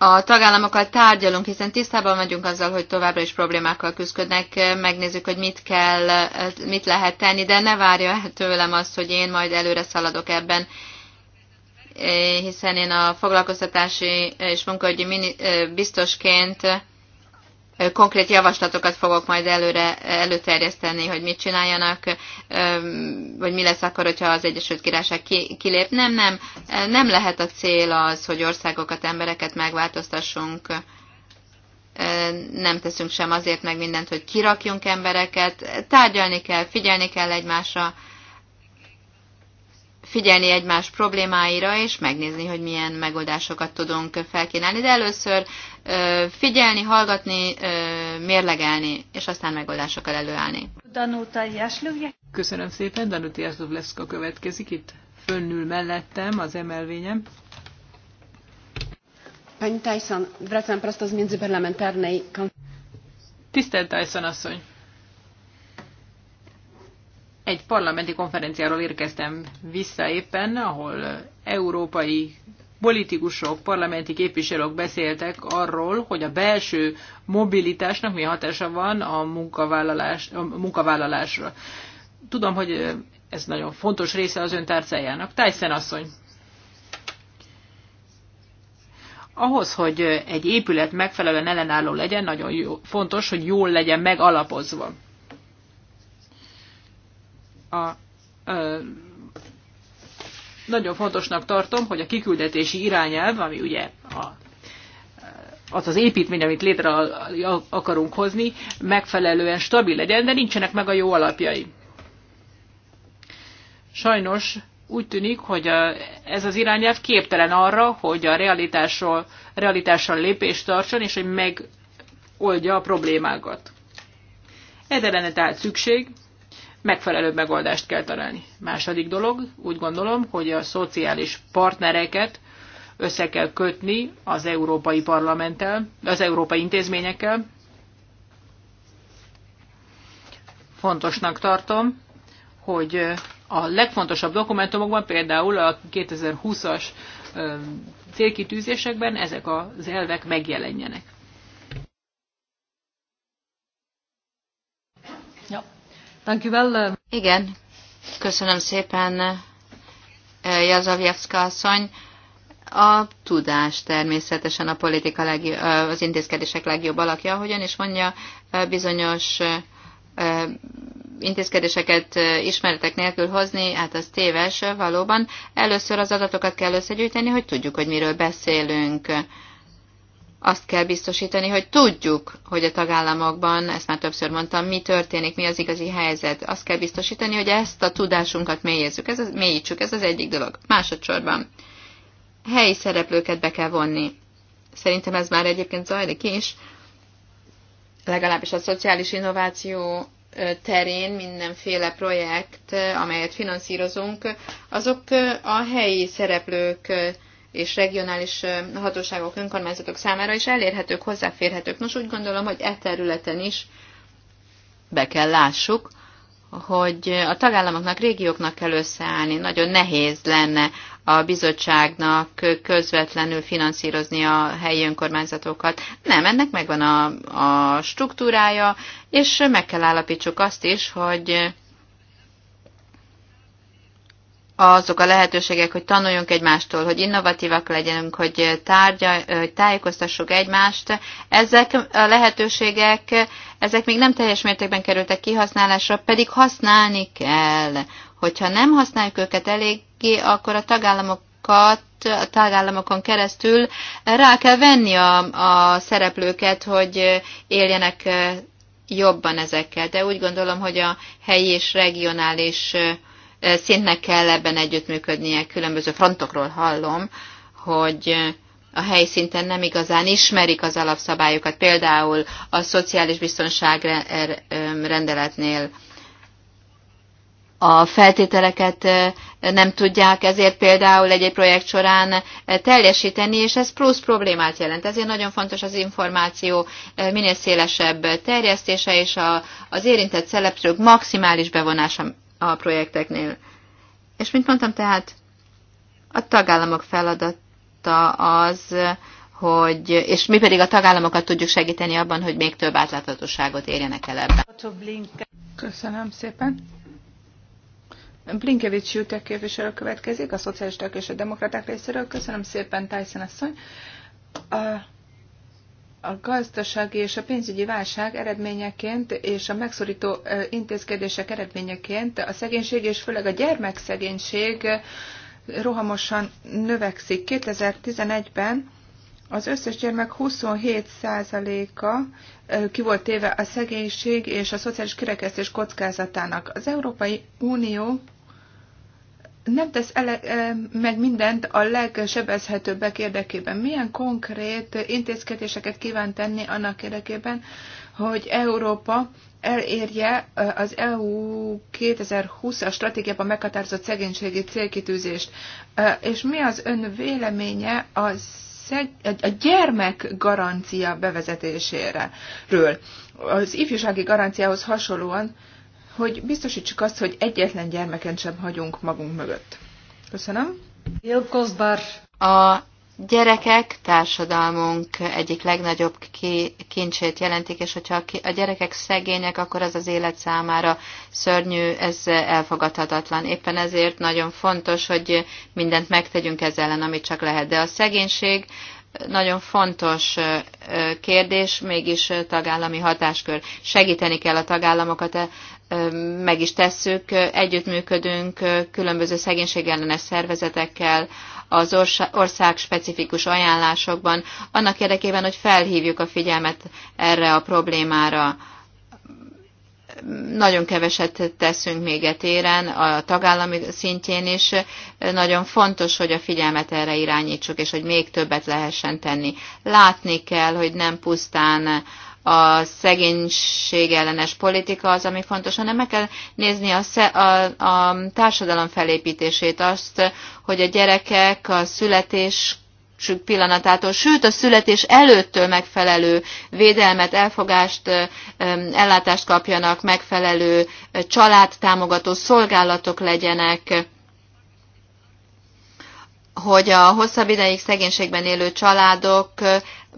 a tagállamokkal tárgyalunk, hiszen tisztában vagyunk azzal, hogy továbbra is problémákkal küzdködnek, megnézzük, hogy mit kell, mit lehet tenni, de ne várja tőlem azt, hogy én majd előre szaladok ebben hiszen én a foglalkoztatási és munkaügyi biztosként konkrét javaslatokat fogok majd előre előterjeszteni, hogy mit csináljanak, vagy mi lesz akkor, hogyha az Egyesült Királyság kilép. Nem, nem, nem lehet a cél az, hogy országokat, embereket megváltoztassunk, nem teszünk sem azért meg mindent, hogy kirakjunk embereket, tárgyalni kell, figyelni kell egymásra, figyelni egymás problémáira, és megnézni, hogy milyen megoldásokat tudunk felkínálni. De először figyelni, hallgatni, mérlegelni, és aztán megoldásokkal előállni. Danuta Köszönöm szépen, Danuta Jászlövleszka következik itt. Fönnül mellettem az emelvényem. Pani Tyson, wracam prosto z międzyparlamentarnej Tisztelt Tyson asszony! Egy parlamenti konferenciáról érkeztem vissza éppen, ahol európai politikusok, parlamenti képviselők beszéltek arról, hogy a belső mobilitásnak mi hatása van a, munkavállalás, a munkavállalásra. Tudom, hogy ez nagyon fontos része az ön tárcájának. Tyson asszony. Ahhoz, hogy egy épület megfelelően ellenálló legyen, nagyon jó, fontos, hogy jól legyen megalapozva a, ö, nagyon fontosnak tartom, hogy a kiküldetési irányelv, ami ugye a, az az építmény, amit létre akarunk hozni, megfelelően stabil legyen, de nincsenek meg a jó alapjai. Sajnos úgy tűnik, hogy a, ez az irányelv képtelen arra, hogy a realitásról, realitással lépést tartson, és hogy megoldja a problémákat. Erre lenne tehát szükség, megfelelő megoldást kell találni. Második dolog, úgy gondolom, hogy a szociális partnereket össze kell kötni az Európai Parlamenttel, az Európai Intézményekkel. Fontosnak tartom, hogy a legfontosabb dokumentumokban, például a 2020-as célkitűzésekben ezek az elvek megjelenjenek. Uh, Igen, köszönöm szépen, uh, Jazavjevszka asszony. A tudás természetesen a politika legjobb, uh, az intézkedések legjobb alakja, ahogyan is mondja, bizonyos intézkedéseket ismeretek nélkül hozni, hát az téves valóban. Először az adatokat kell összegyűjteni, hogy tudjuk, hogy miről beszélünk azt kell biztosítani, hogy tudjuk, hogy a tagállamokban, ezt már többször mondtam, mi történik, mi az igazi helyzet. Azt kell biztosítani, hogy ezt a tudásunkat mélyezzük, ez az, mélyítsük, ez az egyik dolog. Másodszorban helyi szereplőket be kell vonni. Szerintem ez már egyébként zajlik is, legalábbis a szociális innováció terén mindenféle projekt, amelyet finanszírozunk, azok a helyi szereplők és regionális hatóságok, önkormányzatok számára is elérhetők, hozzáférhetők. Nos, úgy gondolom, hogy e területen is be kell lássuk, hogy a tagállamoknak, régióknak kell összeállni. Nagyon nehéz lenne a bizottságnak közvetlenül finanszírozni a helyi önkormányzatokat. Nem, ennek megvan a, a struktúrája, és meg kell állapítsuk azt is, hogy azok a lehetőségek, hogy tanuljunk egymástól, hogy innovatívak legyenünk, hogy, tárgya, hogy tájékoztassuk egymást. Ezek a lehetőségek, ezek még nem teljes mértékben kerültek kihasználásra, pedig használni kell. Hogyha nem használjuk őket eléggé, akkor a tagállamokat a tagállamokon keresztül rá kell venni a, a szereplőket, hogy éljenek jobban ezekkel. De úgy gondolom, hogy a helyi és regionális szintnek kell ebben együttműködnie, különböző frontokról hallom, hogy a helyszinten nem igazán ismerik az alapszabályokat, például a szociális biztonság er- rendeletnél a feltételeket nem tudják ezért például egy, -egy projekt során teljesíteni, és ez plusz problémát jelent. Ezért nagyon fontos az információ minél szélesebb terjesztése és a, az érintett szereplők maximális bevonása a projekteknél. És mint mondtam, tehát a tagállamok feladata az, hogy, és mi pedig a tagállamokat tudjuk segíteni abban, hogy még több átláthatóságot érjenek el ebben. Köszönöm szépen. Blinkevics Jutek képviselő következik, a szocialisták és a demokraták részéről. Köszönöm szépen, Tyson asszony a gazdasági és a pénzügyi válság eredményeként és a megszorító intézkedések eredményeként a szegénység és főleg a gyermekszegénység rohamosan növekszik. 2011-ben az összes gyermek 27%-a ki volt téve a szegénység és a szociális kirekesztés kockázatának. Az Európai Unió nem tesz ele, meg mindent a legsebezhetőbbek érdekében. Milyen konkrét intézkedéseket kíván tenni annak érdekében, hogy Európa elérje az EU 2020-as stratégiában meghatározott szegénységi célkitűzést. És mi az ön véleménye szeg, a gyermek garancia bevezetéséről? Az ifjúsági garanciához hasonlóan hogy biztosítsuk azt, hogy egyetlen gyermeken sem hagyunk magunk mögött. Köszönöm. A gyerekek társadalmunk egyik legnagyobb kincsét jelentik, és hogyha a gyerekek szegények, akkor az az élet számára szörnyű, ez elfogadhatatlan. Éppen ezért nagyon fontos, hogy mindent megtegyünk ezzel ellen, amit csak lehet. De a szegénység nagyon fontos kérdés, mégis tagállami hatáskör. Segíteni kell a tagállamokat meg is tesszük, együttműködünk különböző szegénységellenes szervezetekkel, az ország specifikus ajánlásokban, annak érdekében, hogy felhívjuk a figyelmet erre a problémára. Nagyon keveset teszünk még etéren, a tagállami szintjén is. Nagyon fontos, hogy a figyelmet erre irányítsuk, és hogy még többet lehessen tenni. Látni kell, hogy nem pusztán a szegénység ellenes politika az, ami fontos, hanem meg kell nézni a, a, a társadalom felépítését, azt, hogy a gyerekek a születés pillanatától, sőt a születés előttől megfelelő védelmet, elfogást, ellátást kapjanak, megfelelő családtámogató szolgálatok legyenek, hogy a hosszabb ideig szegénységben élő családok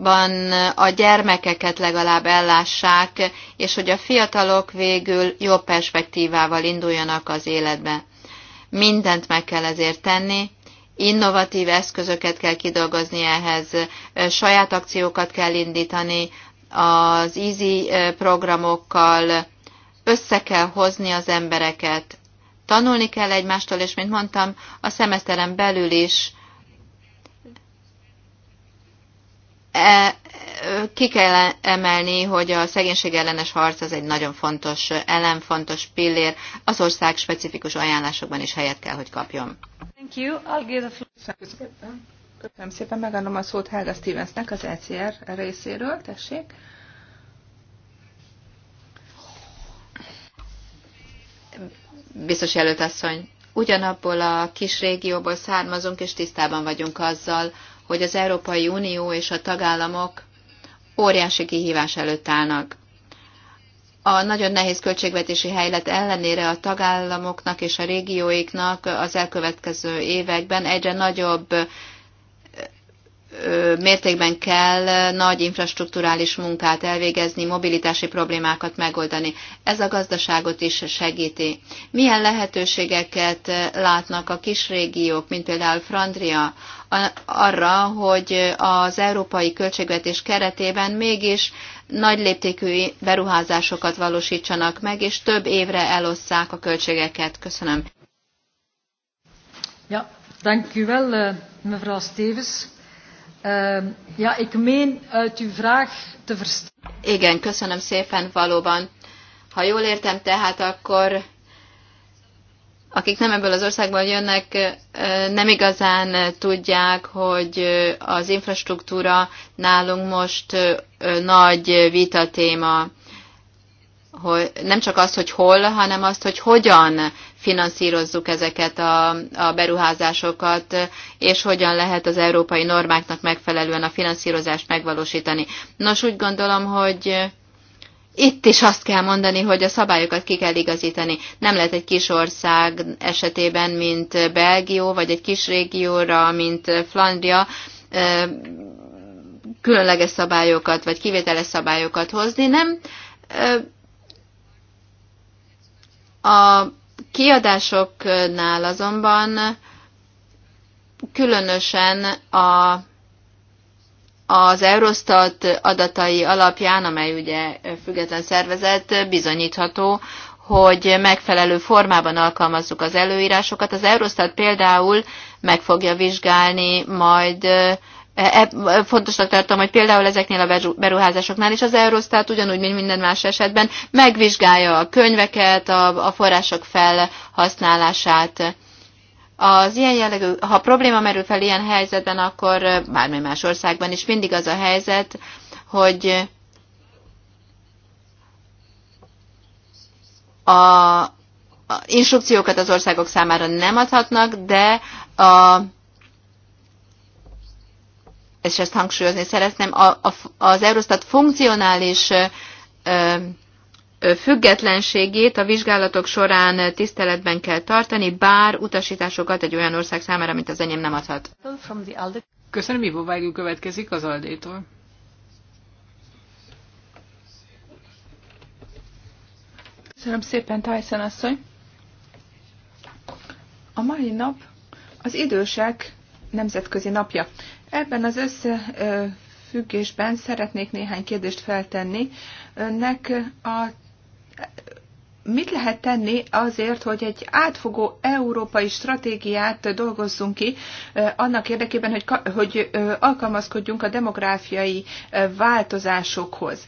ban a gyermekeket legalább ellássák, és hogy a fiatalok végül jobb perspektívával induljanak az életbe. Mindent meg kell ezért tenni, innovatív eszközöket kell kidolgozni ehhez, saját akciókat kell indítani, az easy programokkal össze kell hozni az embereket, tanulni kell egymástól, és mint mondtam, a szemeszteren belül is E, ki kell emelni, hogy a szegénység ellenes harc az egy nagyon fontos elem, fontos pillér, az ország specifikus ajánlásokban is helyet kell, hogy kapjon. Thank you. I'll give the floor. Köszönöm. Köszönöm szépen, megadom a szót Helga Stevensnek az ECR részéről, tessék. Biztos jelölt asszony, ugyanabból a kis régióból származunk, és tisztában vagyunk azzal, hogy az Európai Unió és a tagállamok óriási kihívás előtt állnak. A nagyon nehéz költségvetési helyzet ellenére a tagállamoknak és a régióiknak az elkövetkező években egyre nagyobb mértékben kell nagy infrastruktúrális munkát elvégezni, mobilitási problémákat megoldani. Ez a gazdaságot is segíti. Milyen lehetőségeket látnak a kis régiók, mint például Frandria, arra, hogy az európai költségvetés keretében mégis nagy léptékű beruházásokat valósítsanak meg, és több évre elosszák a költségeket. Köszönöm. Ja, dank u wel, eh, mevrouw Stevens. Uh, ja, ik meen uit uw vraag te verstaan. Igen, köszönöm szépen, valóban. Ha jól értem, tehát akkor akik nem ebből az országból jönnek, nem igazán tudják, hogy az infrastruktúra nálunk most nagy vita téma. Hogy nem csak az, hogy hol, hanem azt, hogy hogyan finanszírozzuk ezeket a, a beruházásokat, és hogyan lehet az európai normáknak megfelelően a finanszírozást megvalósítani. Nos, úgy gondolom, hogy itt is azt kell mondani, hogy a szabályokat ki kell igazítani. Nem lehet egy kis ország esetében, mint Belgió, vagy egy kis régióra, mint Flandria, különleges szabályokat, vagy kivételes szabályokat hozni, nem. A kiadásoknál azonban különösen a az Eurostat adatai alapján, amely ugye független szervezet, bizonyítható, hogy megfelelő formában alkalmazzuk az előírásokat. Az Eurostat például meg fogja vizsgálni majd e, e, fontosnak tartom, hogy például ezeknél a beruházásoknál is az Eurostat ugyanúgy, mint minden más esetben megvizsgálja a könyveket, a, a források felhasználását. Az ilyen jellegű, ha probléma merül fel ilyen helyzetben, akkor bármi más országban is mindig az a helyzet, hogy a instrukciókat az országok számára nem adhatnak, de a, és ezt hangsúlyozni szeretném, a, a, az Eurostat funkcionális ö, függetlenségét a vizsgálatok során tiszteletben kell tartani, bár utasításokat egy olyan ország számára, mint az enyém nem adhat. Köszönöm, Ivo Vágyú következik az Aldétól. Köszönöm szépen, Tyson asszony. A mai nap az idősek nemzetközi napja. Ebben az összefüggésben szeretnék néhány kérdést feltenni önnek a mit lehet tenni azért, hogy egy átfogó európai stratégiát dolgozzunk ki, annak érdekében, hogy, hogy alkalmazkodjunk a demográfiai változásokhoz.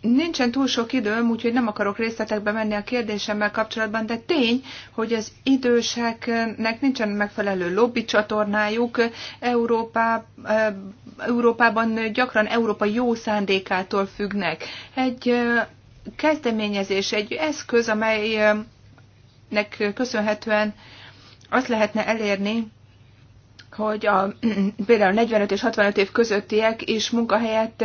Nincsen túl sok időm, úgyhogy nem akarok részletekbe menni a kérdésemmel kapcsolatban, de tény, hogy az időseknek nincsen megfelelő lobby csatornájuk Európá, Európában gyakran Európa jó szándékától függnek. Egy kezdeményezés, egy eszköz, amelynek köszönhetően azt lehetne elérni, hogy a, például 45 és 65 év közöttiek is munkahelyet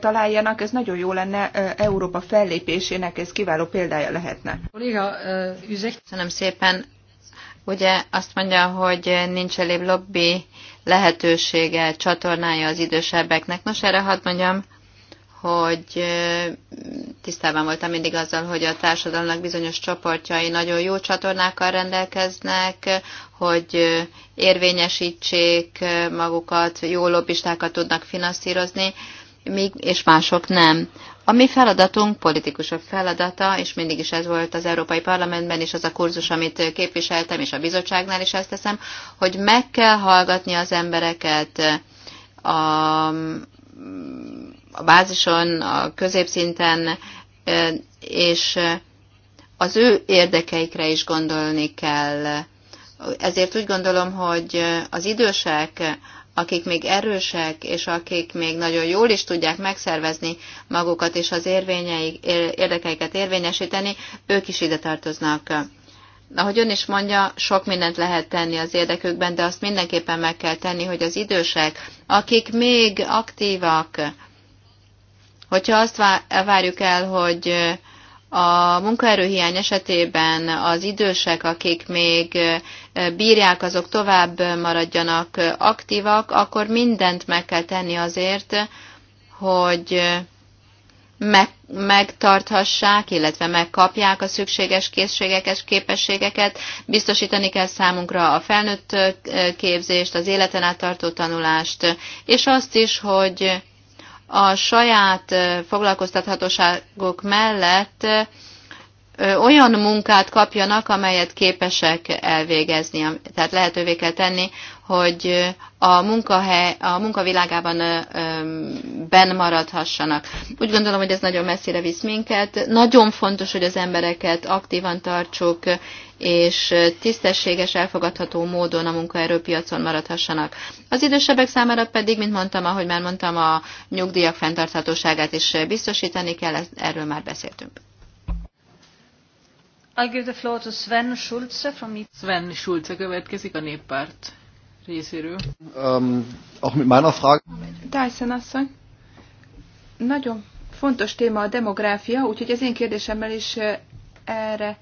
találjanak, ez nagyon jó lenne Európa fellépésének, ez kiváló példája lehetne. Kolléga, Köszönöm szépen. Ugye azt mondja, hogy nincs elég lobby lehetősége, csatornája az idősebbeknek. Nos, erre hadd mondjam, hogy tisztában voltam mindig azzal, hogy a társadalomnak bizonyos csoportjai nagyon jó csatornákkal rendelkeznek, hogy érvényesítsék magukat, jó lobbistákat tudnak finanszírozni, míg, és mások nem. A mi feladatunk, politikusok feladata, és mindig is ez volt az Európai Parlamentben, és az a kurzus, amit képviseltem, és a bizottságnál is ezt teszem, hogy meg kell hallgatni az embereket, a, a bázison, a középszinten, és az ő érdekeikre is gondolni kell. Ezért úgy gondolom, hogy az idősek, akik még erősek, és akik még nagyon jól is tudják megszervezni magukat és az érvényeik, érdekeiket érvényesíteni, ők is ide tartoznak. Ahogy ön is mondja, sok mindent lehet tenni az érdekükben, de azt mindenképpen meg kell tenni, hogy az idősek, akik még aktívak, Hogyha azt várjuk el, hogy a munkaerőhiány esetében az idősek, akik még bírják, azok tovább maradjanak aktívak, akkor mindent meg kell tenni azért, hogy meg, megtarthassák, illetve megkapják a szükséges készségeket, képességeket. Biztosítani kell számunkra a felnőtt képzést, az életen át tartó tanulást, és azt is, hogy a saját foglalkoztathatóságok mellett olyan munkát kapjanak, amelyet képesek elvégezni. Tehát lehetővé kell tenni, hogy a, munkahely, a munkavilágában ben maradhassanak. Úgy gondolom, hogy ez nagyon messzire visz minket. Nagyon fontos, hogy az embereket aktívan tartsuk, és tisztességes, elfogadható módon a munkaerőpiacon maradhassanak. Az idősebbek számára pedig, mint mondtam, ahogy már mondtam, a nyugdíjak fenntarthatóságát is biztosítani kell, erről már beszéltünk. I give the floor to Sven Schulze from it. E- Sven Schulze következik a néppárt részéről. Um, auch mit meiner Frage. Dyson asszony. Nagyon fontos téma a demográfia, úgyhogy az én kérdésemmel is erre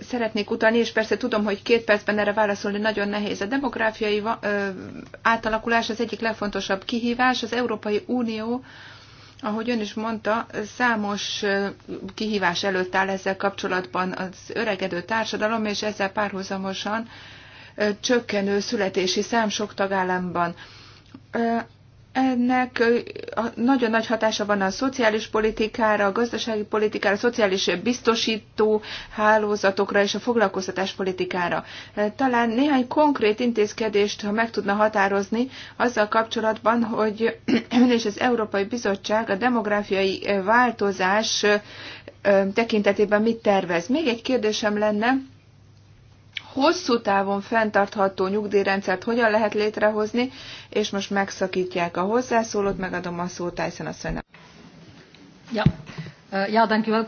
szeretnék utalni, és persze tudom, hogy két percben erre válaszolni nagyon nehéz. A demográfiai átalakulás az egyik legfontosabb kihívás. Az Európai Unió ahogy ön is mondta, számos kihívás előtt áll ezzel kapcsolatban az öregedő társadalom, és ezzel párhuzamosan csökkenő születési szám sok tagállamban. Ennek nagyon nagy hatása van a szociális politikára, a gazdasági politikára, a szociális biztosító hálózatokra és a foglalkoztatás politikára. Talán néhány konkrét intézkedést, ha meg tudna határozni, azzal kapcsolatban, hogy ön és az Európai Bizottság a demográfiai változás tekintetében mit tervez. Még egy kérdésem lenne, hosszú távon fenntartható nyugdíjrendszert hogyan lehet létrehozni, és most megszakítják a hozzászólót, megadom a szót Tyson asszonynak. Ja. Ja, dankjewel A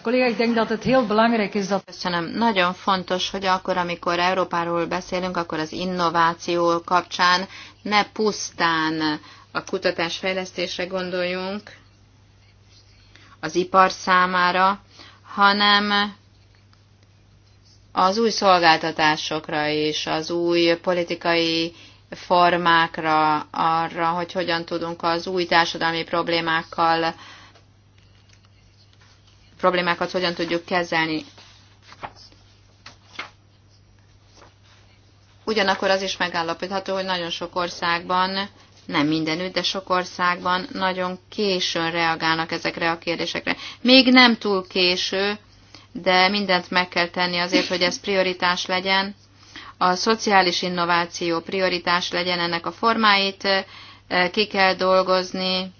kolléga, ik denk dat het heel belangrijk is dat... Köszönöm. Nagyon fontos, hogy akkor, amikor Európáról beszélünk, akkor az innováció kapcsán ne pusztán a kutatásfejlesztésre gondoljunk az ipar számára, hanem az új szolgáltatásokra és az új politikai formákra, arra, hogy hogyan tudunk az új társadalmi problémákkal problémákat hogyan tudjuk kezelni. Ugyanakkor az is megállapítható, hogy nagyon sok országban, nem mindenütt, de sok országban nagyon későn reagálnak ezekre a kérdésekre. Még nem túl késő, de mindent meg kell tenni azért, hogy ez prioritás legyen, a szociális innováció prioritás legyen ennek a formáit, eh, ki kell dolgozni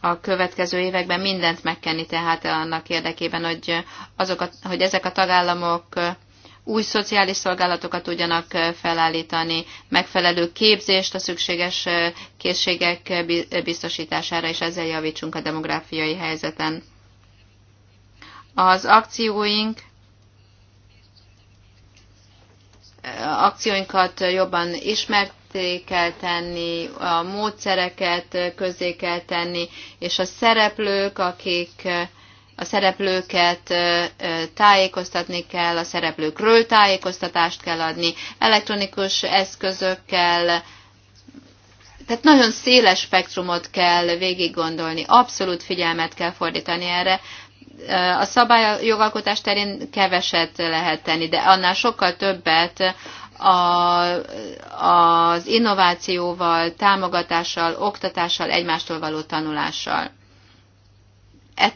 a következő években mindent megkenni, tehát annak érdekében, hogy, azok a, hogy ezek a tagállamok új szociális szolgálatokat tudjanak felállítani, megfelelő képzést a szükséges készségek biztosítására, és ezzel javítsunk a demográfiai helyzeten. Az akcióink akcióinkat jobban ismert kell tenni, a módszereket közé kell tenni, és a szereplők, akik a szereplőket tájékoztatni kell, a szereplőkről tájékoztatást kell adni, elektronikus eszközökkel, tehát nagyon széles spektrumot kell végig gondolni, abszolút figyelmet kell fordítani erre. A szabályjogalkotás terén keveset lehet tenni, de annál sokkal többet a, az innovációval, támogatással, oktatással, egymástól való tanulással e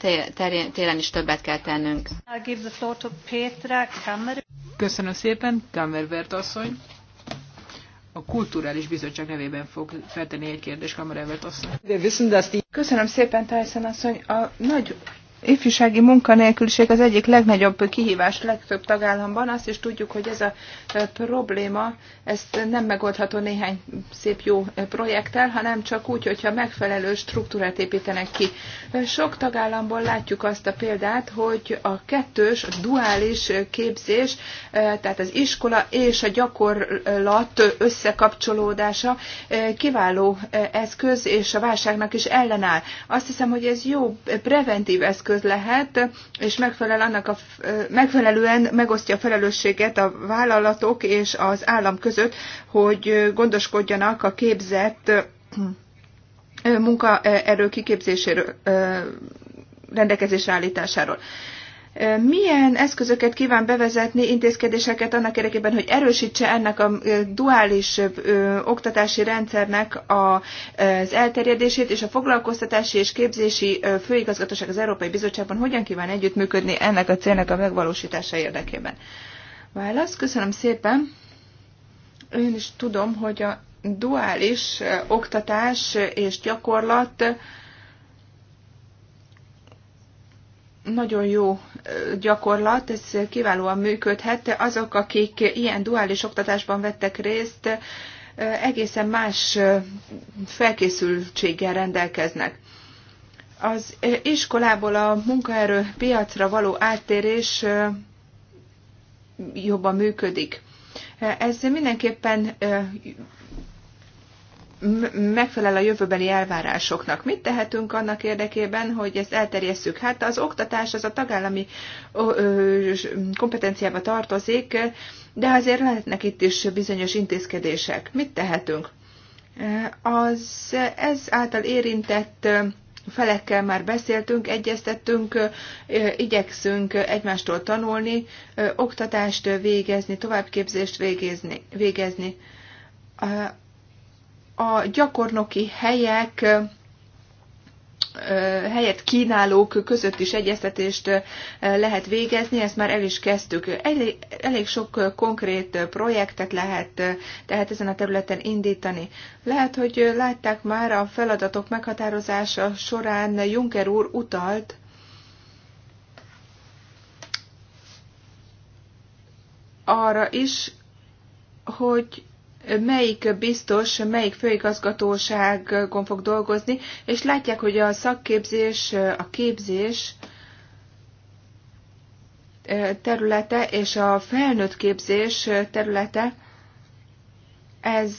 téren is többet kell tennünk. Köszönöm szépen, Kammervert asszony. A Kulturális Bizottság nevében fog feltenni egy kérdést Kammervert asszony. Köszönöm szépen, Tyson asszony. A nagy ifjúsági munkanélküliség az egyik legnagyobb kihívás legtöbb tagállamban. Azt is tudjuk, hogy ez a probléma, ez nem megoldható néhány szép jó projekttel, hanem csak úgy, hogyha megfelelő struktúrát építenek ki. Sok tagállamból látjuk azt a példát, hogy a kettős, a duális képzés, tehát az iskola és a gyakorlat összekapcsolódása kiváló eszköz, és a válságnak is ellenáll. Azt hiszem, hogy ez jó preventív eszköz, eszköz lehet, és megfelel annak a, megfelelően megosztja a felelősséget a vállalatok és az állam között, hogy gondoskodjanak a képzett munkaerő kiképzéséről, rendelkezésre állításáról. Milyen eszközöket kíván bevezetni, intézkedéseket annak érdekében, hogy erősítse ennek a duális oktatási rendszernek az elterjedését, és a foglalkoztatási és képzési főigazgatóság az Európai Bizottságban hogyan kíván együttműködni ennek a célnak a megvalósítása érdekében? Válasz, köszönöm szépen. Én is tudom, hogy a duális oktatás és gyakorlat nagyon jó gyakorlat, ez kiválóan működhet. Azok, akik ilyen duális oktatásban vettek részt, egészen más felkészültséggel rendelkeznek. Az iskolából a munkaerő piacra való áttérés jobban működik. Ez mindenképpen megfelel a jövőbeli elvárásoknak. Mit tehetünk annak érdekében, hogy ezt elterjesszük? Hát az oktatás az a tagállami kompetenciába tartozik, de azért lehetnek itt is bizonyos intézkedések. Mit tehetünk? Az ez által érintett felekkel már beszéltünk, egyeztettünk, igyekszünk egymástól tanulni, oktatást végezni, továbbképzést végezni a gyakornoki helyek helyet kínálók között is egyeztetést lehet végezni, ezt már el is kezdtük. Elég, elég sok konkrét projektet lehet tehát ezen a területen indítani. Lehet, hogy látták már a feladatok meghatározása során Juncker úr utalt arra is, hogy melyik biztos, melyik főigazgatóságon fog dolgozni, és látják, hogy a szakképzés, a képzés területe és a felnőtt képzés területe, ez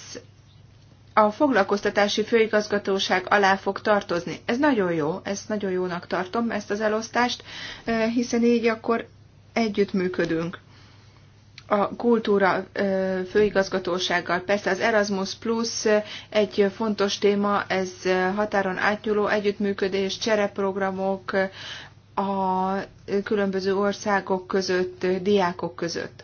a foglalkoztatási főigazgatóság alá fog tartozni. Ez nagyon jó, ezt nagyon jónak tartom, ezt az elosztást, hiszen így akkor együttműködünk a kultúra főigazgatósággal. Persze az Erasmus Plus egy fontos téma, ez határon átnyúló együttműködés, csereprogramok a különböző országok között, diákok között.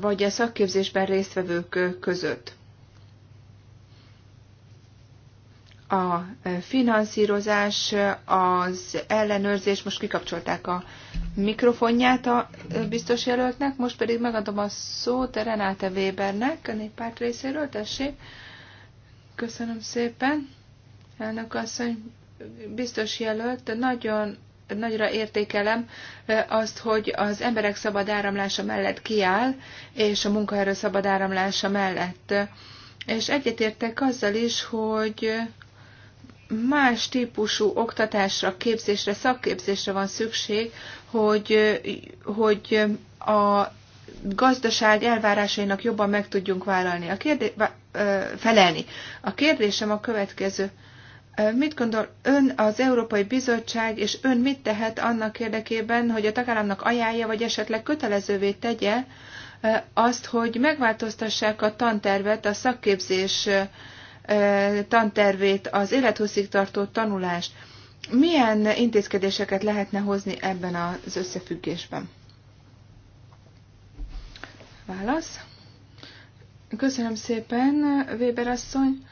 Vagy a szakképzésben résztvevők között. A finanszírozás, az ellenőrzés, most kikapcsolták a mikrofonját a biztos jelöltnek, most pedig megadom a szót Renáte Webernek, a néppárt részéről, tessék. Köszönöm szépen. Elnök asszony, biztos jelölt, nagyon nagyra értékelem azt, hogy az emberek szabad áramlása mellett kiáll, és a munkaerő szabad áramlása mellett. És egyetértek azzal is, hogy más típusú oktatásra, képzésre, szakképzésre van szükség, hogy, hogy a gazdaság elvárásainak jobban meg tudjunk vállalni, a kérdé, felelni. A kérdésem a következő. Mit gondol ön az Európai Bizottság, és ön mit tehet annak érdekében, hogy a tagállamnak ajánlja, vagy esetleg kötelezővé tegye azt, hogy megváltoztassák a tantervet a szakképzés tantervét, az élethosszig tartó tanulást. Milyen intézkedéseket lehetne hozni ebben az összefüggésben? Válasz. Köszönöm szépen, Weber asszony.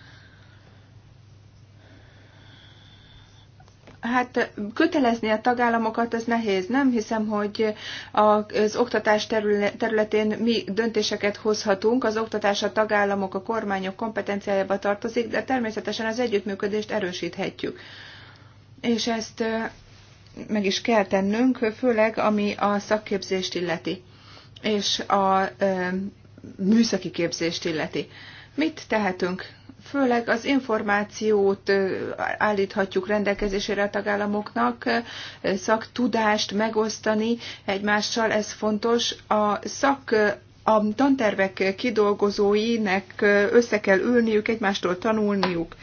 Hát kötelezni a tagállamokat az nehéz. Nem hiszem, hogy az oktatás területén mi döntéseket hozhatunk. Az oktatás a tagállamok, a kormányok kompetenciájába tartozik, de természetesen az együttműködést erősíthetjük. És ezt meg is kell tennünk, főleg ami a szakképzést illeti, és a műszaki képzést illeti. Mit tehetünk? főleg az információt állíthatjuk rendelkezésére a tagállamoknak, szaktudást megosztani egymással, ez fontos. A szak a tantervek kidolgozóinek össze kell ülniük, egymástól tanulniuk.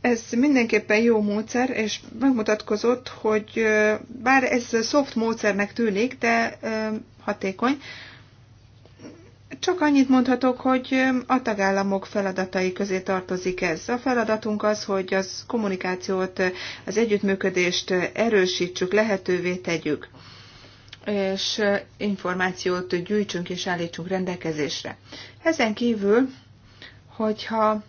Ez mindenképpen jó módszer, és megmutatkozott, hogy bár ez soft módszernek tűnik, de hatékony, csak annyit mondhatok, hogy a tagállamok feladatai közé tartozik ez. A feladatunk az, hogy az kommunikációt, az együttműködést erősítsük, lehetővé tegyük, és információt gyűjtsünk és állítsunk rendelkezésre. Ezen kívül, hogyha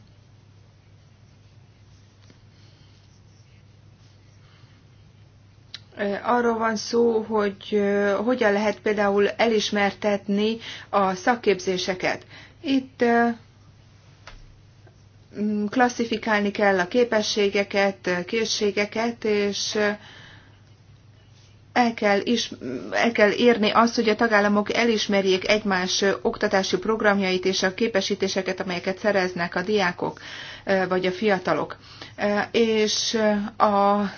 arról van szó, hogy hogyan lehet például elismertetni a szakképzéseket. Itt klasszifikálni kell a képességeket, készségeket, és el kell, is, el kell érni azt, hogy a tagállamok elismerjék egymás oktatási programjait és a képesítéseket, amelyeket szereznek a diákok eh, vagy a fiatalok. Eh, és eh, a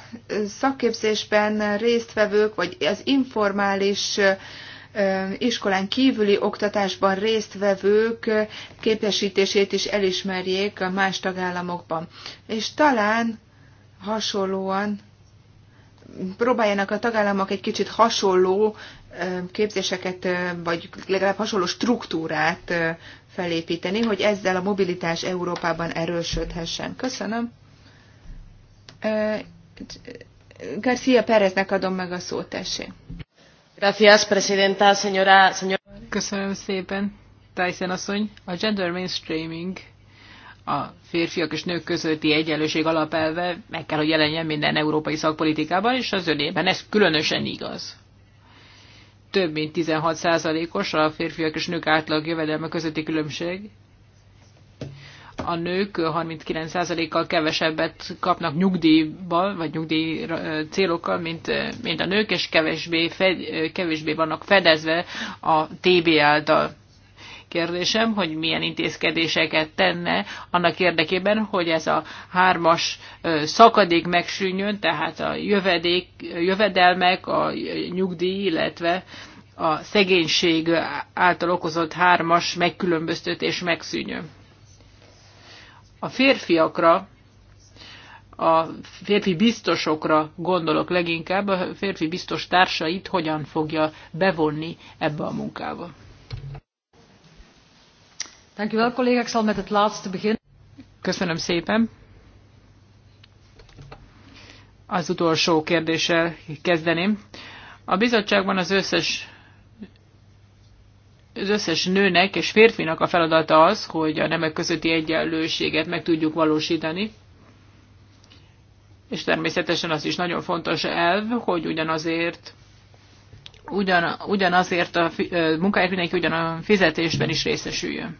szakképzésben résztvevők, vagy az informális iskolán kívüli oktatásban résztvevők képesítését is elismerjék a más tagállamokban. És talán hasonlóan próbáljanak a tagállamok egy kicsit hasonló képzéseket, vagy legalább hasonló struktúrát felépíteni, hogy ezzel a mobilitás Európában erősödhessen. Köszönöm. García Péreznek adom meg a szót, tessék. Gracias, presidenta, señora, señora. Köszönöm szépen, Tyson asszony. A gender mainstreaming a férfiak és nők közötti egyenlőség alapelve meg kell, hogy jelenjen minden európai szakpolitikában, és az önében ez különösen igaz. Több mint 16%-os a férfiak és nők átlag jövedelme közötti különbség. A nők 39%-kal kevesebbet kapnak nyugdíjba vagy nyugdíj célokkal, mint, mint a nők, és kevésbé, fed, kevésbé vannak fedezve a TB által kérdésem, hogy milyen intézkedéseket tenne annak érdekében, hogy ez a hármas szakadék megsűnjön, tehát a jövedék, jövedelmek, a nyugdíj, illetve a szegénység által okozott hármas megkülönböztetés megszűnjön. A férfiakra, a férfi biztosokra gondolok leginkább, a férfi biztos társait hogyan fogja bevonni ebbe a munkába collega. Ik zal met het laatste beginnen. Köszönöm szépen. Az utolsó kérdéssel kezdeném. A bizottságban az összes az összes nőnek és férfinak a feladata az, hogy a nemek közötti egyenlőséget meg tudjuk valósítani. És természetesen az is nagyon fontos elv, hogy ugyanazért ugyan, ugyanazért a munkáért mindenki ugyan a fizetésben is részesüljön.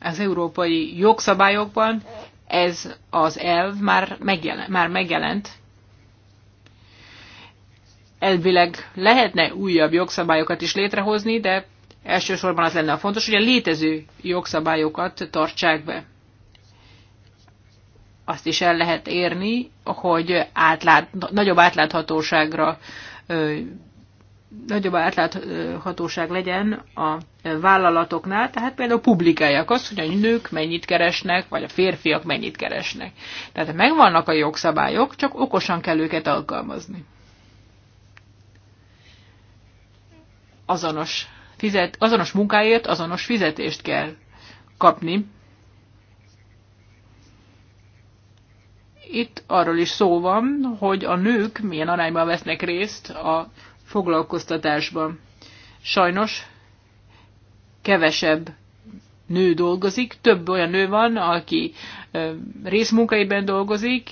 az európai jogszabályokban ez az elv már, megjelen, már megjelent. Elvileg lehetne újabb jogszabályokat is létrehozni, de elsősorban az lenne a fontos, hogy a létező jogszabályokat tartsák be. Azt is el lehet érni, hogy átlát, nagyobb átláthatóságra nagyobb átláthatóság legyen a vállalatoknál, tehát például publikálják azt, hogy a nők mennyit keresnek, vagy a férfiak mennyit keresnek. Tehát megvannak a jogszabályok, csak okosan kell őket alkalmazni. Azonos, fizet, azonos munkáért azonos fizetést kell kapni. Itt arról is szó van, hogy a nők milyen arányban vesznek részt a foglalkoztatásban. Sajnos kevesebb nő dolgozik, több olyan nő van, aki részmunkaiben dolgozik,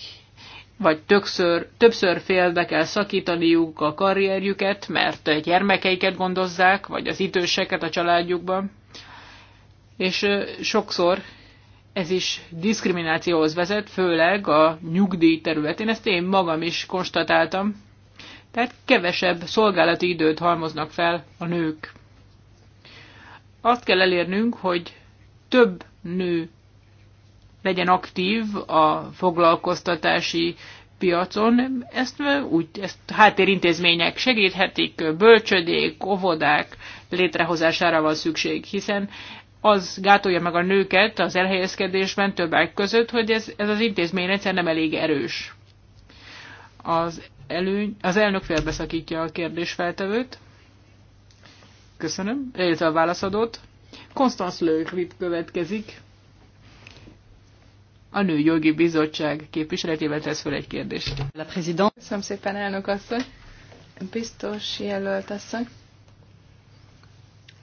vagy többször, többször félbe kell szakítaniuk a karrierjüket, mert gyermekeiket gondozzák, vagy az időseket a családjukban. És sokszor ez is diszkriminációhoz vezet, főleg a nyugdíj területén. Ezt én magam is konstatáltam. Tehát kevesebb szolgálati időt halmoznak fel a nők. Azt kell elérnünk, hogy több nő legyen aktív a foglalkoztatási piacon. Ezt, úgy, ezt háttérintézmények segíthetik, bölcsödék, óvodák létrehozására van szükség, hiszen az gátolja meg a nőket az elhelyezkedésben többek között, hogy ez, ez az intézmény egyszerűen nem elég erős. Az előny, az elnök félbeszakítja a kérdésfeltevőt. Köszönöm, illetve a válaszadót. Konstanz Lőkvip következik. A Nőjogi Bizottság képviseletével tesz fel egy kérdést. Köszönöm szépen, elnök asszony. Biztos jelölt asszony.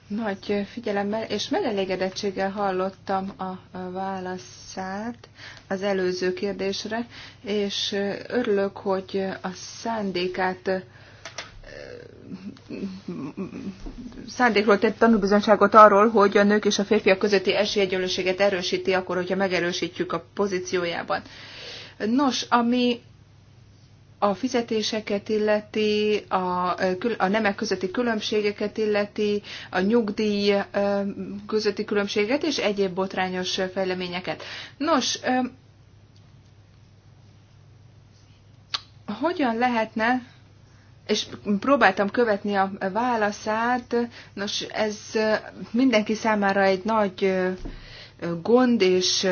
Nagy figyelemmel és megelégedettséggel hallottam a válaszát az előző kérdésre, és örülök, hogy a szándékát szándékról tett tanúbizonyságot arról, hogy a nők és a férfiak közötti esélyegyenlőséget erősíti akkor, hogyha megerősítjük a pozíciójában. Nos, ami a fizetéseket illeti, a, a nemek közötti különbségeket illeti, a nyugdíj közötti különbséget és egyéb botrányos fejleményeket. Nos, hogyan lehetne, és próbáltam követni a válaszát, nos, ez mindenki számára egy nagy gond és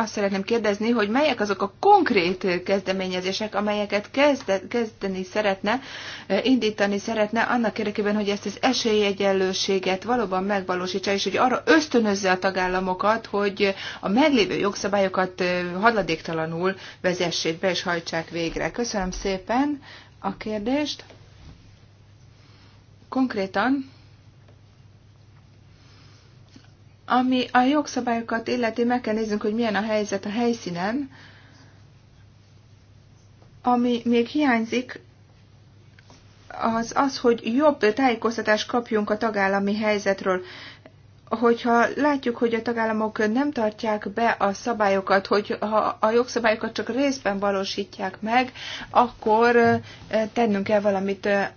azt szeretném kérdezni, hogy melyek azok a konkrét kezdeményezések, amelyeket kezde, kezdeni szeretne, eh, indítani szeretne, annak érdekében, hogy ezt az esélyegyenlőséget valóban megvalósítsa, és hogy arra ösztönözze a tagállamokat, hogy a meglévő jogszabályokat eh, hadladéktalanul vezessék be és hajtsák végre. Köszönöm szépen a kérdést. Konkrétan Ami a jogszabályokat illeti, meg kell néznünk, hogy milyen a helyzet a helyszínen. Ami még hiányzik, az az, hogy jobb tájékoztatást kapjunk a tagállami helyzetről. Hogyha látjuk, hogy a tagállamok nem tartják be a szabályokat, hogy ha a jogszabályokat csak részben valósítják meg, akkor eh, tennünk kell valamit eh,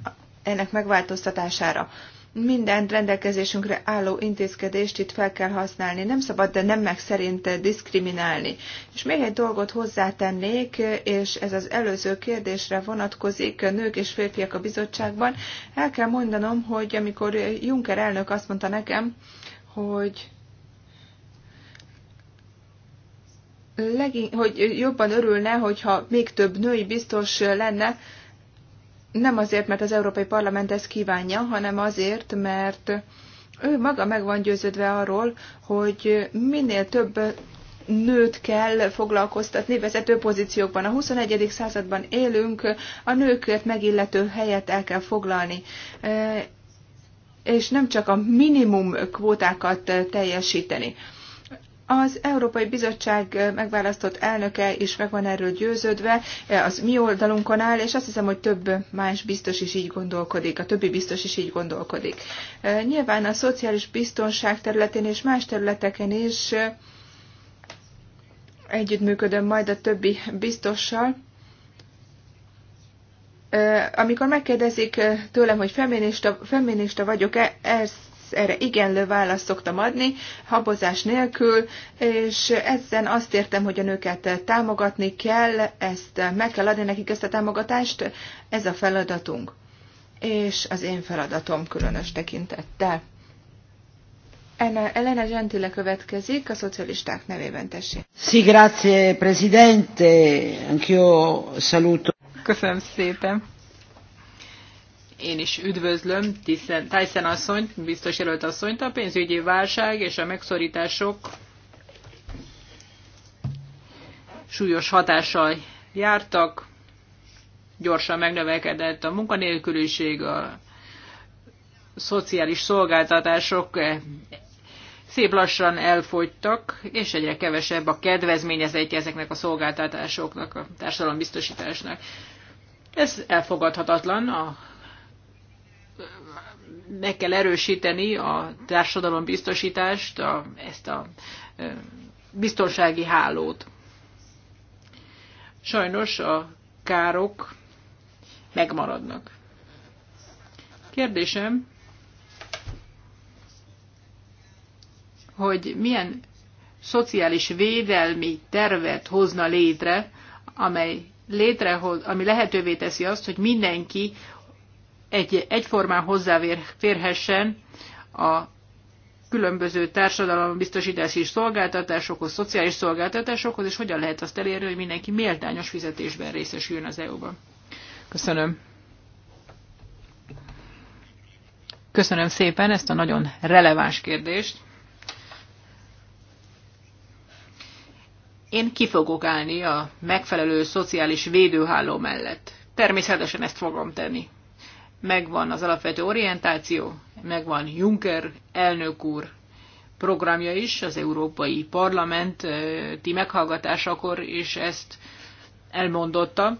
ennek megváltoztatására mindent rendelkezésünkre álló intézkedést itt fel kell használni. Nem szabad, de nem meg szerint diszkriminálni. És még egy dolgot hozzátennék, és ez az előző kérdésre vonatkozik, nők és férfiak a bizottságban. El kell mondanom, hogy amikor Juncker elnök azt mondta nekem, hogy Legi, hogy jobban örülne, hogyha még több női biztos lenne, nem azért, mert az Európai Parlament ezt kívánja, hanem azért, mert ő maga meg van győződve arról, hogy minél több nőt kell foglalkoztatni vezető pozíciókban. A 21. században élünk, a nőkért megillető helyet el kell foglalni e, és nem csak a minimum kvótákat teljesíteni. Az Európai Bizottság megválasztott elnöke is meg van erről győződve, az mi oldalunkon áll, és azt hiszem, hogy több más biztos is így gondolkodik, a többi biztos is így gondolkodik. Nyilván a szociális biztonság területén és más területeken is együttműködöm majd a többi biztossal. Amikor megkérdezik tőlem, hogy feminista, feminista vagyok-e, ezt erre igenlő választ szoktam adni, habozás nélkül, és ezen azt értem, hogy a nőket támogatni kell, ezt meg kell adni nekik ezt a támogatást, ez a feladatunk. És az én feladatom különös tekintettel. Elena Gentile következik, a szocialisták nevében tessék. Sì, grazie, presidente. Anch'io saluto. Köszönöm szépen én is üdvözlöm Tyson asszonyt, biztos jelölt asszonyt, a pénzügyi válság és a megszorítások súlyos hatással jártak, gyorsan megnövekedett a munkanélküliség, a szociális szolgáltatások eh, szép lassan elfogytak, és egyre kevesebb a kedvezményezetje ezeknek a szolgáltatásoknak, a társadalombiztosításnak. Ez elfogadhatatlan a meg kell erősíteni a társadalombiztosítást, a, ezt a biztonsági hálót. Sajnos a károk megmaradnak. Kérdésem, hogy milyen szociális védelmi tervet hozna létre, amely létrehoz, ami lehetővé teszi azt, hogy mindenki egy, egyformán hozzáférhessen a különböző társadalombiztosítási szolgáltatásokhoz, szociális szolgáltatásokhoz, és hogyan lehet azt elérni, hogy mindenki méltányos fizetésben részesüljön az EU-ban. Köszönöm. Köszönöm szépen ezt a nagyon releváns kérdést. Én ki fogok állni a megfelelő szociális védőháló mellett. Természetesen ezt fogom tenni megvan az alapvető orientáció, megvan Juncker elnök úr programja is, az Európai Parlament ti meghallgatásakor és ezt elmondotta.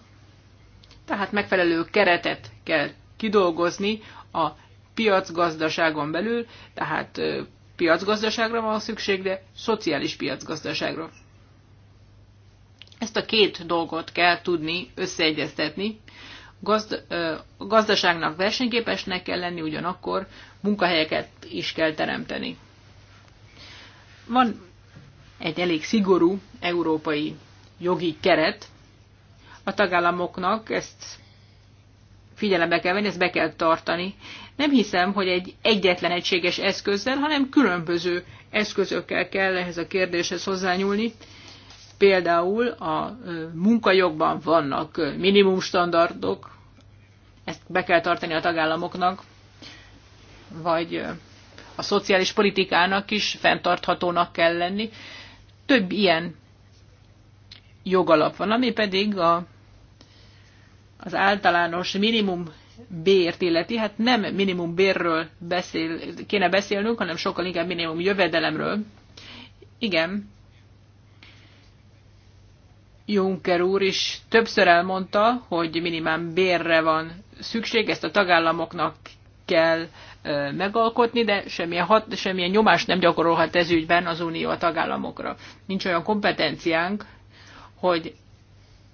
Tehát megfelelő keretet kell kidolgozni a piacgazdaságon belül, tehát piacgazdaságra van szükség, de szociális piacgazdaságra. Ezt a két dolgot kell tudni összeegyeztetni, gazd, gazdaságnak versenyképesnek kell lenni, ugyanakkor munkahelyeket is kell teremteni. Van egy elég szigorú európai jogi keret, a tagállamoknak ezt figyelembe kell venni, ezt be kell tartani. Nem hiszem, hogy egy egyetlen egységes eszközzel, hanem különböző eszközökkel kell ehhez a kérdéshez hozzányúlni. Például a munkajogban vannak minimumstandardok, ezt be kell tartani a tagállamoknak, vagy a szociális politikának is fenntarthatónak kell lenni. Több ilyen jogalap van, ami pedig a, az általános minimum bért illeti, hát nem minimum bérről beszél, kéne beszélnünk, hanem sokkal inkább minimum jövedelemről. Igen, Juncker úr is többször elmondta, hogy minimál bérre van szükség, ezt a tagállamoknak kell megalkotni, de semmilyen, hat, semmilyen nyomást nem gyakorolhat ez ügyben az Unió a tagállamokra. Nincs olyan kompetenciánk, hogy,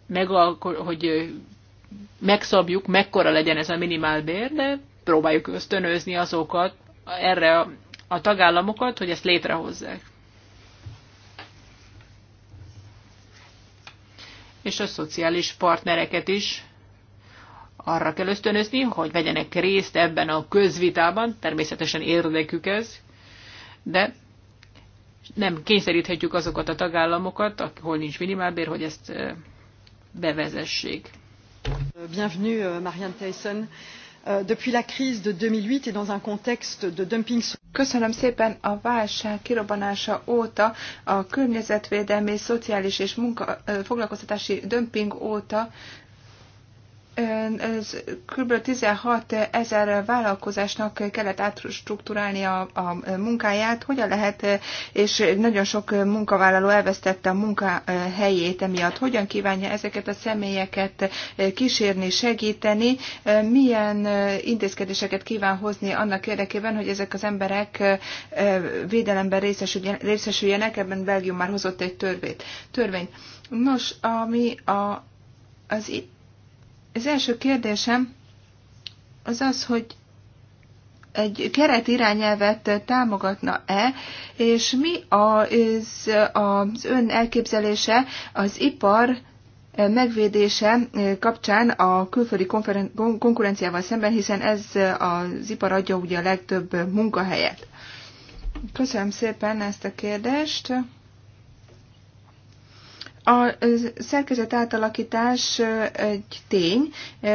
megalko- hogy megszabjuk, mekkora legyen ez a bér, de próbáljuk ösztönözni azokat, erre a tagállamokat, hogy ezt létrehozzák. és a szociális partnereket is arra kell ösztönözni, hogy vegyenek részt ebben a közvitában, természetesen érdekük ez, de nem kényszeríthetjük azokat a tagállamokat, ahol nincs minimálbér, hogy ezt eh, bevezessék. Bienvenue, euh, Marianne Tyson. Euh, depuis la crise de 2008 et dans un contexte de dumping Köszönöm szépen a válság kirobbanása óta, a környezetvédelmi, szociális és munka, foglalkoztatási dömping óta kb. 16 ezer vállalkozásnak kellett átstruktúrálni a, a munkáját, hogyan lehet, és nagyon sok munkavállaló elvesztette a munkahelyét emiatt. Hogyan kívánja ezeket a személyeket kísérni, segíteni, milyen intézkedéseket kíván hozni annak érdekében, hogy ezek az emberek védelemben részesüljenek, ebben Belgium már hozott egy törvényt. Törvény. Nos, ami a, az itt az első kérdésem az az, hogy egy keret irányelvet támogatna-e, és mi az, az ön elképzelése az ipar megvédése kapcsán a külföldi konkurenciával szemben, hiszen ez az ipar adja ugye a legtöbb munkahelyet. Köszönöm szépen ezt a kérdést. A szerkezet átalakítás egy tény,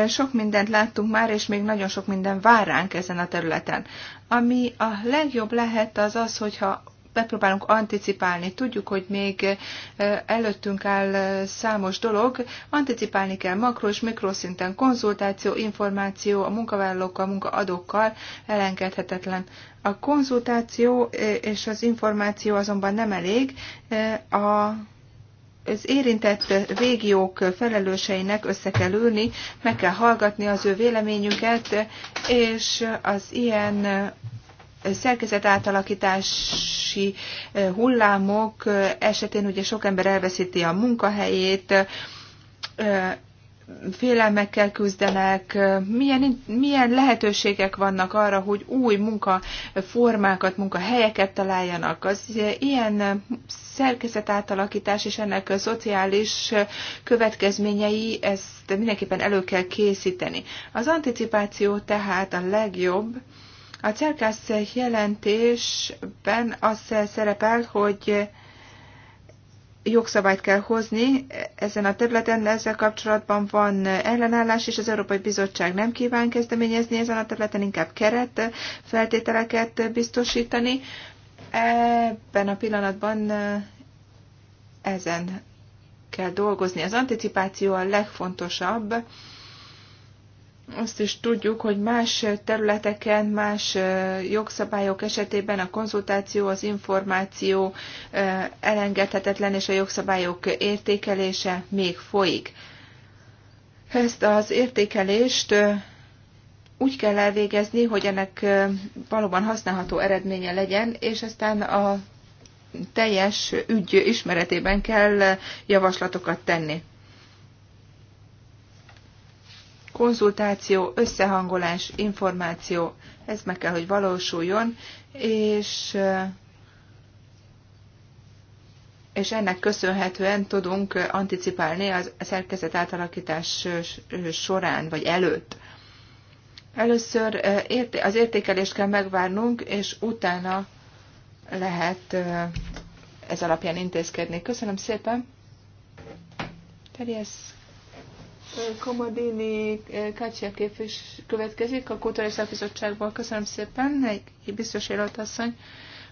sok mindent láttunk már, és még nagyon sok minden vár ránk ezen a területen. Ami a legjobb lehet, az az, hogyha megpróbálunk anticipálni. Tudjuk, hogy még előttünk áll számos dolog. Anticipálni kell makro és mikroszinten konzultáció, információ a munkavállalókkal, munkaadókkal elengedhetetlen. A konzultáció és az információ azonban nem elég. A az érintett régiók felelőseinek össze kell ülni, meg kell hallgatni az ő véleményüket, és az ilyen szerkezet átalakítási hullámok esetén ugye sok ember elveszíti a munkahelyét, félelmekkel küzdenek, milyen, milyen lehetőségek vannak arra, hogy új munkaformákat, munkahelyeket találjanak. Az ilyen szerkezet átalakítás és ennek a szociális következményei, ezt mindenképpen elő kell készíteni. Az anticipáció tehát a legjobb, a Cerkász jelentésben az szerepel, hogy jogszabályt kell hozni ezen a területen, ezzel kapcsolatban van ellenállás, és az Európai Bizottság nem kíván kezdeményezni ezen a területen, inkább keret feltételeket biztosítani. Ebben a pillanatban ezen kell dolgozni. Az anticipáció a legfontosabb azt is tudjuk, hogy más területeken, más jogszabályok esetében a konzultáció, az információ elengedhetetlen, és a jogszabályok értékelése még folyik. Ezt az értékelést úgy kell elvégezni, hogy ennek valóban használható eredménye legyen, és aztán a teljes ügy ismeretében kell javaslatokat tenni konzultáció, összehangolás, információ, ez meg kell, hogy valósuljon, és eh, és ennek köszönhetően tudunk anticipálni az szerkezet átalakítás során, vagy előtt. Először eh, az értékelést kell megvárnunk, és utána lehet eh, ez alapján intézkedni. Köszönöm szépen! Terjesz Komodini eh, Kácsia képvis következik a Kulturális Szakbizottságból. Köszönöm szépen, egy biztos asszony.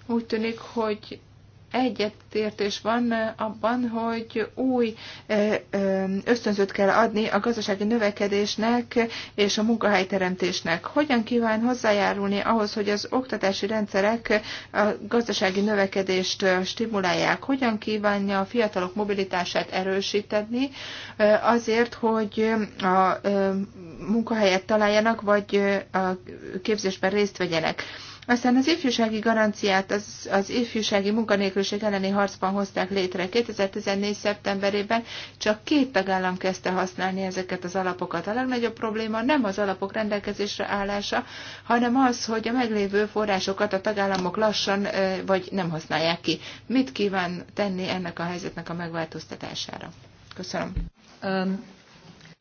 Úgy tűnik, hogy egyetértés van abban, hogy új ösztönzőt kell adni a gazdasági növekedésnek és a munkahelyteremtésnek. Hogyan kíván hozzájárulni ahhoz, hogy az oktatási rendszerek a gazdasági növekedést stimulálják? Hogyan kívánja a fiatalok mobilitását erősíteni azért, hogy a munkahelyet találjanak, vagy a képzésben részt vegyenek? Aztán az ifjúsági garanciát az, az ifjúsági munkanélküliség elleni harcban hozták létre. 2014. szeptemberében csak két tagállam kezdte használni ezeket az alapokat. A legnagyobb probléma nem az alapok rendelkezésre állása, hanem az, hogy a meglévő forrásokat a tagállamok lassan vagy nem használják ki. Mit kíván tenni ennek a helyzetnek a megváltoztatására? Köszönöm. Köszönöm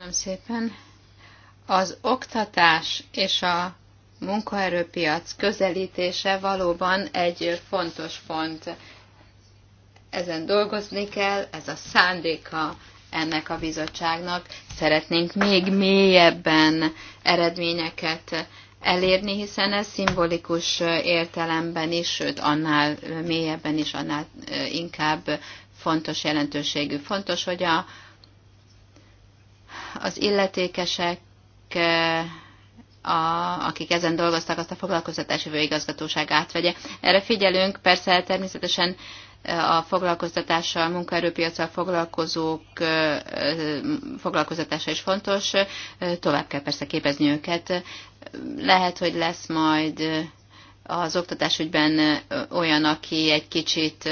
szépen. Az oktatás és a munkaerőpiac közelítése valóban egy fontos font. Ezen dolgozni kell, ez a szándéka ennek a bizottságnak. Szeretnénk még mélyebben eredményeket elérni, hiszen ez szimbolikus értelemben is, sőt annál mélyebben is, annál inkább fontos jelentőségű. Fontos, hogy a, az illetékesek a, akik ezen dolgoztak, azt a foglalkoztatási főigazgatóság átvegye. Erre figyelünk, persze természetesen e, a foglalkoztatással, munkaerőpiacsal foglalkozók e, e, foglalkoztatása is fontos, tovább kell persze képezni őket. Lehet, hogy lesz majd az oktatásügyben olyan, aki egy kicsit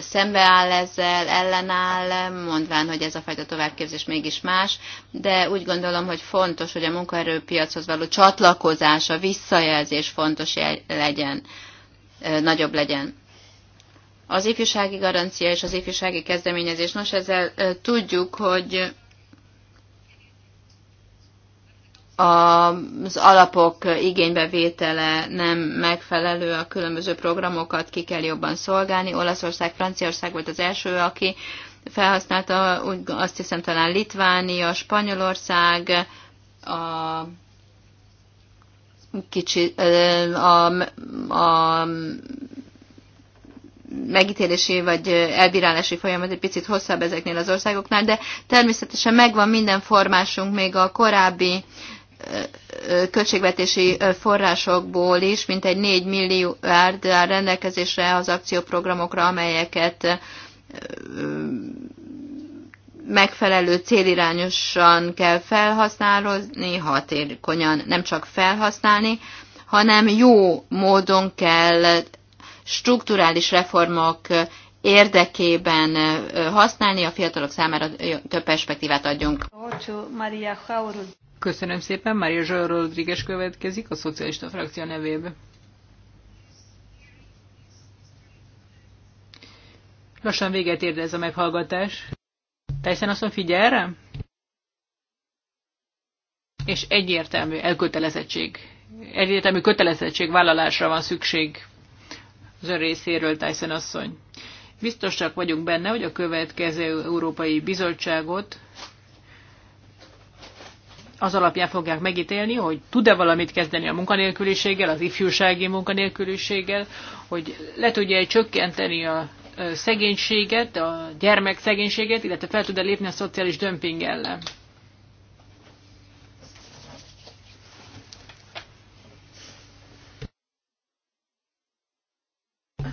szembeáll ezzel, ellenáll, mondván, hogy ez a fajta továbbképzés mégis más, de úgy gondolom, hogy fontos, hogy a munkaerőpiachoz való csatlakozás, a visszajelzés fontos legyen, nagyobb legyen. Az ifjúsági garancia és az ifjúsági kezdeményezés, nos, ezzel tudjuk, hogy az alapok igénybevétele nem megfelelő, a különböző programokat ki kell jobban szolgálni. Olaszország, Franciaország volt az első, aki felhasználta, úgy azt hiszem talán Litvánia, Spanyolország, a kicsi, a, a megítélési vagy elbírálási folyamat egy picit hosszabb ezeknél az országoknál, de természetesen megvan minden formásunk még a korábbi költségvetési forrásokból is egy 4 milliárd áll rendelkezésre az akcióprogramokra, amelyeket megfelelő célirányosan kell felhasználni, hatékonyan nem csak felhasználni, hanem jó módon kell strukturális reformok érdekében használni, a fiatalok számára több perspektívát adjunk. Köszönöm szépen, Maria Zsó Rodriguez következik a szocialista frakció nevében. Lassan véget érde ez a meghallgatás. Tyson azt figyel És egyértelmű elkötelezettség, egyértelmű kötelezettség vállalásra van szükség az ön részéről, Tyson asszony. Biztosak vagyunk benne, hogy a következő Európai Bizottságot az alapján fogják megítélni, hogy tud-e valamit kezdeni a munkanélküliséggel, az ifjúsági munkanélküliséggel, hogy le tudja csökkenteni a szegénységet, a gyermek szegénységet, illetve fel tud-e lépni a szociális dömping ellen.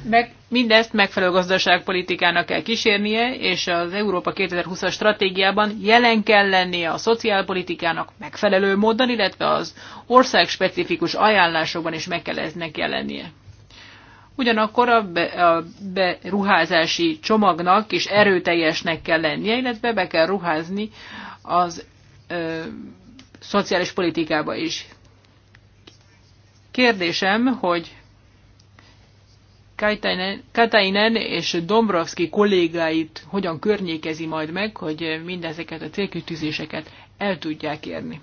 Meg, mindezt megfelelő gazdaságpolitikának kell kísérnie, és az Európa 2020-as stratégiában jelen kell lennie a szociálpolitikának megfelelő módon, illetve az ország specifikus ajánlásokban is meg kell eznek jelennie. Ugyanakkor a, be, a beruházási csomagnak is erőteljesnek kell lennie, illetve be kell ruházni az ö, szociális politikába is. Kérdésem, hogy Katainen és Dombrovski kollégáit hogyan környékezi majd meg, hogy mindezeket a célkütűzéseket el tudják érni.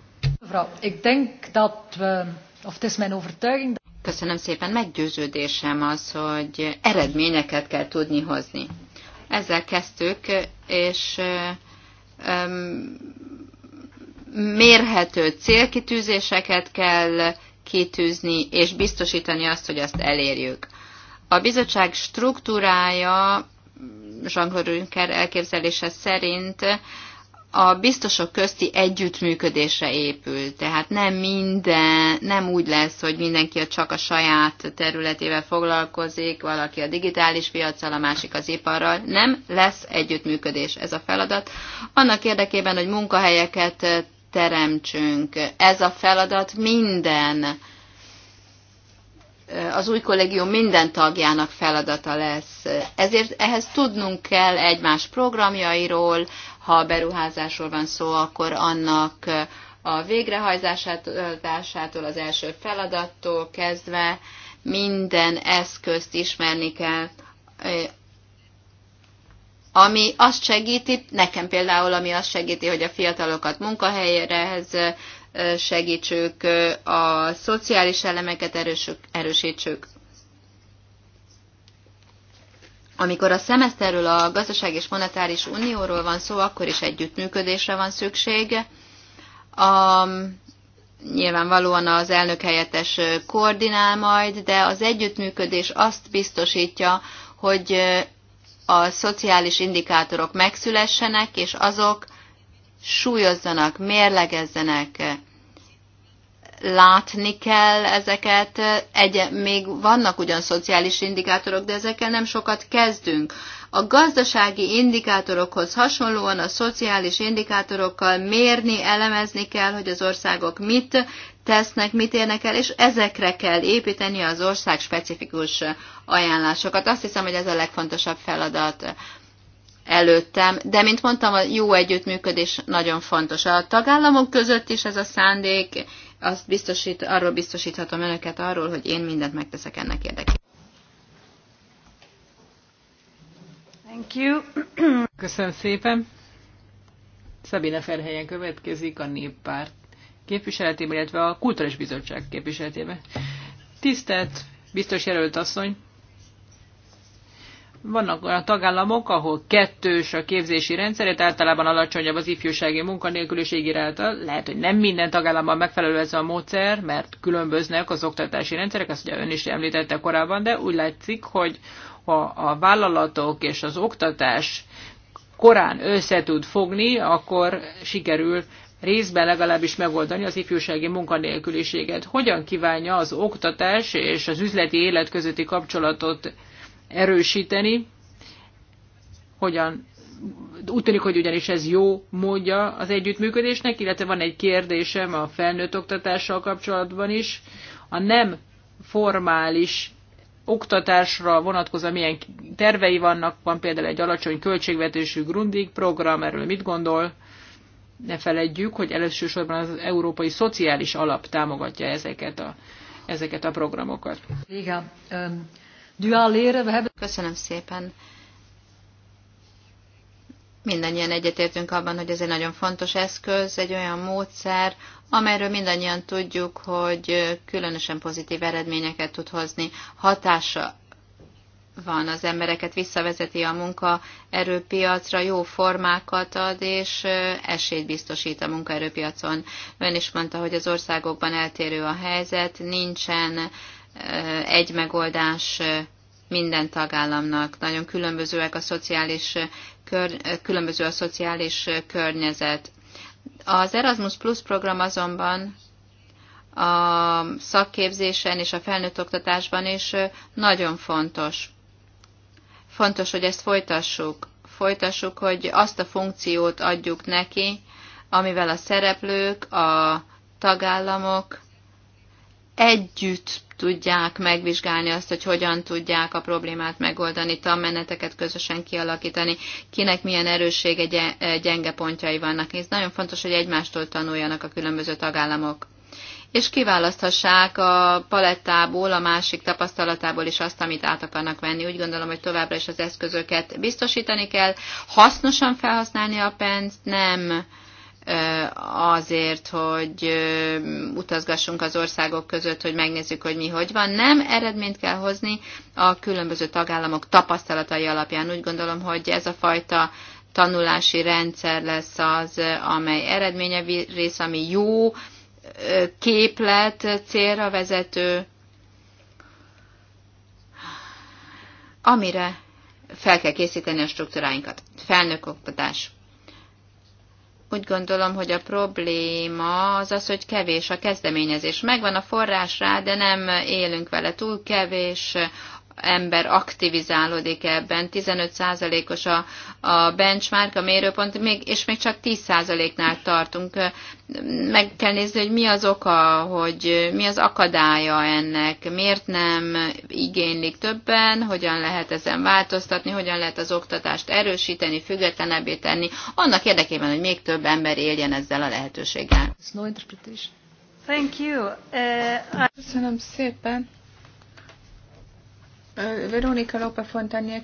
Köszönöm szépen, meggyőződésem az, hogy eredményeket kell tudni hozni. Ezzel kezdtük, és mérhető célkitűzéseket kell kitűzni, és biztosítani azt, hogy azt elérjük. A bizottság struktúrája Jean-Claude elképzelése szerint a biztosok közti együttműködésre épül. Tehát nem minden, nem úgy lesz, hogy mindenki csak a saját területével foglalkozik, valaki a digitális piacsal, a másik az iparral. Nem lesz együttműködés ez a feladat. Annak érdekében, hogy munkahelyeket teremtsünk. Ez a feladat minden az új kollégium minden tagjának feladata lesz. Ezért ehhez tudnunk kell egymás programjairól, ha a beruházásról van szó, akkor annak a végrehajtásától, az első feladattól kezdve minden eszközt ismerni kell, ami azt segíti, nekem például, ami azt segíti, hogy a fiatalokat munkahelyrehez segítsük, a szociális elemeket erősök, erősítsük. Amikor a szemeszterről a gazdaság és monetáris unióról van szó, akkor is együttműködésre van szükség. A, nyilvánvalóan az elnök helyettes koordinál majd, de az együttműködés azt biztosítja, hogy a szociális indikátorok megszülessenek, és azok súlyozzanak, mérlegezzenek, látni kell ezeket. Egy, még vannak ugyan szociális indikátorok, de ezekkel nem sokat kezdünk. A gazdasági indikátorokhoz hasonlóan a szociális indikátorokkal mérni, elemezni kell, hogy az országok mit tesznek, mit érnek el, és ezekre kell építeni az ország specifikus ajánlásokat. Azt hiszem, hogy ez a legfontosabb feladat előttem, de mint mondtam, a jó együttműködés nagyon fontos. A tagállamok között is ez a szándék, azt biztosít, arról biztosíthatom önöket arról, hogy én mindent megteszek ennek érdekében. Thank you. Köszönöm szépen. Szabina Ferhelyen következik a Néppárt képviseletében, illetve a Kulturális Bizottság képviseletében. Tisztelt biztos jelölt asszony, vannak olyan tagállamok, ahol kettős a képzési rendszeret, általában alacsonyabb az ifjúsági munkanélküliség iránta. Lehet, hogy nem minden tagállamban megfelelő ez a módszer, mert különböznek az oktatási rendszerek, ezt ugye ön is említette korábban, de úgy látszik, hogy ha a vállalatok és az oktatás korán össze tud fogni, akkor sikerül részben legalábbis megoldani az ifjúsági munkanélküliséget. Hogyan kívánja az oktatás és az üzleti élet közötti kapcsolatot erősíteni. Hogyan úgy tűnik, hogy ugyanis ez jó módja az együttműködésnek, illetve van egy kérdésem a felnőtt oktatással kapcsolatban is. A nem formális oktatásra vonatkozó milyen tervei vannak, van például egy alacsony költségvetésű Grundig program, erről mit gondol? Ne feledjük, hogy elsősorban az Európai Szociális Alap támogatja ezeket a, ezeket a programokat. Igen. Um... Dual leren. We hebben... Köszönöm szépen. Mindannyian egyetértünk abban, hogy ez egy nagyon fontos eszköz, egy olyan módszer, amelyről mindannyian tudjuk, hogy különösen pozitív eredményeket tud hozni. Hatása van, az embereket visszavezeti a munkaerőpiacra, jó formákat ad, és esélyt biztosít a munkaerőpiacon. Ön is mondta, hogy az országokban eltérő a helyzet, nincsen egy megoldás minden tagállamnak. Nagyon különbözőek a szociális, kör, különböző a szociális környezet. Az Erasmus Plus program azonban a szakképzésen és a felnőtt oktatásban is nagyon fontos. Fontos, hogy ezt folytassuk. Folytassuk, hogy azt a funkciót adjuk neki, amivel a szereplők, a tagállamok együtt tudják megvizsgálni azt, hogy hogyan tudják a problémát megoldani, tanmeneteket közösen kialakítani, kinek milyen erőssége, eh, gyenge pontjai vannak. Ez nagyon fontos, hogy egymástól tanuljanak a különböző tagállamok és kiválaszthassák a palettából, a másik tapasztalatából is azt, amit át akarnak venni. Úgy gondolom, hogy továbbra is az eszközöket biztosítani kell. Hasznosan felhasználni a pénzt, nem Eh, azért, hogy eh, utazgassunk az országok között, hogy megnézzük, hogy mi hogy van. Nem, eredményt kell hozni a különböző tagállamok tapasztalatai alapján. Úgy gondolom, hogy ez a fajta tanulási rendszer lesz az, amely eredménye rész, ami jó, eh, képlet, célra vezető, amire fel kell készíteni a struktúráinkat. Felnök oktatás. Úgy gondolom, hogy a probléma az az, hogy kevés a kezdeményezés. Megvan a forrás rá, de nem élünk vele. Túl kevés ember aktivizálódik ebben. 15%-os a, a benchmark, a mérőpont, még, és még csak 10%-nál tartunk. Meg kell nézni, hogy mi az oka, hogy mi az akadálya ennek, miért nem igénylik többen, hogyan lehet ezen változtatni, hogyan lehet az oktatást erősíteni, függetlenebbé tenni, annak érdekében, hogy még több ember éljen ezzel a lehetőséggel. Thank you. Uh, I... Köszönöm szépen. Veronika López Fontanier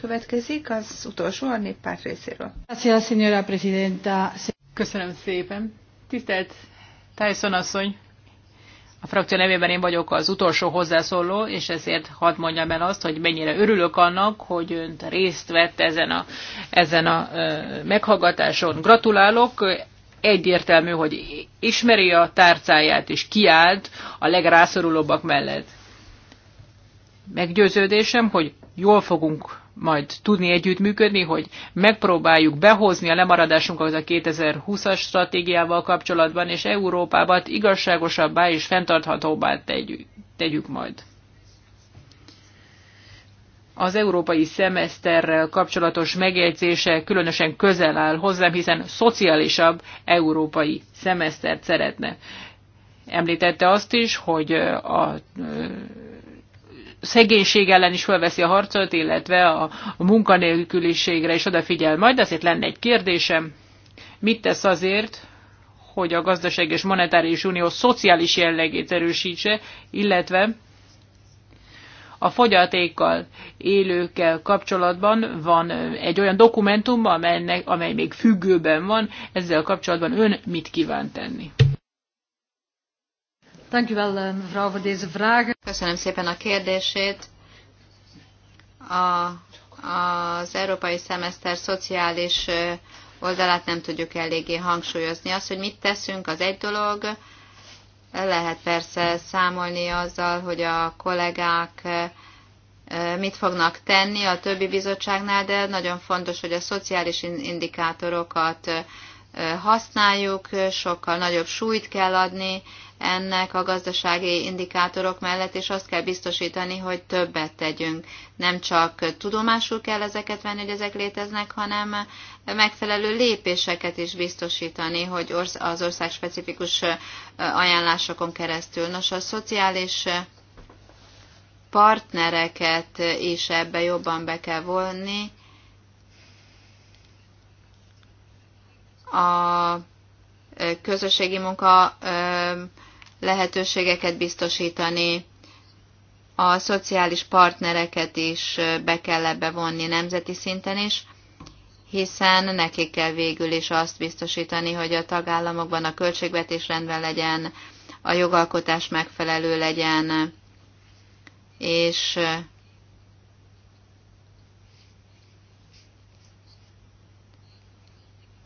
következik, az utolsó a néppárt részéről. Köszönöm szépen. Tisztelt Tyson asszony, a frakció nevében én vagyok az utolsó hozzászóló, és ezért hadd mondjam el azt, hogy mennyire örülök annak, hogy önt részt vett ezen a, ezen a meghallgatáson. Gratulálok, egyértelmű, hogy ismeri a tárcáját, és kiállt a legrászorulóbbak mellett meggyőződésem, hogy jól fogunk majd tudni együttműködni, hogy megpróbáljuk behozni a lemaradásunkat a 2020-as stratégiával kapcsolatban, és Európában igazságosabbá és fenntarthatóbbá tegyük, tegyük majd. Az európai szemeszterrel kapcsolatos megjegyzése különösen közel áll hozzám, hiszen szociálisabb európai szemesztert szeretne. Említette azt is, hogy a szegénység ellen is felveszi a harcot, illetve a, a munkanélküliségre is odafigyel majd. Azért lenne egy kérdésem, mit tesz azért, hogy a gazdaság és monetáris unió szociális jellegét erősítse, illetve a fogyatékkal élőkkel kapcsolatban van egy olyan dokumentum, amely még függőben van, ezzel kapcsolatban ön mit kíván tenni? Dank u wel, eh, mevrouw, voor deze vragen. Köszönöm szépen a kérdését. A, az európai szemeszter szociális oldalát nem tudjuk eléggé hangsúlyozni. Az, hogy mit teszünk, az egy dolog. Lehet persze számolni azzal, hogy a kollégák mit fognak tenni a többi bizottságnál, de nagyon fontos, hogy a szociális indikátorokat használjuk, sokkal nagyobb súlyt kell adni, ennek a gazdasági indikátorok mellett, és azt kell biztosítani, hogy többet tegyünk. Nem csak tudomásul kell ezeket venni, hogy ezek léteznek, hanem megfelelő lépéseket is biztosítani, hogy az ország specifikus ajánlásokon keresztül. Nos, a szociális partnereket is ebbe jobban be kell vonni. A közösségi munka lehetőségeket biztosítani, a szociális partnereket is be kell ebbe vonni nemzeti szinten is, hiszen nekik kell végül is azt biztosítani, hogy a tagállamokban a költségvetés rendben legyen, a jogalkotás megfelelő legyen, és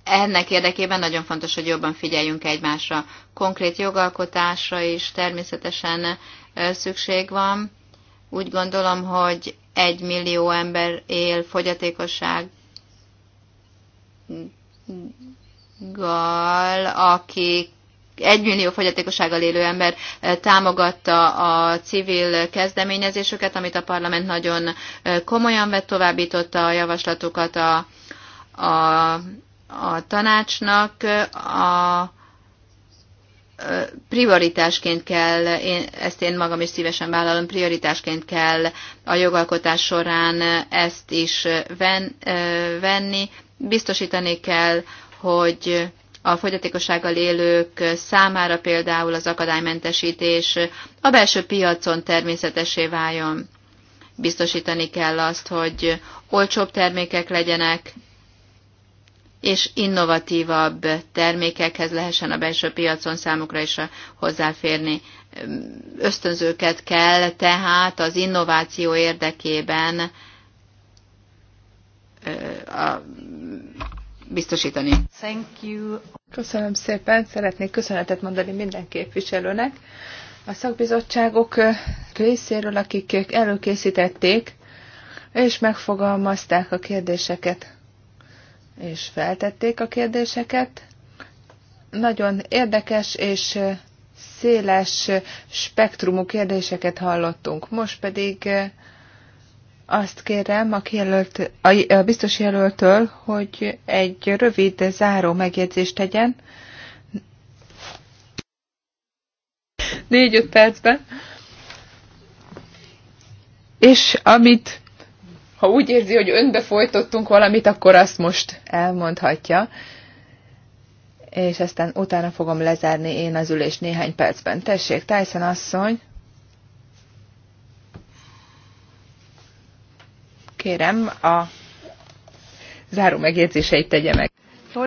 ennek érdekében nagyon fontos, hogy jobban figyeljünk egymásra. Konkrét jogalkotásra is természetesen szükség van. Úgy gondolom, hogy egy millió ember él fogyatékossággal, aki egy millió fogyatékossággal élő ember támogatta a civil kezdeményezéseket, amit a parlament nagyon komolyan vett, továbbította a javaslatokat a, a a tanácsnak a prioritásként kell, én, ezt én magam is szívesen vállalom, prioritásként kell a jogalkotás során ezt is ven, venni. Biztosítani kell, hogy a fogyatékossággal élők számára például az akadálymentesítés a belső piacon természetesé váljon. Biztosítani kell azt, hogy olcsóbb termékek legyenek, és innovatívabb termékekhez lehessen a belső piacon számukra is hozzáférni. Ösztönzőket kell tehát az innováció érdekében a biztosítani. Thank you. Köszönöm szépen, szeretnék köszönetet mondani minden képviselőnek. A szakbizottságok részéről, akik előkészítették és megfogalmazták a kérdéseket és feltették a kérdéseket. Nagyon érdekes és széles spektrumú kérdéseket hallottunk. Most pedig eh, azt kérem a, kérlőt, a biztos jelöltől, hogy egy rövid záró megjegyzést tegyen. Négy-öt percben. És amit ha úgy érzi, hogy önbe folytottunk valamit, akkor azt most elmondhatja. És aztán utána fogom lezárni én az ülés néhány percben. Tessék, Tyson asszony! Kérem, a záró megjegyzéseit tegye meg.